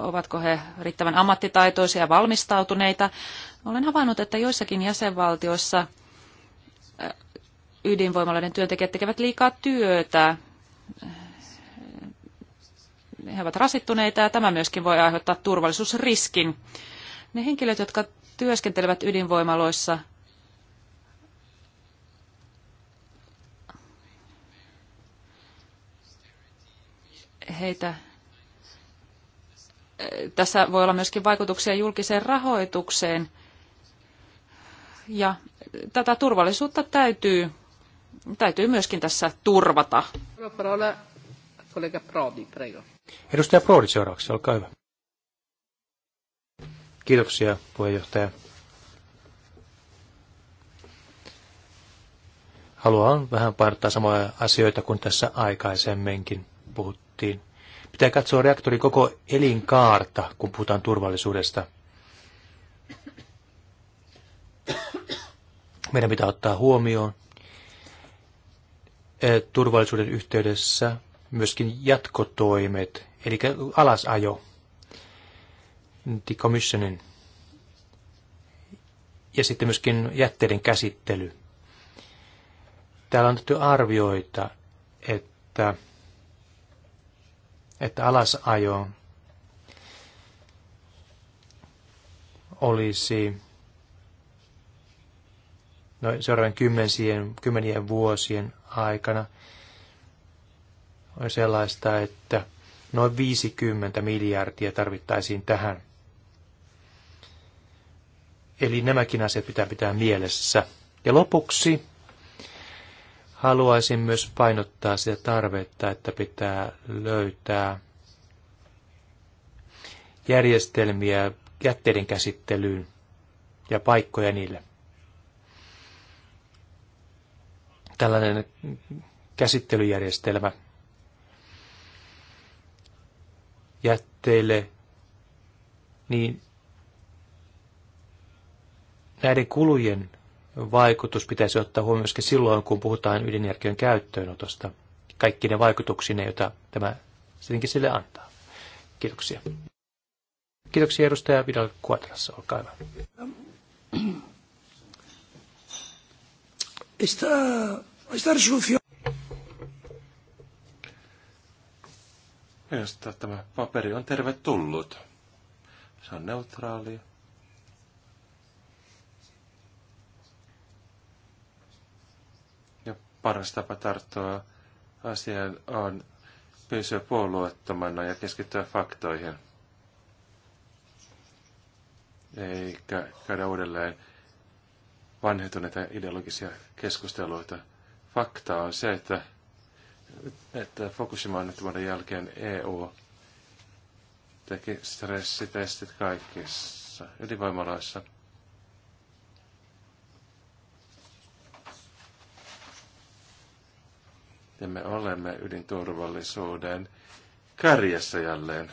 ovatko he riittävän ammattitaitoisia ja valmistautuneita. Olen havainnut, että joissakin jäsenvaltioissa ydinvoimaloiden työntekijät tekevät liikaa työtä he ovat rasittuneita ja tämä myöskin voi aiheuttaa turvallisuusriskin. Ne henkilöt, jotka työskentelevät ydinvoimaloissa, heitä eh, tässä voi olla myöskin vaikutuksia julkiseen rahoitukseen. Ja tätä turvallisuutta täytyy, täytyy myöskin tässä turvata. Kollega Prodi, prego. Edustaja Prodi seuraavaksi, olkaa hyvä. Kiitoksia puheenjohtaja. Haluan vähän painottaa samoja asioita kuin tässä aikaisemminkin puhuttiin. Pitää katsoa reaktorin koko elinkaarta, kun puhutaan turvallisuudesta. Meidän pitää ottaa huomioon eh, turvallisuuden yhteydessä myöskin jatkotoimet, eli alasajo, decommissioning, ja sitten myöskin jätteiden käsittely. Täällä on tehty arvioita, että, että alasajo olisi noin seuraavien kymmenien vuosien aikana – sellaista, että noin 50 miljardia tarvittaisiin tähän. Eli nämäkin asiat pitää pitää mielessä. Ja lopuksi haluaisin myös painottaa sitä tarvetta, että pitää löytää järjestelmiä jätteiden käsittelyyn ja paikkoja niille. Tällainen käsittelyjärjestelmä jätteille, niin näiden kulujen vaikutus pitäisi ottaa huomioon myöskin silloin, kun puhutaan ydinjärkeön käyttöönotosta. Kaikki ne vaikutuksine, joita tämä sittenkin sille antaa. Kiitoksia. Kiitoksia edustaja Vidal Quadras, olkaa hyvä. Esta, esta resolución Minusta tämä paperi on tervetullut. Se on neutraali. Ja paras tapa tarttua asiaan on pysyä puolueettomana ja keskittyä faktoihin. Eikä käydä uudelleen vanhentuneita ideologisia keskusteluita. Fakta on se, että että Fukushima onnettomuuden jälkeen EU teki stressitestit kaikissa ydinvoimaloissa. Ja me olemme ydinturvallisuuden kärjessä jälleen.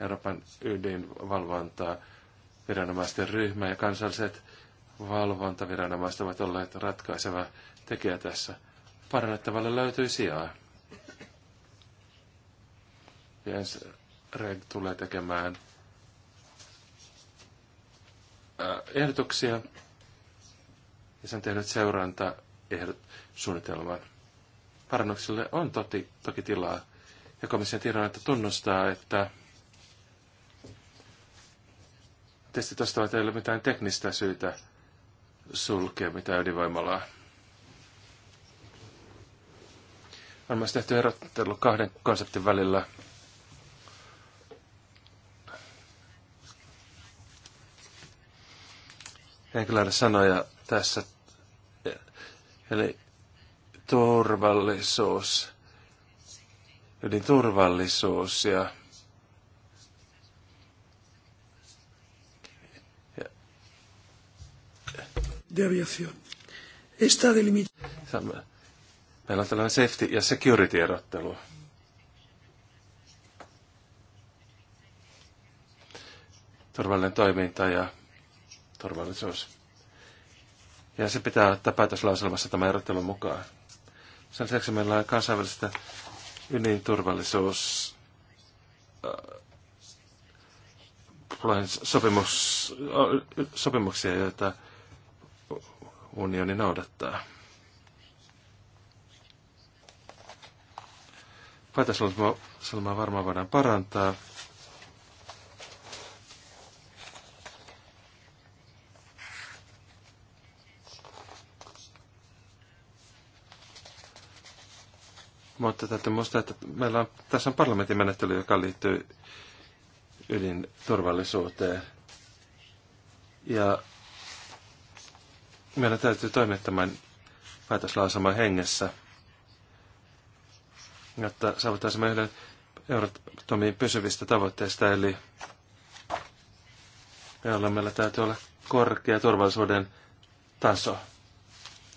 Euroopan ydinvalvontaa viranomaisten ryhmä ja kansalliset valvontaviranomaiset ovat olleet ratkaiseva tekijä tässä parannettavalle löytyy sijaa. Jens Reg tulee tekemään äh, ehdotuksia ja sen tehnyt seuranta ehdot, suunnitelman. Parannuksille on toti, toki tilaa ja komission että tunnustaa, että testit ostavat teille mitään teknistä syytä sulkea mitään ydinvoimalaa. on myös tehty erottelu kahden konseptin välillä. En kyllä sanoja tässä. Eli turvallisuus, Eli turvallisuus ja, Deviación. Esta delimitación Meillä on tällainen safety- ja security-erottelu. Turvallinen toiminta ja turvallisuus. Ja se pitää ottaa päätöslauselmassa tämä erottelu mukaan. Sen lisäksi meillä on kansainvälistä ydinturvallisuus äh, sopimus, äh, sopimuksia, joita unioni noudattaa. Päätöslauselmaa varmaan voidaan parantaa. Mutta täytyy muistaa, että meillä on, tässä on parlamentin menettely, joka liittyy ydinturvallisuuteen. Ja meidän täytyy toimia tämän päätöslausaman hengessä jotta saavutaisimme yhden Euratomiin pysyvistä tavoitteista, eli jolla meillä täytyy olla korkea turvallisuuden taso.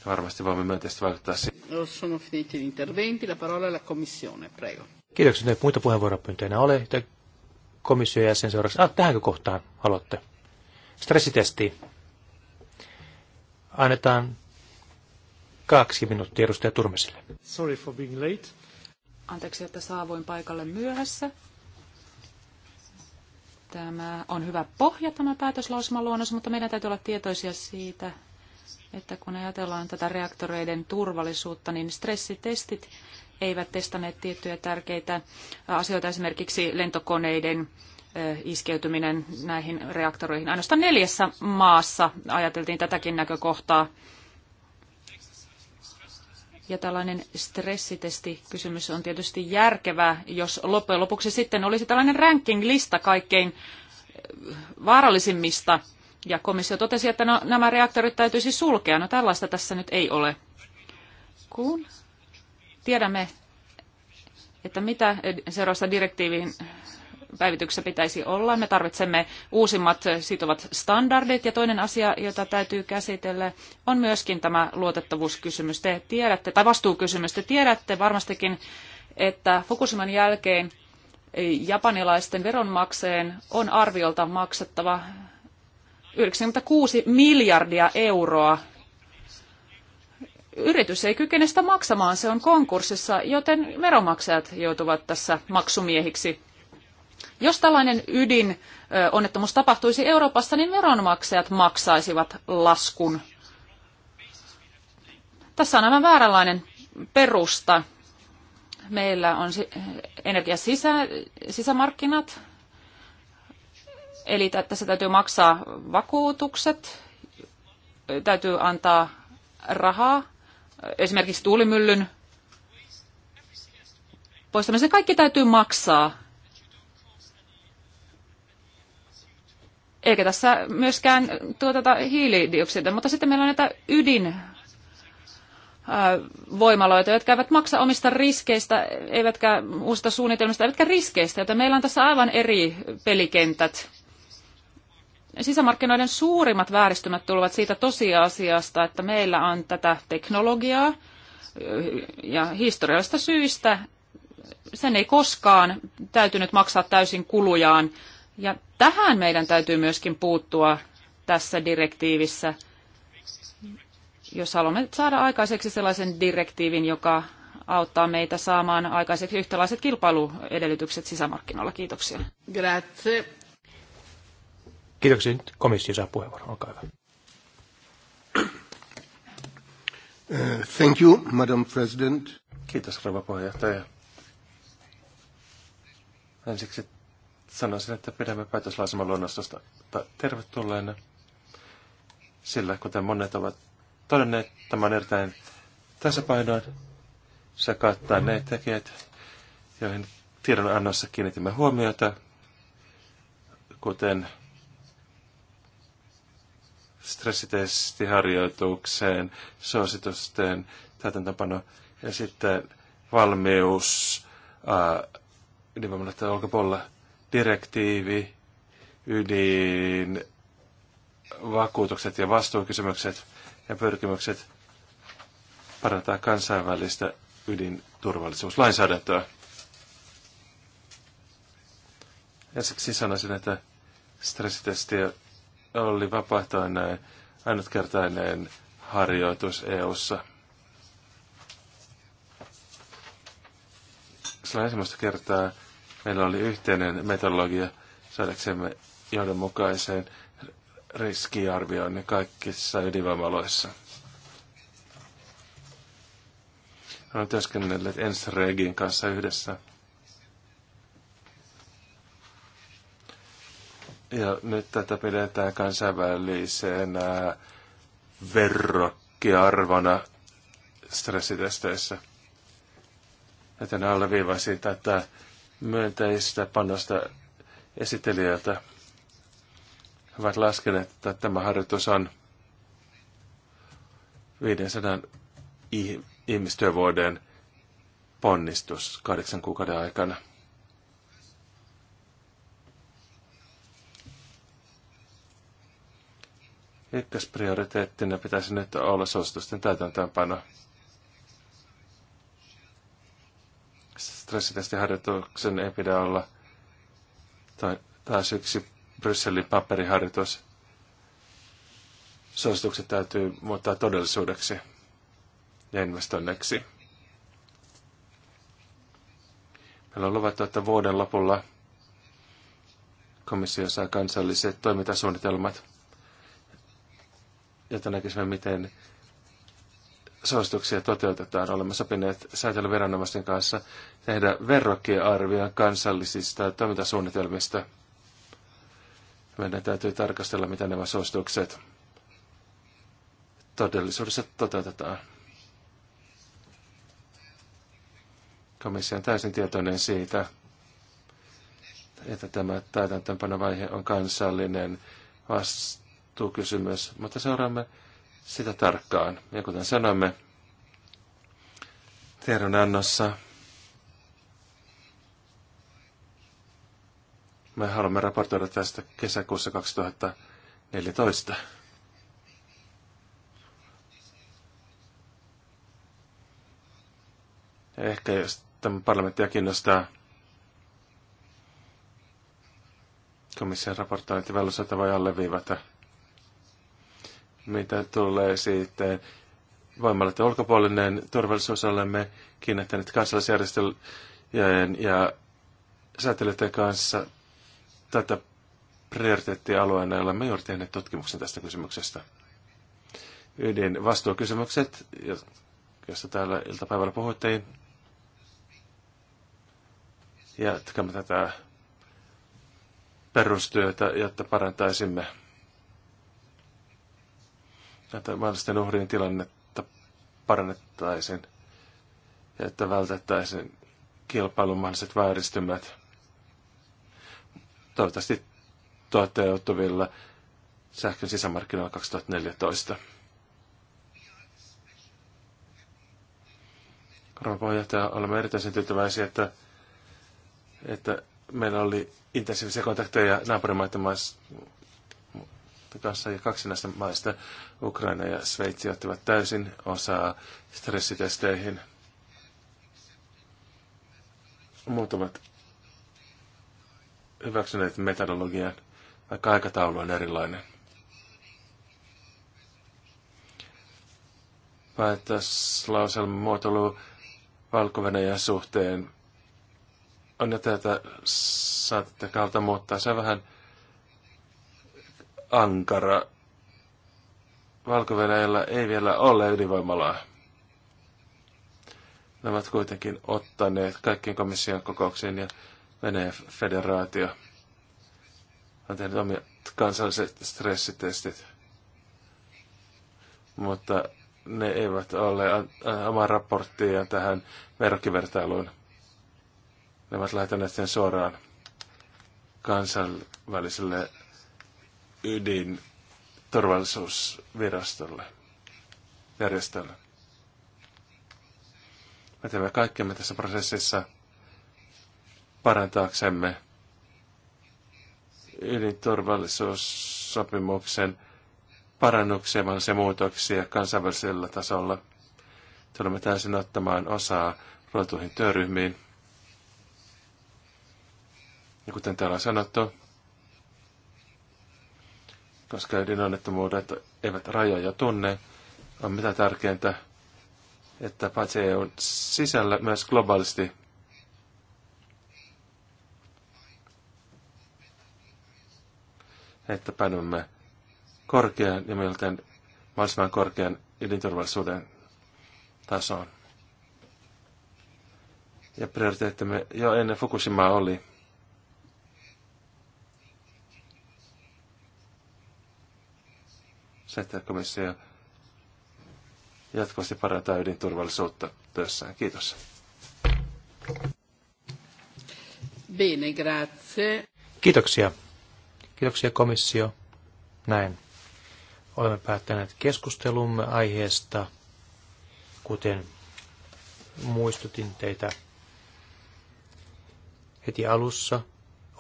Varmasti voimme myönteisesti vaikuttaa siihen. No, Kiitoksia, että muita puheenvuoropyyntöjä ole. Komission jäsen seuraavaksi. Ah, tähänkö kohtaan haluatte? Stressitesti. Annetaan kaksi minuuttia edustaja Turmesille. Sorry for being late. Anteeksi, että saavuin paikalle myöhässä. Tämä on hyvä pohja tämä luonnos, mutta meidän täytyy olla tietoisia siitä, että kun ajatellaan tätä reaktoreiden turvallisuutta, niin stressitestit eivät testanneet tiettyjä tärkeitä asioita, esimerkiksi lentokoneiden iskeytyminen näihin reaktoreihin. Ainoastaan neljässä maassa ajateltiin tätäkin näkökohtaa ja tällainen kysymys on tietysti järkevää, jos loppujen lopuksi sitten olisi tällainen ranking-lista kaikkein eh, vaarallisimmista. Ja komissio totesi, että no, nämä reaktorit täytyisi sulkea. No tällaista tässä nyt ei ole. Kun tiedämme, että mitä seuraavassa direktiiviin päivityksessä pitäisi olla. Me tarvitsemme uusimmat sitovat standardit ja toinen asia, jota täytyy käsitellä, on myöskin tämä luotettavuuskysymys. Te tiedätte, tai vastuukysymys, te tiedätte varmastikin, että Fukushiman jälkeen japanilaisten veronmaksajien on arviolta maksettava 96 miljardia euroa yritys ei kykene sitä maksamaan, se on konkurssissa, joten veromaksajat joutuvat tässä maksumiehiksi. Jos tällainen ydin onnettomuus tapahtuisi Euroopassa, niin veronmaksajat maksaisivat laskun. Tässä on aivan vääränlainen perusta. Meillä on energiasisä, sisämarkkinat, eli tässä täytyy maksaa vakuutukset, täytyy antaa rahaa, esimerkiksi tuulimyllyn poistamisen. Kaikki täytyy maksaa eikä tässä myöskään tuoteta hiilidioksidia, mutta sitten meillä on näitä ydin äh, voimaloita, jotka eivät maksa omista riskeistä, eivätkä uusista suunnitelmista, eivätkä riskeistä, joten meillä on tässä aivan eri pelikentät. Sisämarkkinoiden suurimmat vääristymät tulevat siitä tosiasiasta, että meillä on tätä teknologiaa äh, ja historiallista syistä sen ei koskaan täytynyt maksaa täysin kulujaan ja tähän meidän täytyy myöskin puuttua tässä direktiivissä, jos haluamme saada aikaiseksi sellaisen direktiivin, joka auttaa meitä saamaan aikaiseksi yhtälaiset kilpailuedellytykset sisämarkkinoilla. Kiitoksia. Grazie. Kiitoksia. Nyt komissio saa puheenvuoron. Olkaa hyvä. Eh, thank you, Madam President. Kiitos, rouva puheenjohtaja. Ensiksi sanoisin, että pidämme päätöslausuman luonnostosta tervetulleena, sillä kuten monet ovat todenneet, tämä on erittäin tasapainoin. Se kattaa ne tekijät, joihin tiedonannossa kiinnitimme huomiota, kuten stressitestiharjoitukseen, suositusten täytäntöpano ja sitten valmius ää, nimenomaan niin olkapuolella direktiivi, ydin, vakuutukset ja vastuukysymykset ja pyrkimykset parantaa kansainvälistä ydinturvallisuuslainsäädäntöä. Ensiksi sanoisin, että stressitesti oli vapaaehtoinen ainutkertainen harjoitus EU:ssa. Se on ensimmäistä kertaa Meillä oli yhteinen metodologia saadaksemme johdonmukaiseen riskiarvioinnin kaikissa ydinvoimaloissa. Olen työskennellyt Ensregin kanssa yhdessä. Ja nyt tätä pidetään kansainvälisenä verrokkiarvona stressitesteissä. Joten alleviivaisin tätä myönteistä panosta esittelijältä. He ovat laskeneet, että tämä harjoitus on 500 ihmistyövuoden ponnistus kahdeksan kuukauden aikana. Ykkösprioriteettina pitäisi nyt olla suositusten täytäntöönpano. stressitestiharjoituksen ei pidä olla tai taas yksi Brysselin paperiharjoitus. Suositukset täytyy muuttaa todellisuudeksi ja investoinneksi. Meillä on luvattu, että vuoden lopulla komissio saa kansalliset toimintasuunnitelmat, jotta näkisimme, miten suosituksia toteutetaan. Olemme sopineet säätelyviranomaisten kanssa tehdä verrokkiarvion kansallisista toimintasuunnitelmista. Meidän täytyy tarkastella, mitä nämä suositukset todellisuudessa toteutetaan. Komissio on täysin tietoinen siitä, että tämä täytäntöönpanovaihe on kansallinen vastuukysymys, mutta seuraamme sitä tarkkaan. Ja kuten sanoimme tiedonannossa, me haluamme raportoida tästä kesäkuussa 2014. Ja ehkä jos tämä parlamenttia kiinnostaa komission raportointi, voi alleviivata – mitä tulee sitten voimalaiden ulkopuolinen turvallisuus, olemme kiinnittäneet kansalaisjärjestöjen ja säätelijöiden kanssa tätä prioriteettialueena, jolla me juuri tehneet tutkimuksen tästä kysymyksestä. Ydin vastuukysymykset, josta täällä iltapäivällä puhuttiin. Jatkamme tätä perustyötä, jotta parantaisimme että mahdollisten uhrien tilannetta parannettaisiin ja että vältettäisiin kilpailun mahdolliset vääristymät. Toivottavasti toteutuvilla sähkön sisämarkkinoilla 2014. Rouva puheenjohtaja, olemme erityisen tyytyväisiä, että, että meillä oli intensiivisiä kontakteja naapurimaiden kanssa ja kaksi näistä maista, Ukraina ja Sveitsi, ottivat täysin osaa stressitesteihin. Muut ovat hyväksyneet metodologian, vaikka aikataulu on erilainen. Päätöslauselman muotoilu valko suhteen on jo tätä saatatte kautta muuttaa. Se on vähän ankara. valko ei vielä ole ydinvoimalaa. Ne ovat kuitenkin ottaneet kaikkien komission kokouksiin ja Venäjän federaatio on tehnyt omia kansalliset stressitestit. Mutta ne eivät ole omaa raporttiaan tähän verkkivertailuun. Ne ovat lähettäneet sen suoraan kansainväliselle ydin turvallisuusvirastolle, järjestölle. Me teemme kaikkemme tässä prosessissa parantaaksemme ydinturvallisuussopimuksen parannuksia, mahdollisia muutoksia kansainvälisellä tasolla. Tulemme täysin ottamaan osaa ruotuihin työryhmiin. Ja kuten täällä on sanottu, koska ydinonnettomuudet niin eivät rajoja tunne, on mitä tärkeintä, että paitsi EUn sisällä myös globaalisti että painamme korkean ja miltään mahdollisimman korkean ydinturvallisuuden tasoon. Ja prioriteettimme jo ennen Fukushimaa oli se, että komissio jatkuvasti parantaa ydinturvallisuutta työssään. Kiitos. Bene, grazie. Kiitoksia. Kiitoksia komissio. Näin. Olemme päättäneet keskustelumme aiheesta, kuten muistutin teitä heti alussa.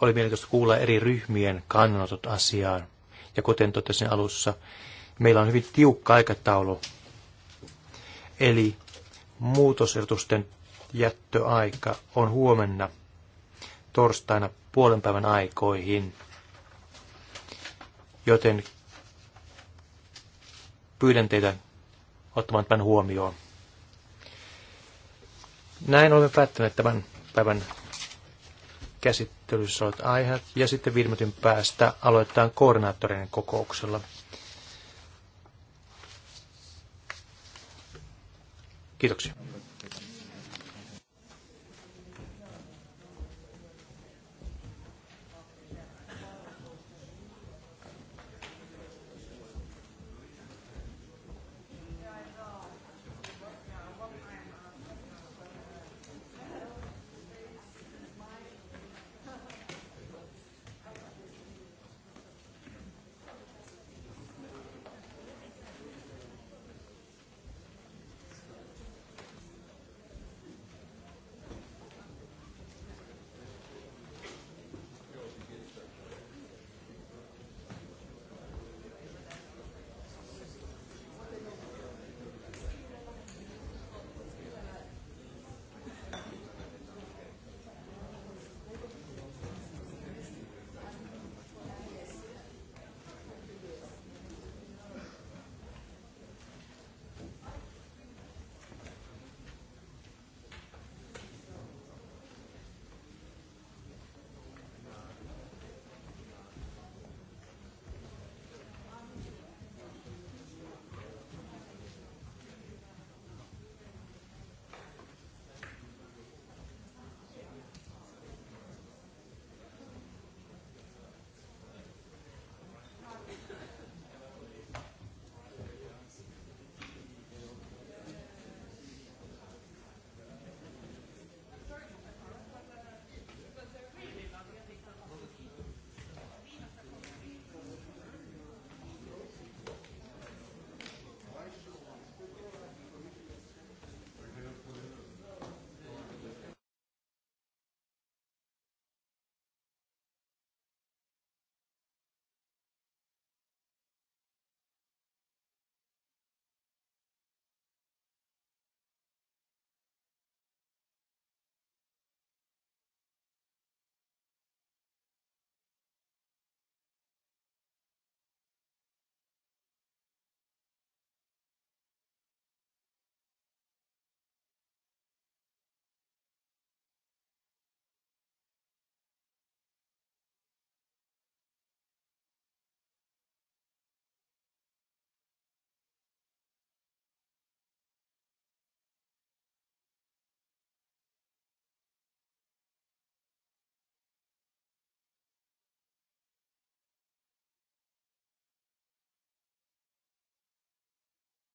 Oli mielenkiintoista kuulla eri ryhmien kannanotot asiaan. Ja kuten totesin alussa, meillä on hyvin tiukka aikataulu. Eli muutosehdotusten jättöaika on huomenna torstaina puolen päivän aikoihin. Joten pyydän teitä ottamaan tämän huomioon. Näin olemme päättäneet tämän päivän käsittelyssä olet aiheet, ja sitten viimeisen päästä aloitetaan koordinaattorien kokouksella. Kiitoksia.